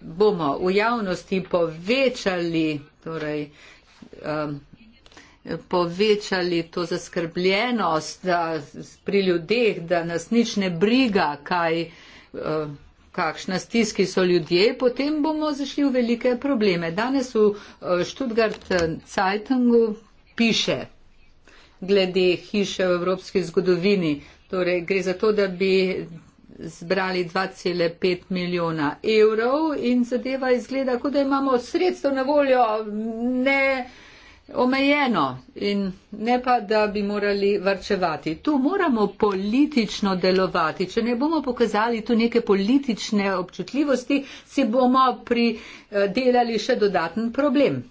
bomo v javnosti povečali torej, eh, povečali to zaskrbljenost da, pri ljudeh, da nas nič ne briga, kaj, eh, kakšna stiski so ljudje, potem bomo zašli v velike probleme. Danes v Študgart eh, eh, Zeitungu piše glede hiše v evropski zgodovini. Torej, gre za to, da bi zbrali 2,5 milijona evrov in zadeva izgleda, kot da imamo sredstvo na voljo, ne omejeno in ne pa, da bi morali varčevati. Tu moramo politično delovati. Če ne bomo pokazali tu neke politične občutljivosti, si bomo pridelali eh, še dodaten problem.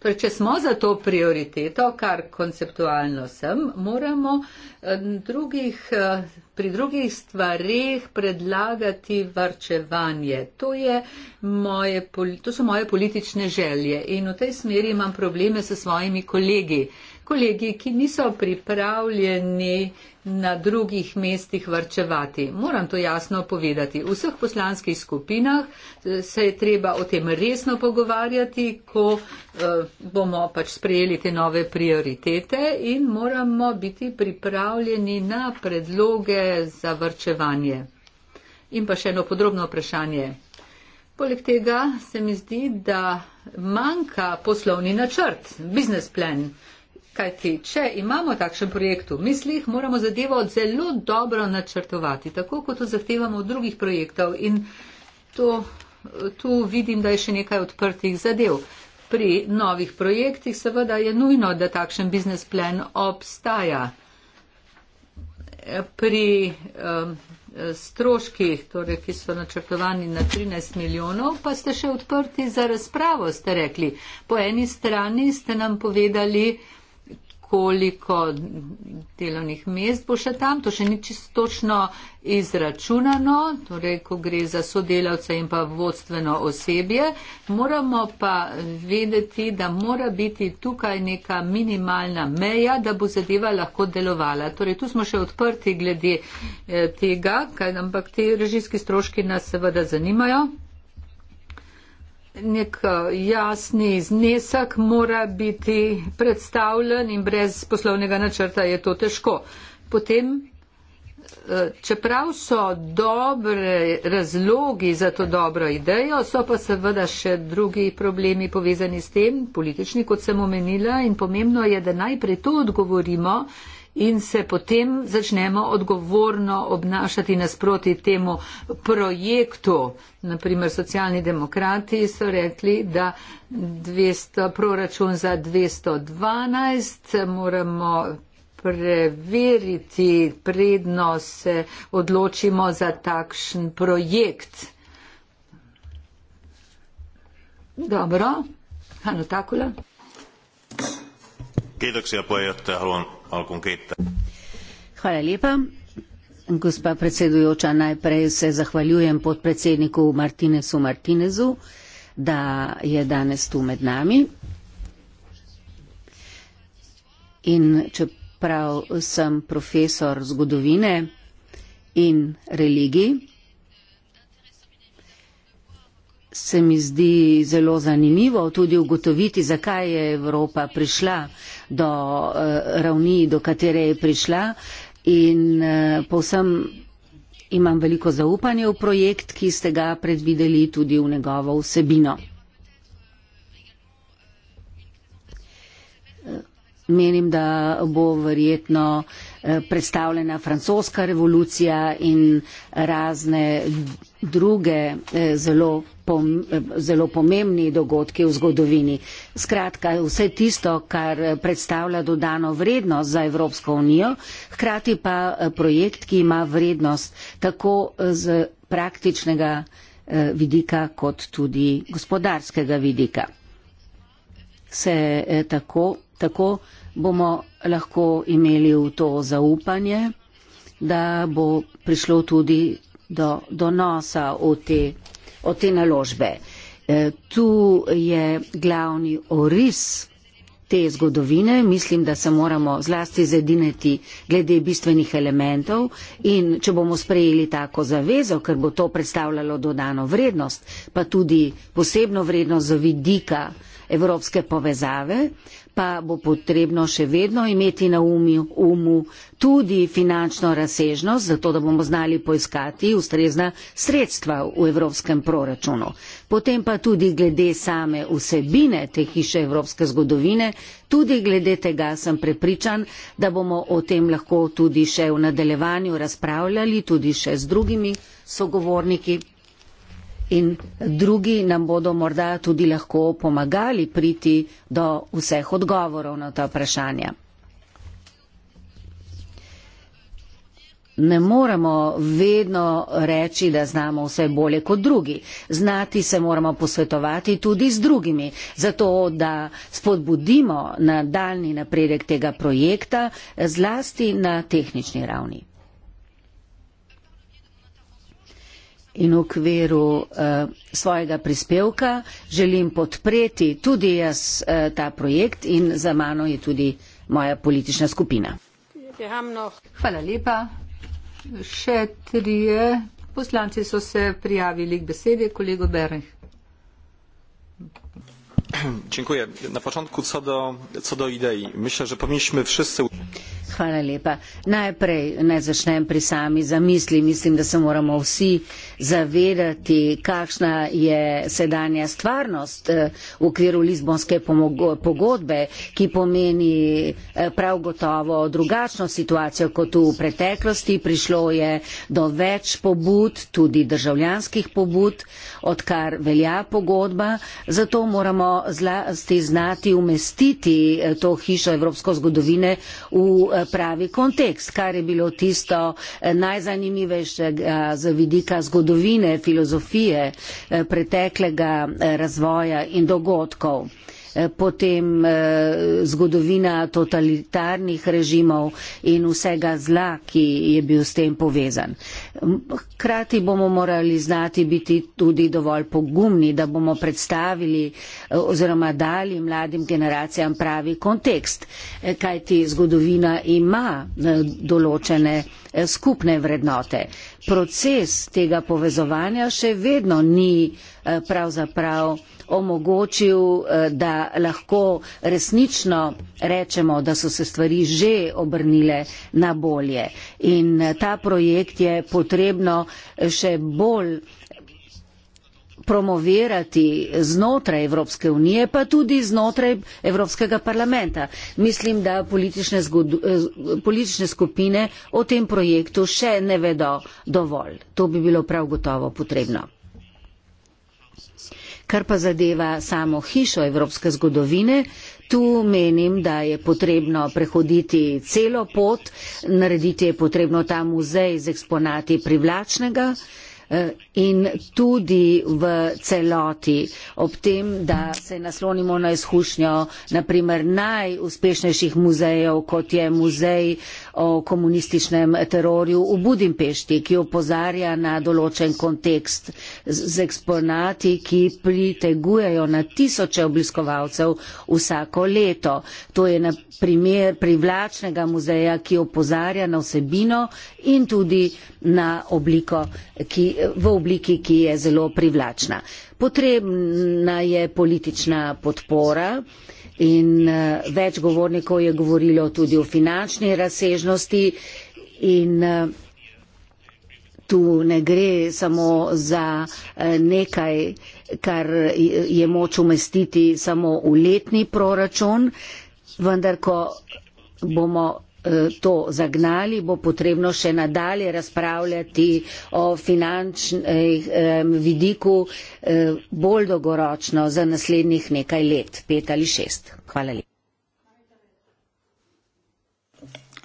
Torej, če smo za to prioriteto, kar konceptualno sem, moramo eh, drugih, eh, pri drugih stvarih predlagati varčevanje. To, je moje, to so moje politične želje in v tej smeri imam probleme s svojimi kolegi kolegi, ki niso pripravljeni na drugih mestih varčevati. Moram to jasno povedati. V vseh poslanskih skupinah eh, se je treba o tem resno pogovarjati, ko eh, bomo pač sprejeli te nove prioritete in moramo biti pripravljeni na predloge za varčevanje. In pa še eno podrobno vprašanje. Poleg tega se mi zdi, da manjka poslovni načrt, biznesplan. Kajti, če imamo takšen projekt v mislih, moramo zadevo zelo dobro načrtovati, tako kot to zahtevamo od drugih projektov. In to, tu vidim, da je še nekaj odprtih zadev. Pri novih projektih seveda je nujno, da takšen biznes plan obstaja. Pri um, stroških, torej, ki so načrtovani na 13 milijonov, pa ste še odprti za razpravo, ste rekli. Po eni strani ste nam povedali, koliko delovnih mest bo še tam. To še ni čistočno izračunano, torej, ko gre za sodelavce in pa vodstveno osebje. Moramo pa vedeti, da mora biti tukaj neka minimalna meja, da bo zadeva lahko delovala. Torej, tu smo še odprti glede eh, tega, ampak te režijski stroški nas seveda zanimajo nek eh, jasni znesek mora biti predstavljen in brez poslovnega načrta je to težko. Potem, eh, čeprav so dobre razlogi za to dobro idejo, so pa seveda še drugi problemi povezani s tem, politični, kot sem omenila, in pomembno je, da najprej to odgovorimo in se potem začnemo odgovorno obnašati nasproti temu projektu. Naprimer, socialni demokrati so rekli, da 200, proračun za 212 moramo preveriti predno se odločimo za takšen projekt. Dobro, Hanno Takula. Kiitoksia puheenjohtaja. Haluan gospa predsedujoča najprej se zahvaljujem podpredsedniku martinezu martinezu da je danes tu med nami in čeprav sem profesor zgodovine in religij se mi zdi zelo zanimivo tudi ugotoviti zakaj je evropa prišla do tega da je do uh, ravni, do katere je prišla in uh, povsem imam veliko zaupanje v projekt, ki ste ga predvideli tudi v njegovo vsebino. Menim, da bo verjetno eh, predstavljena francoska revolucija in razne druge zelo pom, zelo pomembni dogodki v zgodovini. Skratka, vse tisto, kar predstavlja dodano vrednost za Evropsko unijo, hkrati pa eh, projekt, ki ima vrednost tako eh, z praktičnega eh, vidika kot tudi gospodarskega vidika. Se tako, tako bomo lahko imeli v to zaupanje, da bo prišlo tudi do donosa v te od te naložbe. E, tu je glavni oris te zgodovine. Mislim, da se moramo zlasti zediniti glede bistvenih elementov in če bomo sprejeli tako zavezo, ker bo to predstavljalo dodano vrednost, pa tudi posebno vrednost za vidika evropske povezave, pa bo potrebno še vedno imeti na umi, umu tudi finančno razsežnost, zato da bomo znali poiskati ustrezna sredstva v evropskem proračunu. Potem pa tudi glede same vsebine te hiše evropske zgodovine, tudi glede tega sem prepričan, da bomo o tem lahko tudi še v nadaljevanju razpravljali, tudi še z drugimi sogovorniki in drugi nam bodo morda tudi lahko pomagali priti do vseh odgovorov na ta vprašanja. Ne moramo vedno reči, da znamo vse bolje kot drugi. Znati se moramo posvetovati tudi z drugimi, zato da spodbudimo nadaljni napredek tega projekta zlasti na tehnični ravni. in v okviru uh, svojega prispevka želim podpreti tudi jaz uh, ta projekt in za mano je tudi moja politična skupina. Hvala lepa. Še trije poslanci so se prijavili k besedi, kolego Bernh. Dziękuję. Na początku co do, co do idei. Myślę, że powinniśmy wszyscy. Hvala lepa. Najprej naj začnem pri sami zamisli. Mislim, da se moramo vsi zavedati, kakšna je sedanja stvarnost eh, v okviru Lizbonske pogodbe, ki pomeni eh, prav gotovo drugačno situacijo kot v preteklosti. Prišlo je do več pobud, tudi državljanskih pobud, odkar velja pogodba. Zato moramo zlasti znati umestiti eh, to hišo evropsko zgodovine v eh, pravi kontekst, kar je bilo tisto eh, najzanimivejše z vidika zgodovine, filozofije preteklega razvoja in dogodkov. Eh, potem eh, zgodovina totalitarnih režimov in vsega zla, ki je bil s tem povezan. Hkrati bomo morali znati biti tudi dovolj pogumni, da bomo predstavili eh, oziroma dali mladim generacijam pravi kontekst, kajti zgodovina ima določene skupne vrednote. Proces tega povezovanja še vedno ni pravzaprav omogočil, eh, da lahko resnično rečemo, da so se stvari že obrnile na bolje. In eh, ta projekt je potrebno eh, še bolj promovirati znotraj Evropske unije, pa tudi znotraj Evropskega parlamenta. Mislim, da politične, zgodu, politične skupine o tem projektu še ne vedo dovolj. To bi bilo prav gotovo potrebno. Kar pa zadeva samo hišo evropske zgodovine, tu menim, da je potrebno prehoditi celo pot, narediti je potrebno ta muzej z eksponati privlačnega. Eh, in tudi v celoti, ob tem, da se naslonimo na izkušnjo naprimer najuspešnejših muzejev, kot je muzej o komunističnem terorju v Budimpešti, ki opozarja na določen kontekst z eksponati, ki pritegujejo na tisoče obiskovalcev vsako leto. To je na primer privlačnega muzeja, ki opozarja na vsebino in tudi na obliko, ki v obliki, ki je zelo privlačna. Potrebna je politična podpora in eh, več govornikov je govorilo tudi o finančni razsežnosti in eh, tu ne gre samo za eh, nekaj, kar je moč umestiti samo v letni proračun, vendar ko bomo Eh, to zagnali, bo potrebno še nadalje razpravljati o finančnem vidiku eh, bolj dogoročno za naslednjih nekaj let, pet ali šest. Hvala lepa.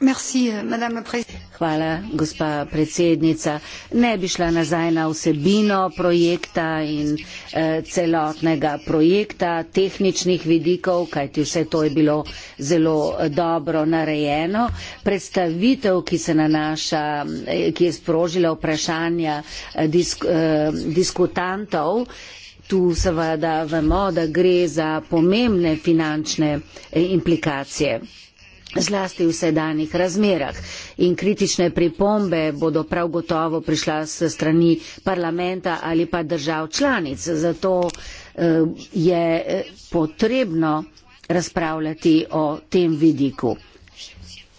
Euh, Hvala, gospa predsednica. Ne bi šla nazaj na vsebino projekta in eh, celotnega projekta, tehničnih vidikov, kajti vse to je bilo zelo eh, dobro narejeno. Predstavitev, ki se nanaša, eh, ki je sprožila vprašanja eh, disk, eh, diskutantov. Tu seveda vemo, da gre za pomembne finančne implikacije zlasti v sedanjih razmerah. In kritične pripombe bodo prav gotovo prišla s strani parlamenta ali pa držav članic. Zato eh, je eh, potrebno razpravljati o tem vidiku.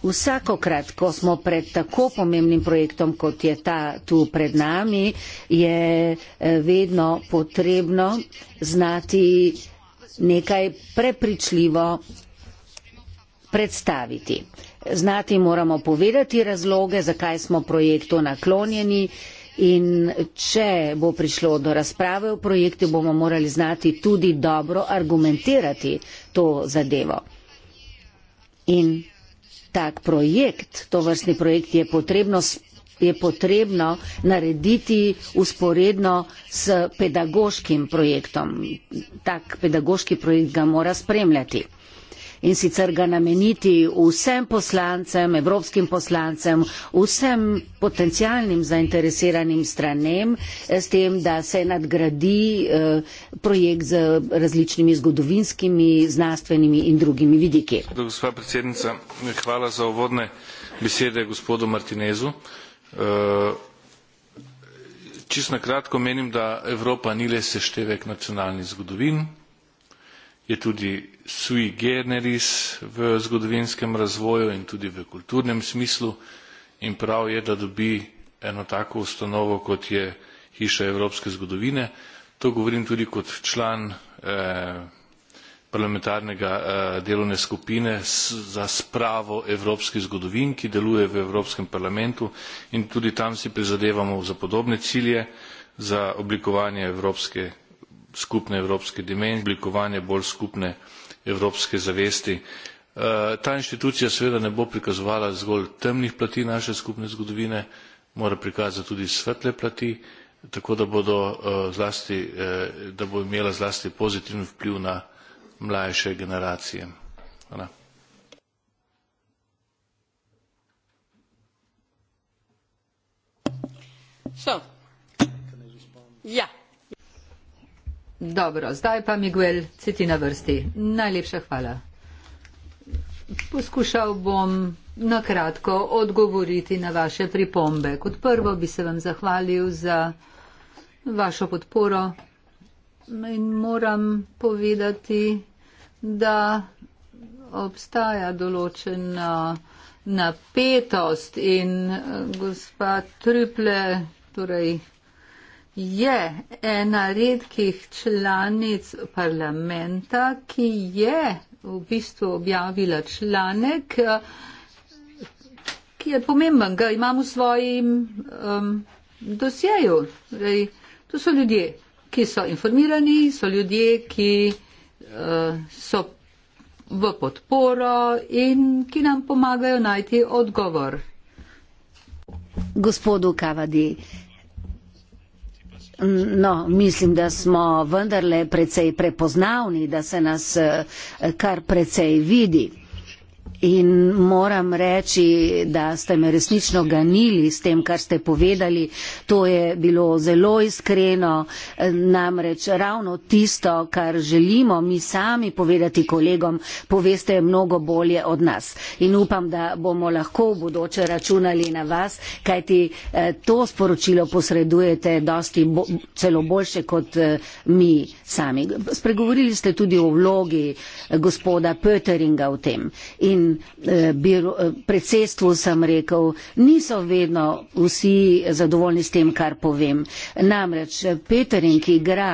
Vsakokrat, ko smo pred tako pomembnim projektom, kot je ta tu pred nami, je eh, vedno potrebno znati nekaj prepričljivo predstaviti. Znati moramo povedati razloge, zakaj smo projektu naklonjeni in če bo prišlo do razprave o projektu, bomo morali znati tudi dobro argumentirati to zadevo. In tak projekt, to vrstni projekt je potrebno, je potrebno narediti usporedno s pedagoškim projektom. Tak pedagoški projekt ga mora spremljati in sicer ga nameniti vsem poslancem, evropskim poslancem, vsem potencijalnim zainteresiranim stranem, eh, s tem, da se nadgradi eh, projekt z različnimi zgodovinskimi, znanstvenimi in drugimi vidiki. Hvala za uvodne besede gospodu Martinezu. Eh, čisto na kratko menim, da Evropa ni le seštevek nacionalnih zgodovin, je tudi sui generis v zgodovinskem razvoju in tudi v kulturnem smislu in prav je, da dobi eno tako ustanovo, kot je Hiša evropske zgodovine. To govorim tudi kot član eh, parlamentarnega eh, delovne skupine za spravo evropske zgodovin, ki deluje v Evropskem parlamentu in tudi tam si prizadevamo za podobne cilje, za oblikovanje evropske skupne evropske dimenzije, oblikovanje bolj skupne evropske zavesti. Eh, ta inštitucija seveda ne bo prikazovala zgolj temnih plati naše skupne zgodovine, mora prikazati tudi svetle plati, tako da, bodo, eh, zlasti, eh, da bo imela zlasti pozitivni vpliv na mlajše generacije. Hvala. So, ja, Dobro, zdaj pa Miguel, citi na vrsti. Najlepša hvala. Poskušal bom na kratko odgovoriti na vaše pripombe. Kot prvo bi se vam zahvalil za vašo podporo in moram povedati, da obstaja določena napetost in eh, gospa Triple, torej je ena redkih članic parlamenta, ki je v bistvu objavila članek, eh, ki je pomemben, ga imam v svojim um, dosjeju. Rej, to so ljudje, ki so informirani, so ljudje, ki uh, so v podporo in ki nam pomagajo najti odgovor. Gospodu Kavadi, No, mislim, da smo vendarle precej prepoznavni, da se nas eh, kar precej vidi. In moram reči, da ste me resnično ganili s tem, kar ste povedali. To je bilo zelo iskreno, namreč ravno tisto, kar želimo mi sami povedati kolegom, poveste mnogo bolje od nas. In upam, da bomo lahko v bodoče računali na vas, kajti eh, to sporočilo posredujete dosti bo, celo boljše kot eh, mi sami. Spregovorili ste tudi o vlogi eh, gospoda Pöteringa v tem. In Eh, biro, eh, predsedstvu sem rekel, niso vedno vsi zadovoljni s tem, kar povem. Namreč Peterin, ki igra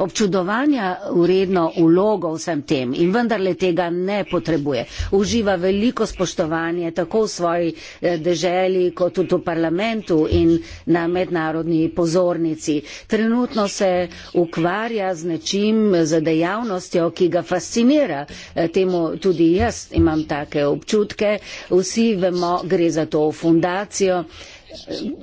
občudovanja uredno ulogo vsem tem in vendarle tega ne potrebuje, uživa veliko spoštovanje tako v svoji eh, deželi kot tudi v parlamentu in na mednarodni pozornici. Trenutno se ukvarja z nečim, z dejavnostjo, ki ga fascinira. Temu tudi jaz imam tak take občutke. Vsi vemo, gre za to fundacijo.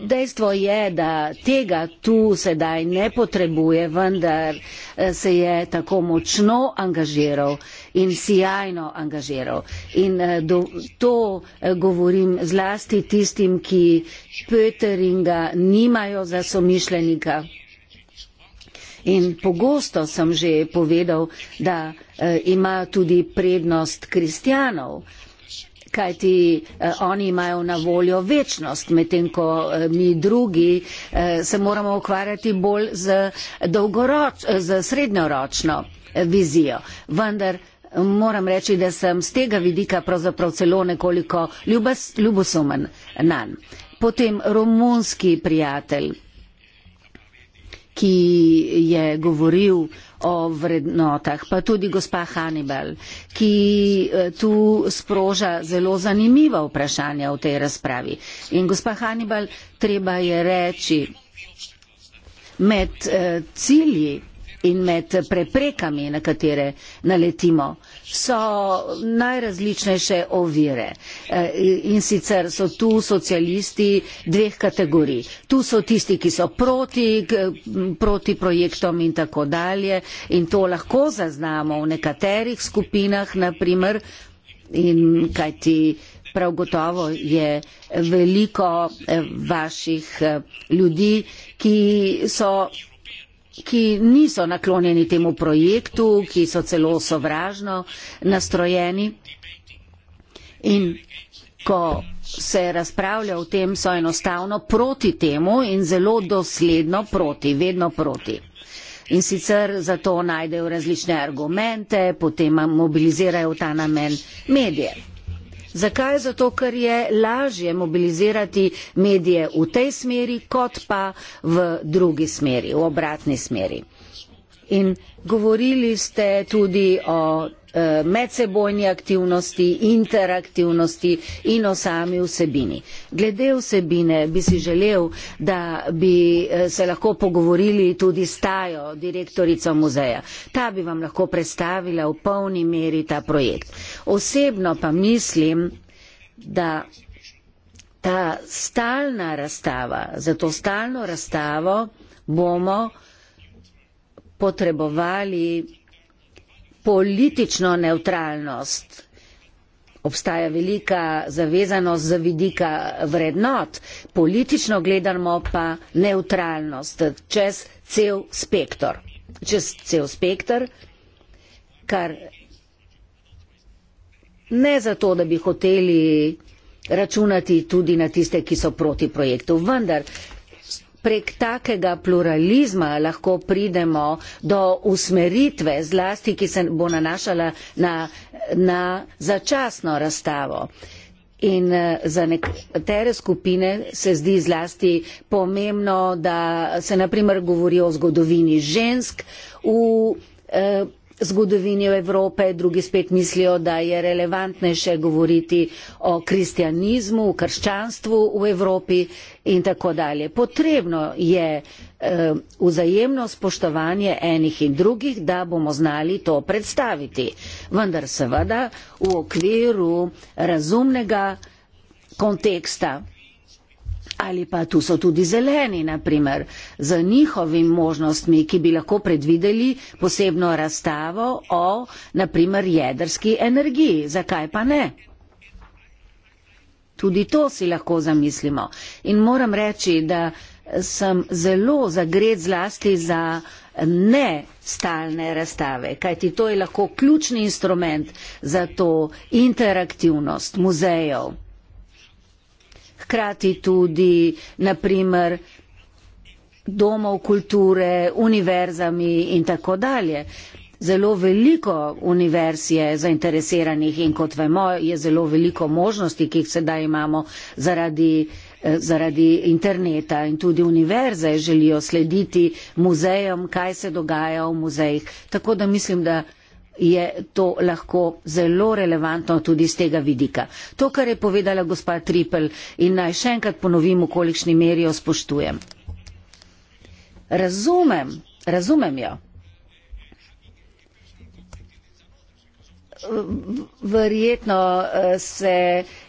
Dejstvo je, da tega tu sedaj ne potrebuje, vendar eh, se je tako močno angažiral in sijajno angažiral. In eh, do, to eh, govorim zlasti tistim, ki Pöteringa nimajo za somišljenika, In pogosto sem že povedal, da eh, ima tudi prednost kristjanov, kajti eh, oni imajo na voljo večnost, medtem ko eh, mi drugi eh, se moramo ukvarjati bolj z, dolgoroč, z srednjeročno eh, vizijo. Vendar eh, moram reči, da sem z tega vidika pravzaprav celo nekoliko ljubosumen nan. Potem romunski prijatelj ki je govoril o vrednotah, pa tudi gospa Hannibal, ki eh, tu sproža zelo zanimiva vprašanja v tej razpravi. In gospa Hannibal, treba je reči, med eh, cilji in med preprekami, na katere naletimo, so najrazličnejše ovire. E, in sicer so tu socialisti dveh kategorij. Tu so tisti, ki so proti, proti projektom in tako dalje. In to lahko zaznamo v nekaterih skupinah, naprimer, in kajti prav gotovo je veliko e, vaših e, ljudi, ki so ki niso naklonjeni temu projektu, ki so celo sovražno nastrojeni. In ko se razpravlja o tem, so enostavno proti temu in zelo dosledno proti, vedno proti. In sicer za to najdejo različne argumente, potem mobilizirajo ta namen medije. Zakaj? Zato, ker je lažje mobilizirati medije v tej smeri, kot pa v drugi smeri, v obratni smeri in govorili ste tudi o e, medsebojni aktivnosti, interaktivnosti in o sami vsebini. Glede vsebine bi si želel, da bi e, se lahko pogovorili tudi s Tajo, direktorico muzeja. Ta bi vam lahko predstavila v polni meri ta projekt. Osebno pa mislim, da ta stalna razstava, za to stalno razstavo bomo potrebovali politično neutralnost. Obstaja velika zavezanost z vidika vrednot, politično gledamo pa neutralnost čez cel spektr. Čez cel spektr, kar ne zato, da bi hoteli računati tudi na tiste, ki so proti projektu, vendar prek takega pluralizma lahko pridemo do usmeritve zlasti, ki se bo nanašala na, na začasno razstavo. In eh, za nekatere skupine se zdi zlasti pomembno, da se naprimer govori o zgodovini žensk v eh, zgodovini Evrope, drugi spet mislijo, da je relevantnejše govoriti o kristjanizmu, o krščanstvu v Evropi in tako dalje. Potrebno je eh, vzajemno spoštovanje enih in drugih, da bomo znali to predstaviti. Vendar seveda v okviru razumnega konteksta ali pa tu so tudi zeleni, naprimer, z njihovimi možnostmi, ki bi lahko predvideli posebno razstavo o, naprimer, jedrski energiji. Zakaj pa ne? Tudi to si lahko zamislimo. In moram reči, da sem zelo zagred zlasti za ne stalne razstave, kajti to je lahko ključni instrument za to interaktivnost muzejev hkrati tudi naprimer domov kulture, univerzami in tako dalje. Zelo veliko univerz je zainteresiranih in kot vemo, je zelo veliko možnosti, ki jih sedaj imamo zaradi, eh, zaradi interneta in tudi univerze želijo slediti muzejem, kaj se dogaja v muzejih. Tako da mislim, da je to lahko zelo relevantno tudi z tega vidika. To, kar je povedala gospa Tripel in naj še enkrat ponovim, v kolikšni meri jo spoštujem. Razumem, razumem jo. Verjetno eh, se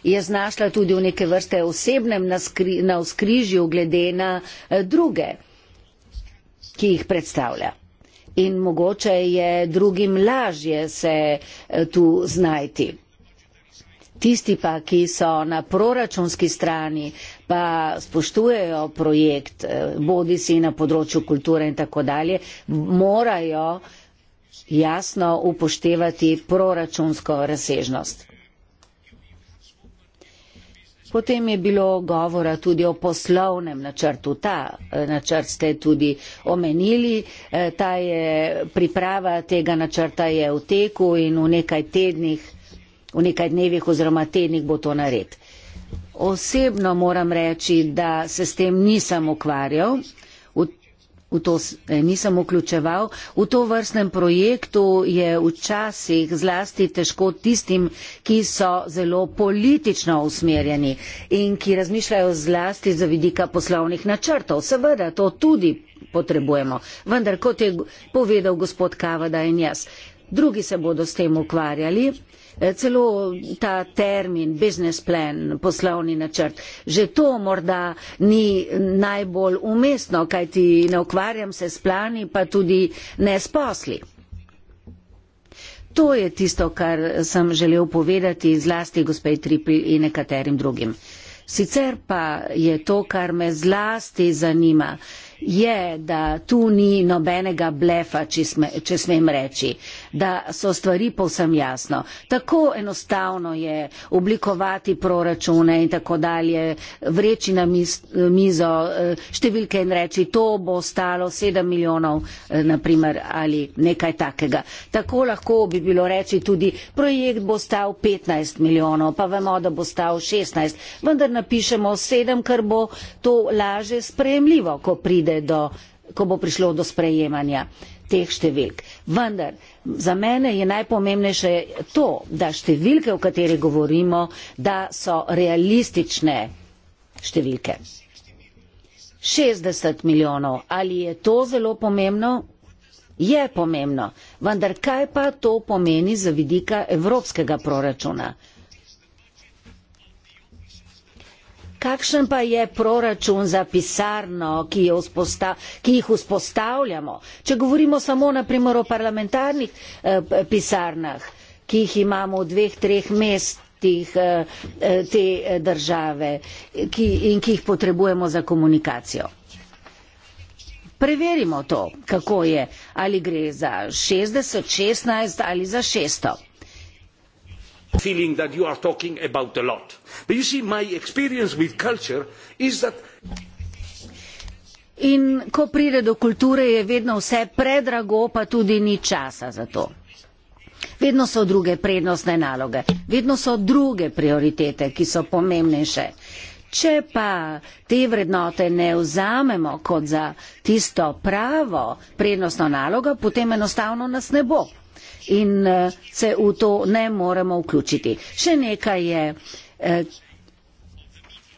je znašla tudi v neke vrste osebnem na vzkrižju glede na eh, druge, ki jih predstavlja in mogoče je drugim lažje se eh, tu znajti. Tisti pa, ki so na proračunski strani, pa spoštujejo projekt, eh, bodi si na področju kulture in tako dalje, morajo jasno upoštevati proračunsko razsežnost. Potem je bilo govora tudi o poslovnem načrtu. Ta eh, načrt ste tudi omenili. Eh, ta je, priprava tega načrta je v teku in v nekaj tednih, v nekaj dnevih oziroma tednih bo to nared. Osebno moram reči, da se s tem nisem ukvarjal v to eh, nisem vključeval. V to vrstnem projektu je včasih zlasti težko tistim, ki so zelo politično usmerjeni in ki razmišljajo zlasti za vidika poslovnih načrtov. Seveda to tudi potrebujemo. Vendar, kot je povedal gospod Kavada in jaz, drugi se bodo s tem ukvarjali, Eh, celo ta termin, business plan, poslovni načrt. Že to morda ni najbolj umestno, kajti ne ukvarjam se s plani, pa tudi ne s posli. To je tisto, kar sem želel povedati zlasti gospej Tripl in nekaterim drugim. Sicer pa je to, kar me zlasti zanima je, da tu ni nobenega blefa, če, sme, če smem reči, da so stvari povsem jasno. Tako enostavno je oblikovati proračune in tako dalje, vreči na mizo eh, številke in reči, to bo stalo 7 milijonov eh, naprimer, ali nekaj takega. Tako lahko bi bilo reči tudi, projekt bo stal 15 milijonov, pa vemo, da bo stal 16, vendar napišemo 7, ker bo to laže sprejemljivo, ko pride pride do, ko bo prišlo do sprejemanja teh številk. Vendar za mene je najpomembnejše to, da številke, o katerih govorimo, da so realistične številke. 60 milijonov, ali je to zelo pomembno? Je pomembno. Vendar kaj pa to pomeni za vidika evropskega proračuna? kakšen pa je proračun za pisarno, ki, ki jih vzpostavljamo. Če govorimo samo naprimer o parlamentarnih eh, pisarnah, ki jih imamo v dveh, treh mestih eh, eh te eh, države ki, in ki jih potrebujemo za komunikacijo. Preverimo to, kako je, ali gre za 60, 16 ali za 600 feeling that you are talking about a lot. But you see, my experience with culture is that. In ko pride do kulture, je vedno vse predrago, pa tudi ni časa za to. Vedno so druge prednostne naloge, vedno so druge prioritete, ki so pomembnejše. Če pa te vrednote ne vzamemo kot za tisto pravo prednostno nalogo, potem enostavno nas ne bo in uh, se v to ne moremo vključiti. Še nekaj je, uh,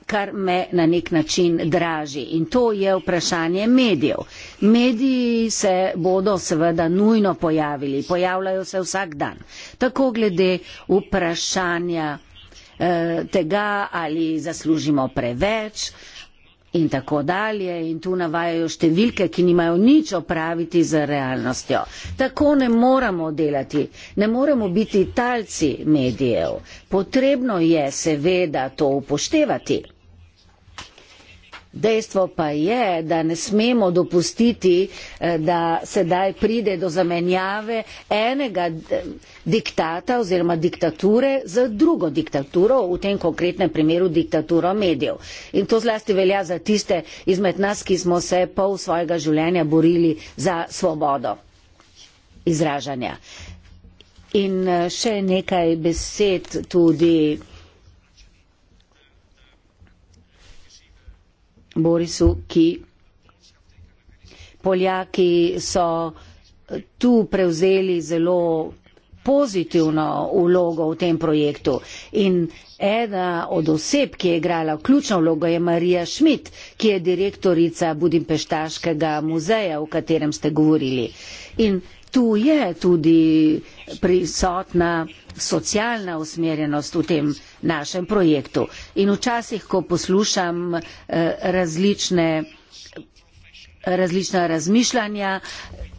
kar me na nek način draži in to je vprašanje medijev. Mediji se bodo seveda nujno pojavili, pojavljajo se vsak dan. Tako glede vprašanja uh, tega, ali zaslužimo preveč, uh, in tako dalje in tu navajajo številke, ki nimajo nič opraviti z realnostjo. Tako ne moramo delati, ne moremo biti talci medijev. Potrebno je seveda to upoštevati. Dejstvo pa je, da ne smemo dopustiti, eh, da sedaj pride do zamenjave enega eh, diktata oziroma diktature z drugo diktaturo, v tem konkretnem primeru diktaturo medijev. In to zlasti velja za tiste izmed nas, ki smo se pol svojega življenja borili za svobodo izražanja. In eh, še nekaj besed tudi. Borisu, ki Poljaki so tu prevzeli zelo pozitivno vlogo v tem projektu. In ena od oseb, ki je igrala ključno vlogo, je Marija Šmit, ki je direktorica Budimpeštaškega muzeja, o katerem ste govorili. In tu je tudi prisotna socialna usmerjenost v tem našem projektu. In včasih, ko poslušam eh, različne, različna razmišljanja,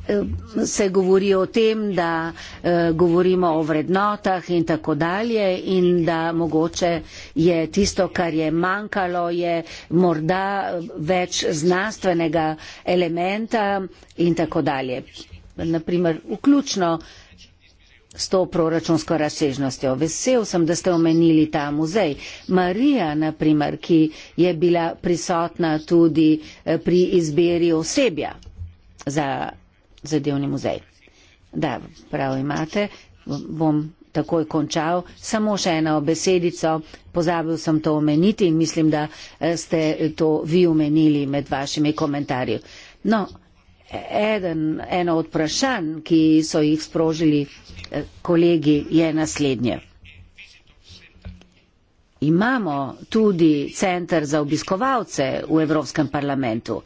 eh, se govori o tem, da eh, govorimo o vrednotah in tako dalje in da mogoče je tisto, kar je manjkalo, je morda več znanstvenega elementa in tako dalje. Naprimer, vključno S to proračunsko razsežnostjo. Vesel sem, da ste omenili ta muzej. Marija, na primer, ki je bila prisotna tudi eh, pri izbiri osebja za zadevni muzej. Da, prav imate, bom takoj končal. Samo še eno besedico, pozabil sem to omeniti in mislim, da eh, ste to vi omenili med vašimi komentarji. No, eden, eno od vprašanj, ki so jih sprožili eh, kolegi, je naslednje. Imamo tudi centr za obiskovalce v Evropskem parlamentu.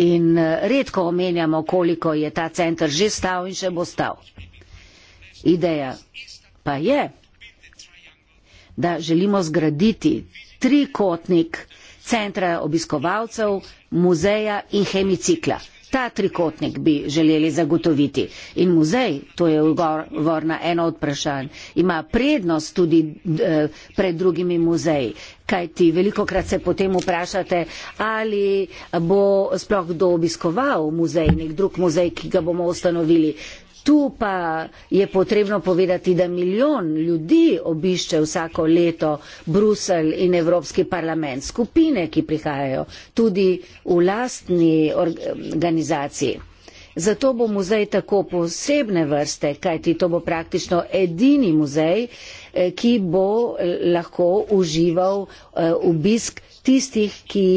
In eh, redko omenjamo, koliko je ta centr že stal in še bo stal. Ideja pa je, da želimo zgraditi trikotnik centra obiskovalcev, muzeja in hemicikla. Ta trikotnik bi želeli zagotoviti. In muzej, to je odgovor na eno od vprašanj, ima prednost tudi eh, pred drugimi muzeji. Kaj ti veliko krat se potem vprašate, ali bo sploh kdo obiskoval muzej, nek drug muzej, ki ga bomo ustanovili. Tu pa je potrebno povedati, da milijon ljudi obišče vsako leto Bruselj in Evropski parlament, skupine, ki prihajajo tudi v lastni organizaciji. Zato bo muzej tako posebne vrste, kajti to bo praktično edini muzej, eh, ki bo eh, lahko užival eh, obisk tistih, ki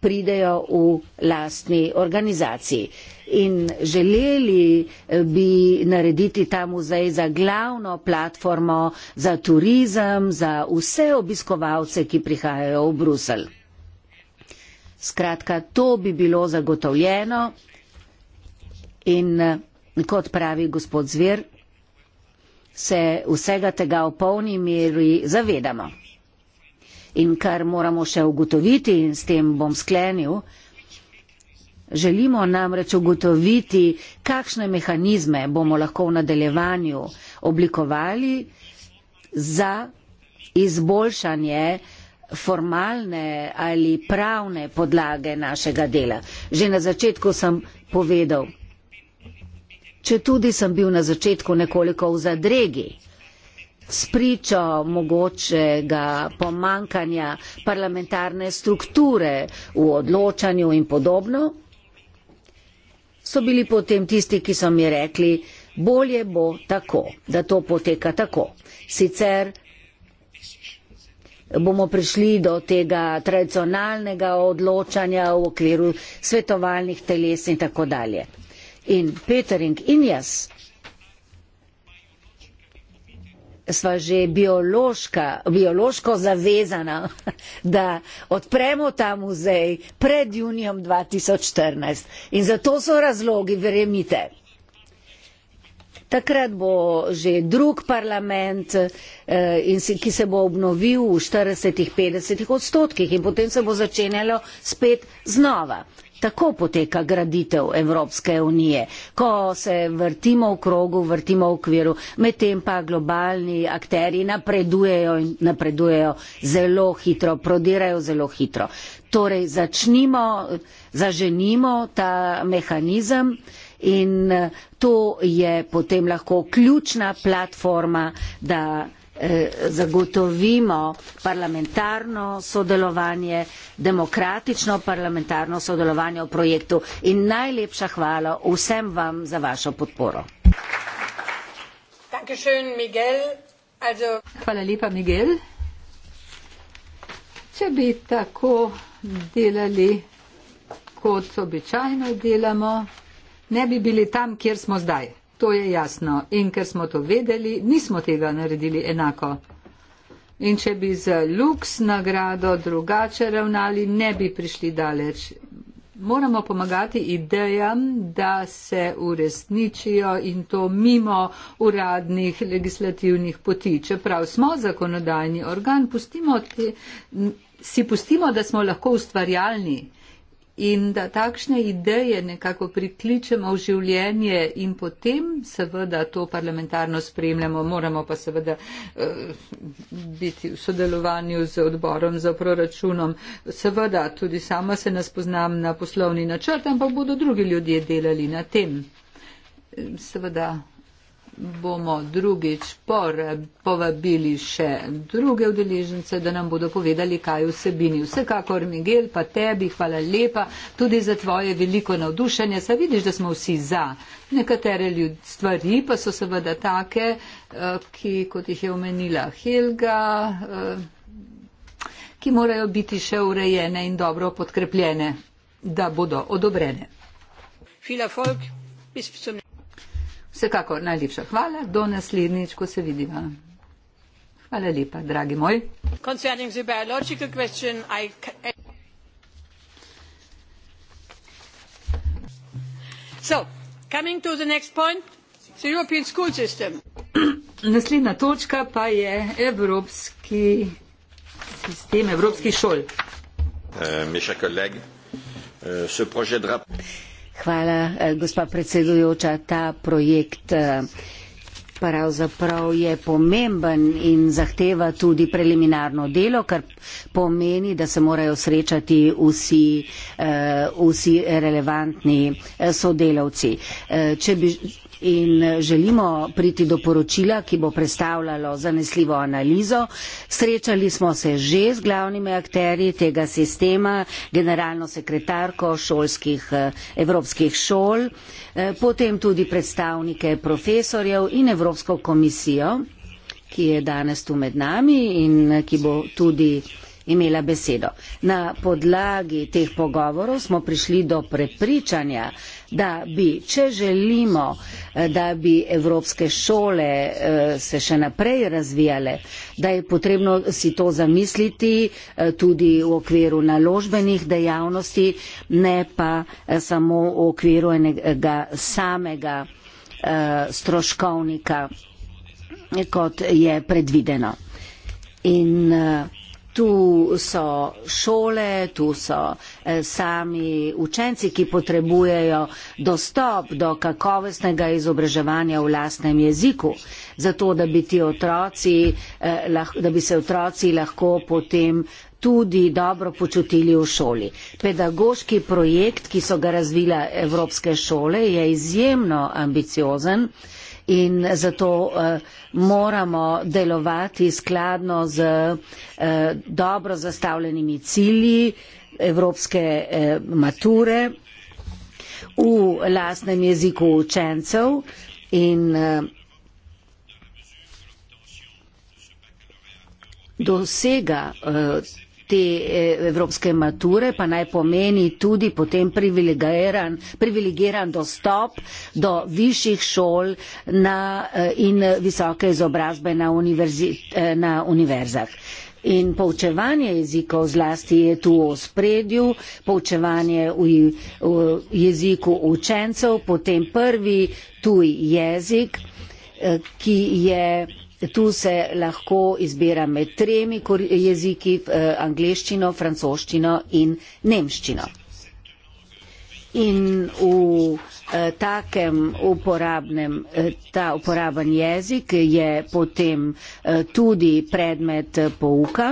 pridejo v lastni organizaciji in želeli eh, bi narediti ta muzej za glavno platformo za turizem, za vse obiskovalce, ki prihajajo v Bruselj. Skratka, to bi bilo zagotovljeno in eh, kot pravi gospod Zver, se vsega tega v polni meri zavedamo. In kar moramo še ugotoviti in s tem bom sklenil, Želimo namreč ugotoviti, kakšne mehanizme bomo lahko v nadaljevanju oblikovali za izboljšanje formalne ali pravne podlage našega dela. Že na začetku sem povedal, če tudi sem bil na začetku nekoliko v zadregi s pričo mogočega pomankanja parlamentarne strukture v odločanju in podobno, so bili potem tisti, ki so mi rekli, bolje bo tako, da to poteka tako. Sicer bomo prišli do tega tradicionalnega odločanja v okviru svetovalnih teles in tako dalje. In Petering in jaz sva že biološka, biološko zavezana, da odpremo ta muzej pred junijem 2014. In zato so razlogi, verjemite. Takrat bo že drug parlament, eh, ki se bo obnovil v 40-50 odstotkih in potem se bo začenjalo spet znova. Tako poteka graditev Evropske unije, ko se vrtimo v krogu, vrtimo v okviru, medtem pa globalni akteri napredujejo in napredujejo zelo hitro, prodirajo zelo hitro. Torej začnimo, zaženimo ta mehanizem in to je potem lahko ključna platforma, da Eh, zagotovimo parlamentarno sodelovanje, demokratično parlamentarno sodelovanje v projektu. In najlepša hvala vsem vam za vašo podporo. Dankeschön, Miguel. Also... Hvala lepa, Miguel. Če bi tako delali, kot običajno delamo, ne bi bili tam, kjer smo zdaj. To je jasno. In ker smo to vedeli, nismo tega naredili enako. In če bi z luks nagrado drugače ravnali, ne bi prišli daleč. Moramo pomagati idejam, da se uresničijo in to mimo uradnih legislativnih poti. Čeprav smo zakonodajni organ, pustimo te, si pustimo, da smo lahko ustvarjalni in da takšne ideje nekako prikličemo v življenje in potem seveda to parlamentarno spremljamo, moramo pa seveda eh, biti v sodelovanju z odborom za proračunom. Seveda tudi sama se nas poznam na poslovni načrt, ampak bodo drugi ljudje delali na tem. Seveda bomo drugič povabili še druge udeležence, da nam bodo povedali, kaj v sebini. Vsekakor, Miguel, pa tebi hvala lepa tudi za tvoje veliko navdušenje. Sa vidiš, da smo vsi za. Nekatere ljud, stvari pa so seveda take, eh, ki, kot jih je omenila Helga, eh, ki morajo biti še urejene in dobro podkrepljene, da bodo odobrene. Viel Erfolg, bis zum nächsten Mal. Vsekakor najlepša hvala, do naslednjič, ko se vidiva. Hvala lepa, dragi moj. Naslednja točka pa je evropski sistem evropskih šol. Uh, Hvala, eh, gospa predsedujoča. Ta projekt eh, pravzaprav je pomemben in zahteva tudi preliminarno delo, kar pomeni, da se morajo srečati vsi, eh, vsi relevantni sodelavci. Če bi in eh, želimo priti do poročila, ki bo predstavljalo zanesljivo analizo. Srečali smo se že z glavnimi akteri tega sistema, generalno sekretarko šolskih eh, evropskih šol, eh, potem tudi predstavnike profesorjev in Evropsko komisijo, ki je danes tu med nami in ki bo tudi imela besedo. Na podlagi teh pogovorov smo prišli do prepričanja, da bi, če želimo, eh, da bi evropske šole eh, se še naprej razvijale, da je potrebno si to zamisliti eh, tudi v okviru naložbenih dejavnosti, ne pa samo v okviru enega samega stroškovnika, kot je predvideno. In uh, tu so šole, tu so eh, sami učenci, ki potrebujejo dostop do kakovostnega izobraževanja v lastnem jeziku, zato da bi, ti otroci, eh, da bi se otroci lahko potem tudi dobro počutili v šoli. Pedagoški projekt, ki so ga razvila Evropske šole, je izjemno ambiciozen in zato eh, moramo delovati skladno z eh, dobro zastavljenimi cilji evropske eh, mature v lastnem jeziku učencev in dosega te eh, evropske mature, pa naj pomeni tudi potem privilegiran, privilegiran dostop do višjih šol na, eh, in visoke izobrazbe na, univerzi, eh, na univerzah. In poučevanje jezikov zlasti je tu v spredju, poučevanje v, v jeziku učencev, potem prvi tuj jezik, ki je Tu se lahko izbira med tremi jeziki, eh, angliščino, francoščino in nemščino. In v eh, takem uporabnem, eh, ta uporaben jezik je potem eh, tudi predmet eh, pouka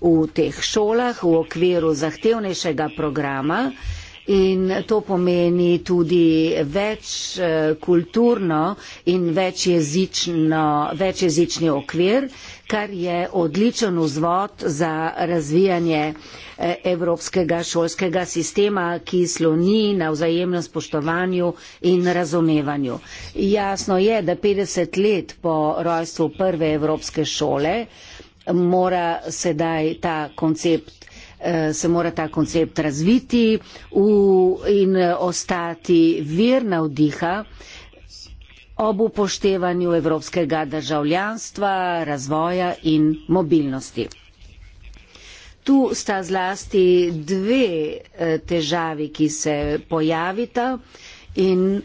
v teh šolah v okviru zahtevnejšega programa. Eh, in to pomeni tudi več eh, kulturno in večjezično, večjezični okvir, kar je odličen vzvod za razvijanje eh, evropskega šolskega sistema, ki sloni na vzajemnem spoštovanju in razumevanju. Jasno je, da 50 let po rojstvu prve evropske šole mora sedaj ta koncept Eh, se mora ta koncept razviti v, in eh, ostati vir navdiha ob upoštevanju evropskega državljanstva, razvoja in mobilnosti. Tu sta zlasti dve eh, težavi, ki se pojavita in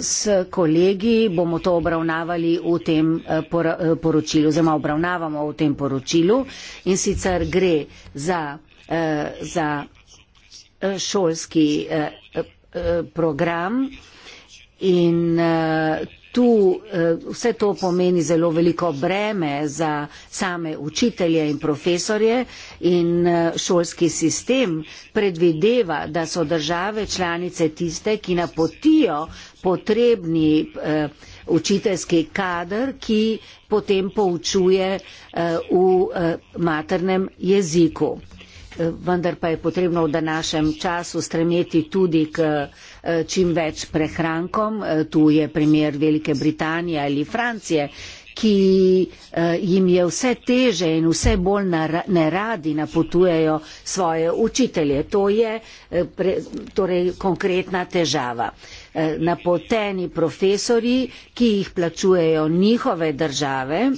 s kolegi bomo to obravnavali v tem poročilu, oziroma obravnavamo v tem poročilu in sicer gre za Eh, za eh, šolski eh, program in tu vse to pomeni zelo veliko breme za same učitelje in profesorje in šolski sistem predvideva, da so države članice tiste, ki napotijo potrebni učiteljski kader, ki potem poučuje v maternem jeziku vendar pa je potrebno v današnjem času stremeti tudi k eh, čim več prehrankom. Eh, tu je primer Velike Britanije ali Francije ki eh, jim je vse teže in vse bolj neradi napotujejo svoje učitelje. To je pre, torej konkretna težava. Napoteni profesori, ki jih plačujejo njihove države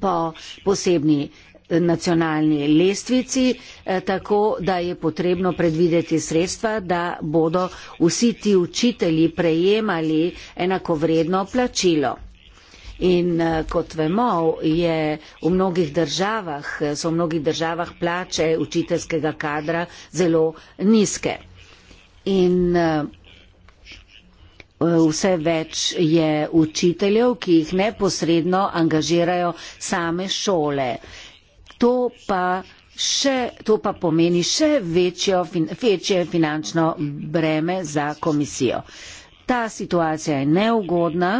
po posebni nacionalni lestvici, eh, tako da je potrebno predvideti sredstva, da bodo vsi ti učitelji prejemali enakovredno plačilo. In eh, kot vemo, je v mnogih državah, eh, so v mnogih državah plače učiteljskega kadra zelo nizke. In vse več je učiteljev, ki jih neposredno angažirajo same šole to pa, še, to pa pomeni še večjo, večje finančno breme za komisijo. Ta situacija je neugodna.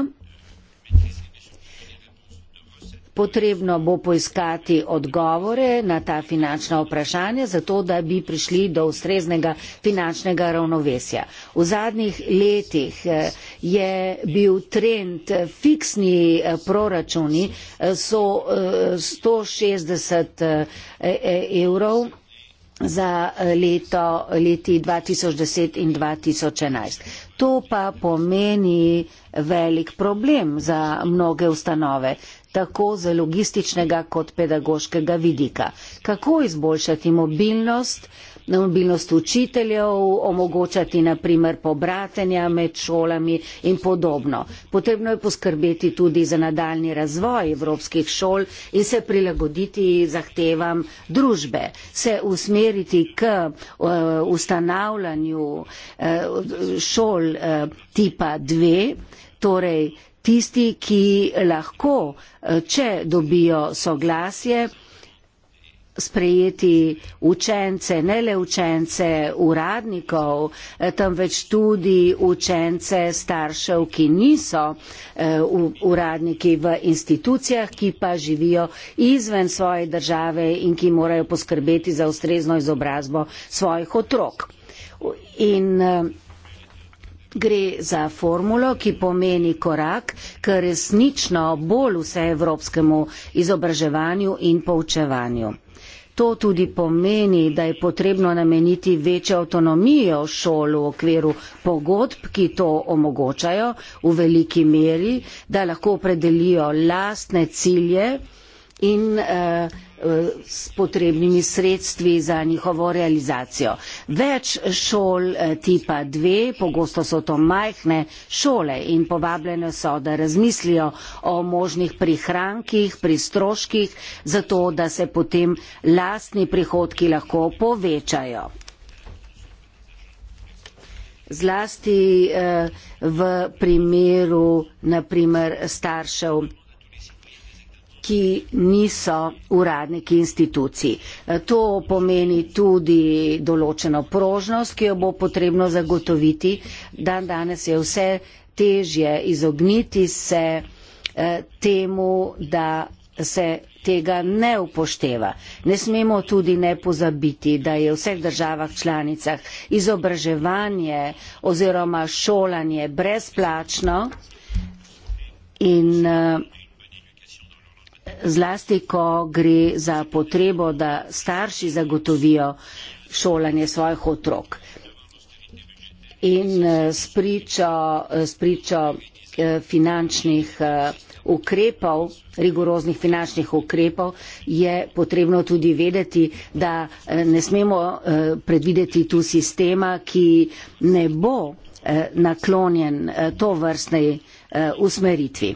Potrebno bo poiskati odgovore na ta finančna vprašanja, zato da bi prišli do ustreznega finančnega ravnovesja. V zadnjih letih eh, je bil trend eh, fiksni eh, proračuni, so 160 e-, e-, evrov za leto, leti 2010 in 2011. To pa pomeni velik problem za mnoge ustanove tako z logističnega kot pedagoškega vidika. Kako izboljšati mobilnost, mobilnost učiteljev, omogočati naprimer pobratenja med šolami in podobno. Potrebno je poskrbeti tudi za nadaljni razvoj evropskih šol in se prilagoditi zahtevam družbe, se usmeriti k uh, ustanavljanju uh, šol uh, tipa 2, torej tisti, ki lahko, eh, če dobijo soglasje, sprejeti učence, ne le učence uradnikov, eh, temveč tudi učence staršev, ki niso eh, uradniki v institucijah, ki pa živijo izven svoje države in ki morajo poskrbeti za ustrezno izobrazbo svojih otrok. In Gre za formulo, ki pomeni korak k resnično bolj vseevropskemu izobraževanju in poučevanju. To tudi pomeni, da je potrebno nameniti večjo avtonomijo šolu v okviru pogodb, ki to omogočajo v veliki meri, da lahko opredelijo lastne cilje in eh, Eh, s potrebnimi sredstvi za njihovo realizacijo. Več šol eh, tipa 2, pogosto so to majhne šole in povabljene so, da razmislijo o možnih prihrankih, pri stroških, zato da se potem lastni prihodki lahko povečajo. Zlasti eh, v primeru, naprimer, staršev ki niso uradniki institucij. E, to pomeni tudi določeno prožnost, ki jo bo potrebno zagotoviti. Dan danes je vse težje izogniti se e, temu, da se tega ne upošteva. Ne smemo tudi ne pozabiti, da je v vseh državah članicah izobraževanje oziroma šolanje brezplačno in uh, zlasti ko gre za potrebo, da starši zagotovijo šolanje svojih otrok. In eh, s pričo, eh, s pričo eh, finančnih ukrepov, rigoroznih finančnih ukrepov, je potrebno tudi vedeti, da ne smemo predvideti tu sistema, ki ne bo naklonjen to vrstnej usmeritvi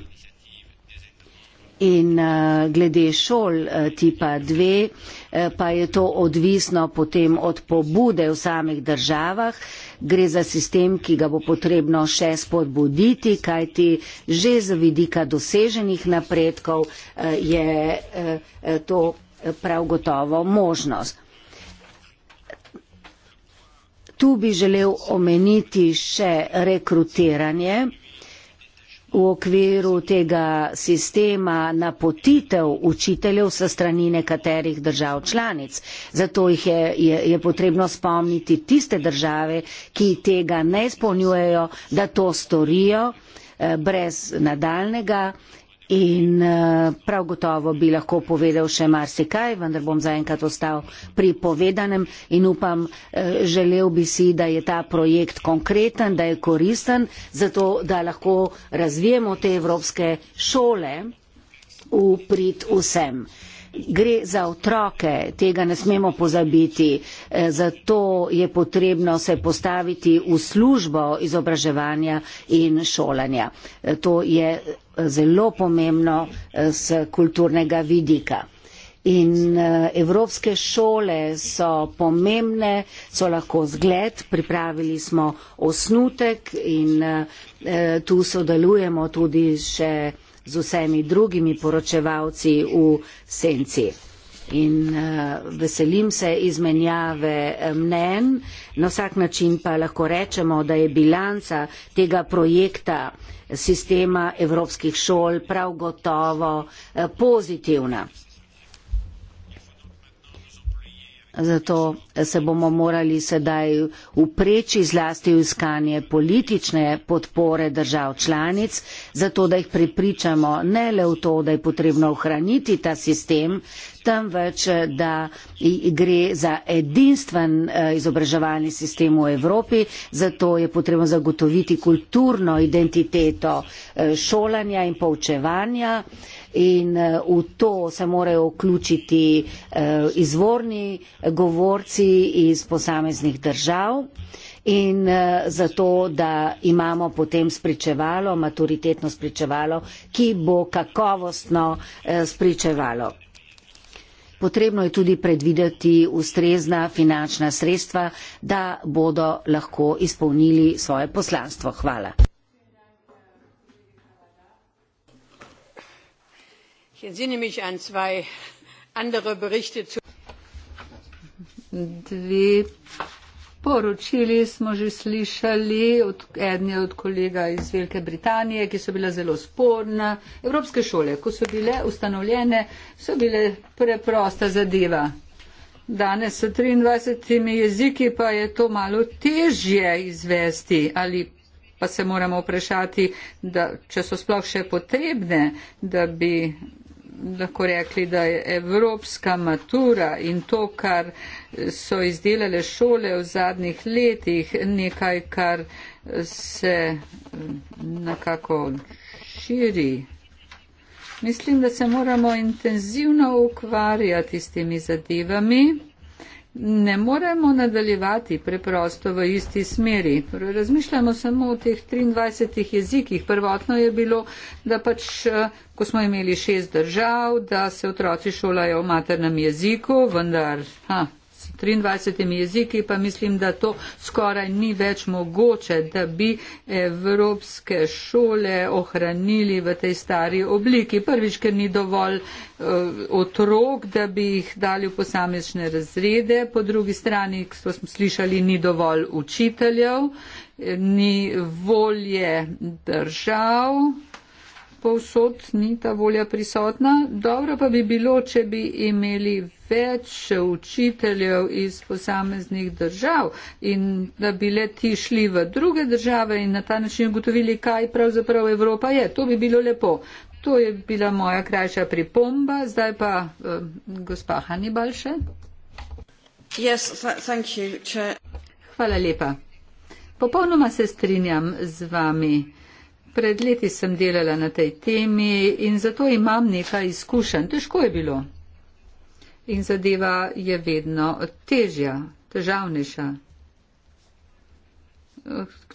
in uh, glede šol uh, tipa 2 uh, eh, pa je to odvisno potem od pobude v samih državah. Gre za sistem, ki ga bo potrebno še spodbuditi, kajti že z vidika doseženih napredkov uh, je uh, to prav gotovo možnost. Tu bi želel omeniti še rekrutiranje v okviru tega sistema napotitev učiteljev sa strani nekaterih držav članic. Zato jih je, je, je potrebno spomniti tiste države, ki tega ne izpolnjujejo, da to storijo eh, brez nadaljnega in eh, prav gotovo bi lahko povedal še marsikaj, vendar bom zaenkrat ostal pri povedanem in upam, eh, želel bi si, da je ta projekt konkreten, da je koristen, zato da lahko razvijemo te evropske šole v prid vsem gre za otroke, tega ne smemo pozabiti. Eh, zato je potrebno se postaviti v službo izobraževanja in šolanja. Eh, to je eh, zelo pomembno z kulturnega vidika. In evropske šole so pomembne, so lahko zgled, pripravili smo osnutek in tu sodelujemo tudi še z vsemi drugimi poročevalci v senci. In uh, veselim se izmenjave eh, mnen, na vsak način pa lahko rečemo, da je bilanca tega projekta eh, sistema evropskih šol prav gotovo uh, pozitivna. Zato se bomo morali sedaj upreči zlasti v iskanje politične podpore držav članic, zato da jih pripričamo ne le v to, da je potrebno ohraniti ta sistem, temveč da gre za edinstven eh, izobraževalni sistem v Evropi, zato je potrebno zagotoviti kulturno identiteto eh, šolanja in poučevanja in eh, v to se morajo vključiti eh, izvorni govorci iz posameznih držav in eh, zato, da imamo potem spričevalo, maturitetno spričevalo, ki bo kakovostno spričevalo. Potrebno je tudi predvideti ustrezna finančna sredstva, da bodo lahko izpolnili svoje poslanstvo. Hvala. ich entsinne mich an zwei andere berichte zu Dve poročili smo že slišali, od, eden je od kolega iz Velike Britanije, ki so bila zelo sporna. Evropske šole, ko so bile ustanovljene, so bile preprosta zadeva. Danes s 23 jeziki pa je to malo težje izvesti ali pa se moramo vprašati, da, če so sploh še potrebne, da bi lahko rekli, da je evropska matura in to, kar so izdelale šole v zadnjih letih, nekaj, kar se mm, nekako širi. Mislim, da se moramo intenzivno ukvarjati s temi zadevami ne moremo nadaljevati preprosto v isti smeri. Torej, razmišljamo samo o teh 23 jezikih. Prvotno je bilo, da pač, eh, ko smo imeli šest držav, da se otroci šolajo v maternem jeziku, vendar ha, 23 jeziki, pa mislim, da to skoraj ni več mogoče, da bi evropske šole ohranili v tej stari obliki. Prvič, ker ni dovolj eh, otrok, da bi jih dali v posamečne razrede, po drugi strani, kot smo slišali, ni dovolj učiteljev, ni volje držav povsod ni ta volja prisotna. Dobro pa bi bilo, če bi imeli več učiteljev iz posameznih držav in da bi le ti šli v druge države in na ta način ugotovili, kaj pravzaprav Evropa je. To bi bilo lepo. To je bila moja krajša pripomba, zdaj pa eh, gospa Hannibal še. Yes, Hvala lepa. Popolnoma se strinjam z vami. Pred leti sem delala na tej temi in zato imam nekaj izkušenj. Težko je bilo. In zadeva je vedno težja, težavnejša.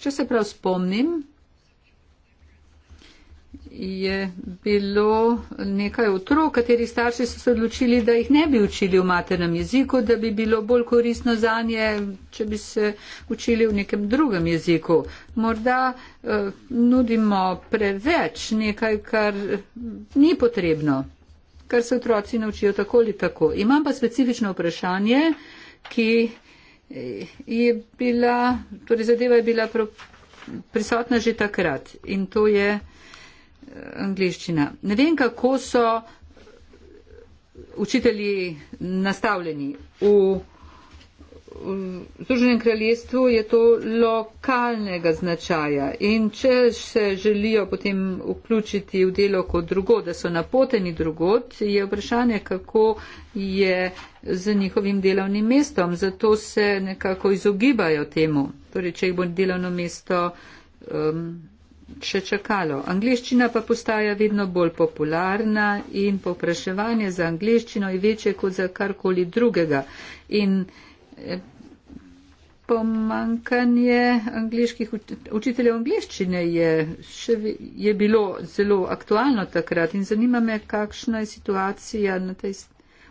Če se prav spomnim, je bilo nekaj otrok, katerih starši so se odločili, da jih ne bi učili v maternem jeziku, da bi bilo bolj korisno za nje, če bi se učili v nekem drugem jeziku. Morda eh, nudimo preveč nekaj, kar ni potrebno, kar se otroci naučijo tako ali tako. Imam pa specifično vprašanje, ki eh, je bila, torej zadeva je bila prisotna že takrat in to je angliščina. Ne vem, kako so učitelji nastavljeni. V, v Združenem kraljestvu je to lokalnega značaja in če se želijo potem vključiti v delo kot drugod, da so napoteni drugod, je vprašanje, kako je z njihovim delovnim mestom. Zato se nekako izogibajo temu. Torej, če jih bo delovno mesto. Um, še čakalo. Angliščina pa postaja vedno bolj popularna in popraševanje za angliščino je večje kot za karkoli drugega. In eh, pomankanje učiteljev angliščine je, še, je bilo zelo aktualno takrat in zanima me, kakšna je situacija tej,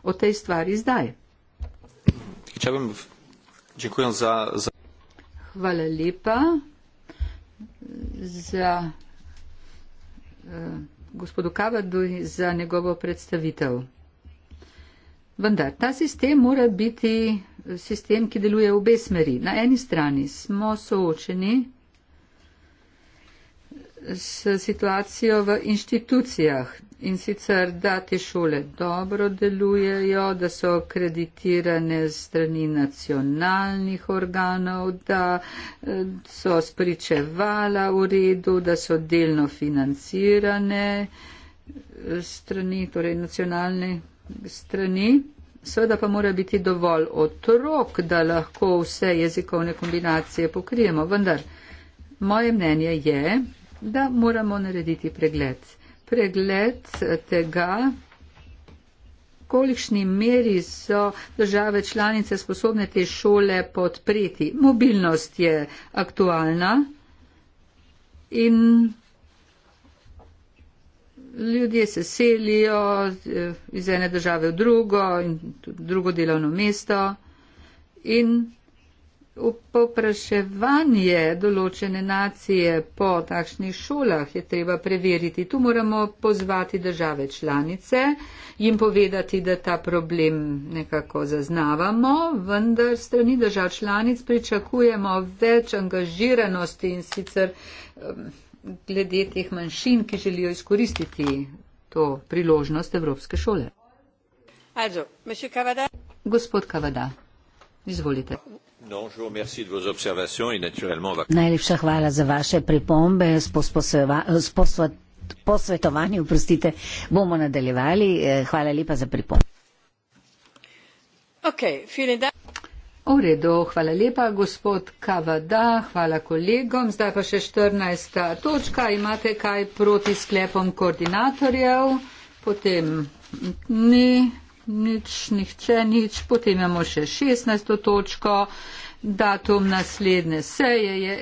o tej stvari zdaj. Hvala lepa za uh, gospodu Kavadu in za njegovo predstavitev. Vendar ta sistem mora biti sistem, ki deluje v obe smeri. Na eni strani smo soočeni s situacijo v inštitucijah, in sicer da te šole dobro delujejo, da so kreditirane strani nacionalnih organov, da eh, so spričevala v redu, da so delno financirane eh, strani, torej nacionalne strani. Seveda pa mora biti dovolj otrok, da lahko vse jezikovne kombinacije pokrijemo, vendar moje mnenje je, da moramo narediti pregled pregled tega, kolikšni meri so države članice sposobne te šole podpreti. Mobilnost je aktualna in ljudje se selijo iz ene države v drugo in drugo delovno mesto. In Popraševanje določene nacije po takšnih šolah je treba preveriti. Tu moramo pozvati države članice, jim povedati, da ta problem nekako zaznavamo, vendar strani držav članic pričakujemo več angažiranosti in sicer glede teh manjšin, ki želijo izkoristiti to priložnost Evropske šole. Gospod Kavada, izvolite. Najlepša hvala za vaše pripombe. Po svetovanju, prostite, bomo nadaljevali. E, hvala lepa za pripombe. V redu, hvala lepa, gospod Kavada, hvala kolegom. Zdaj pa še 14. točka. Imate kaj proti sklepom koordinatorjev? Potem ni nič, nihče nič, potem imamo še 16. točko, datum naslednje seje je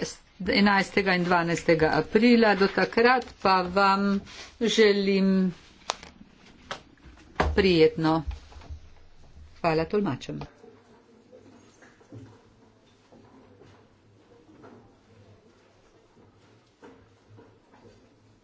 11. in 12. aprila, do takrat pa vam želim prijetno. Hvala tolmačem.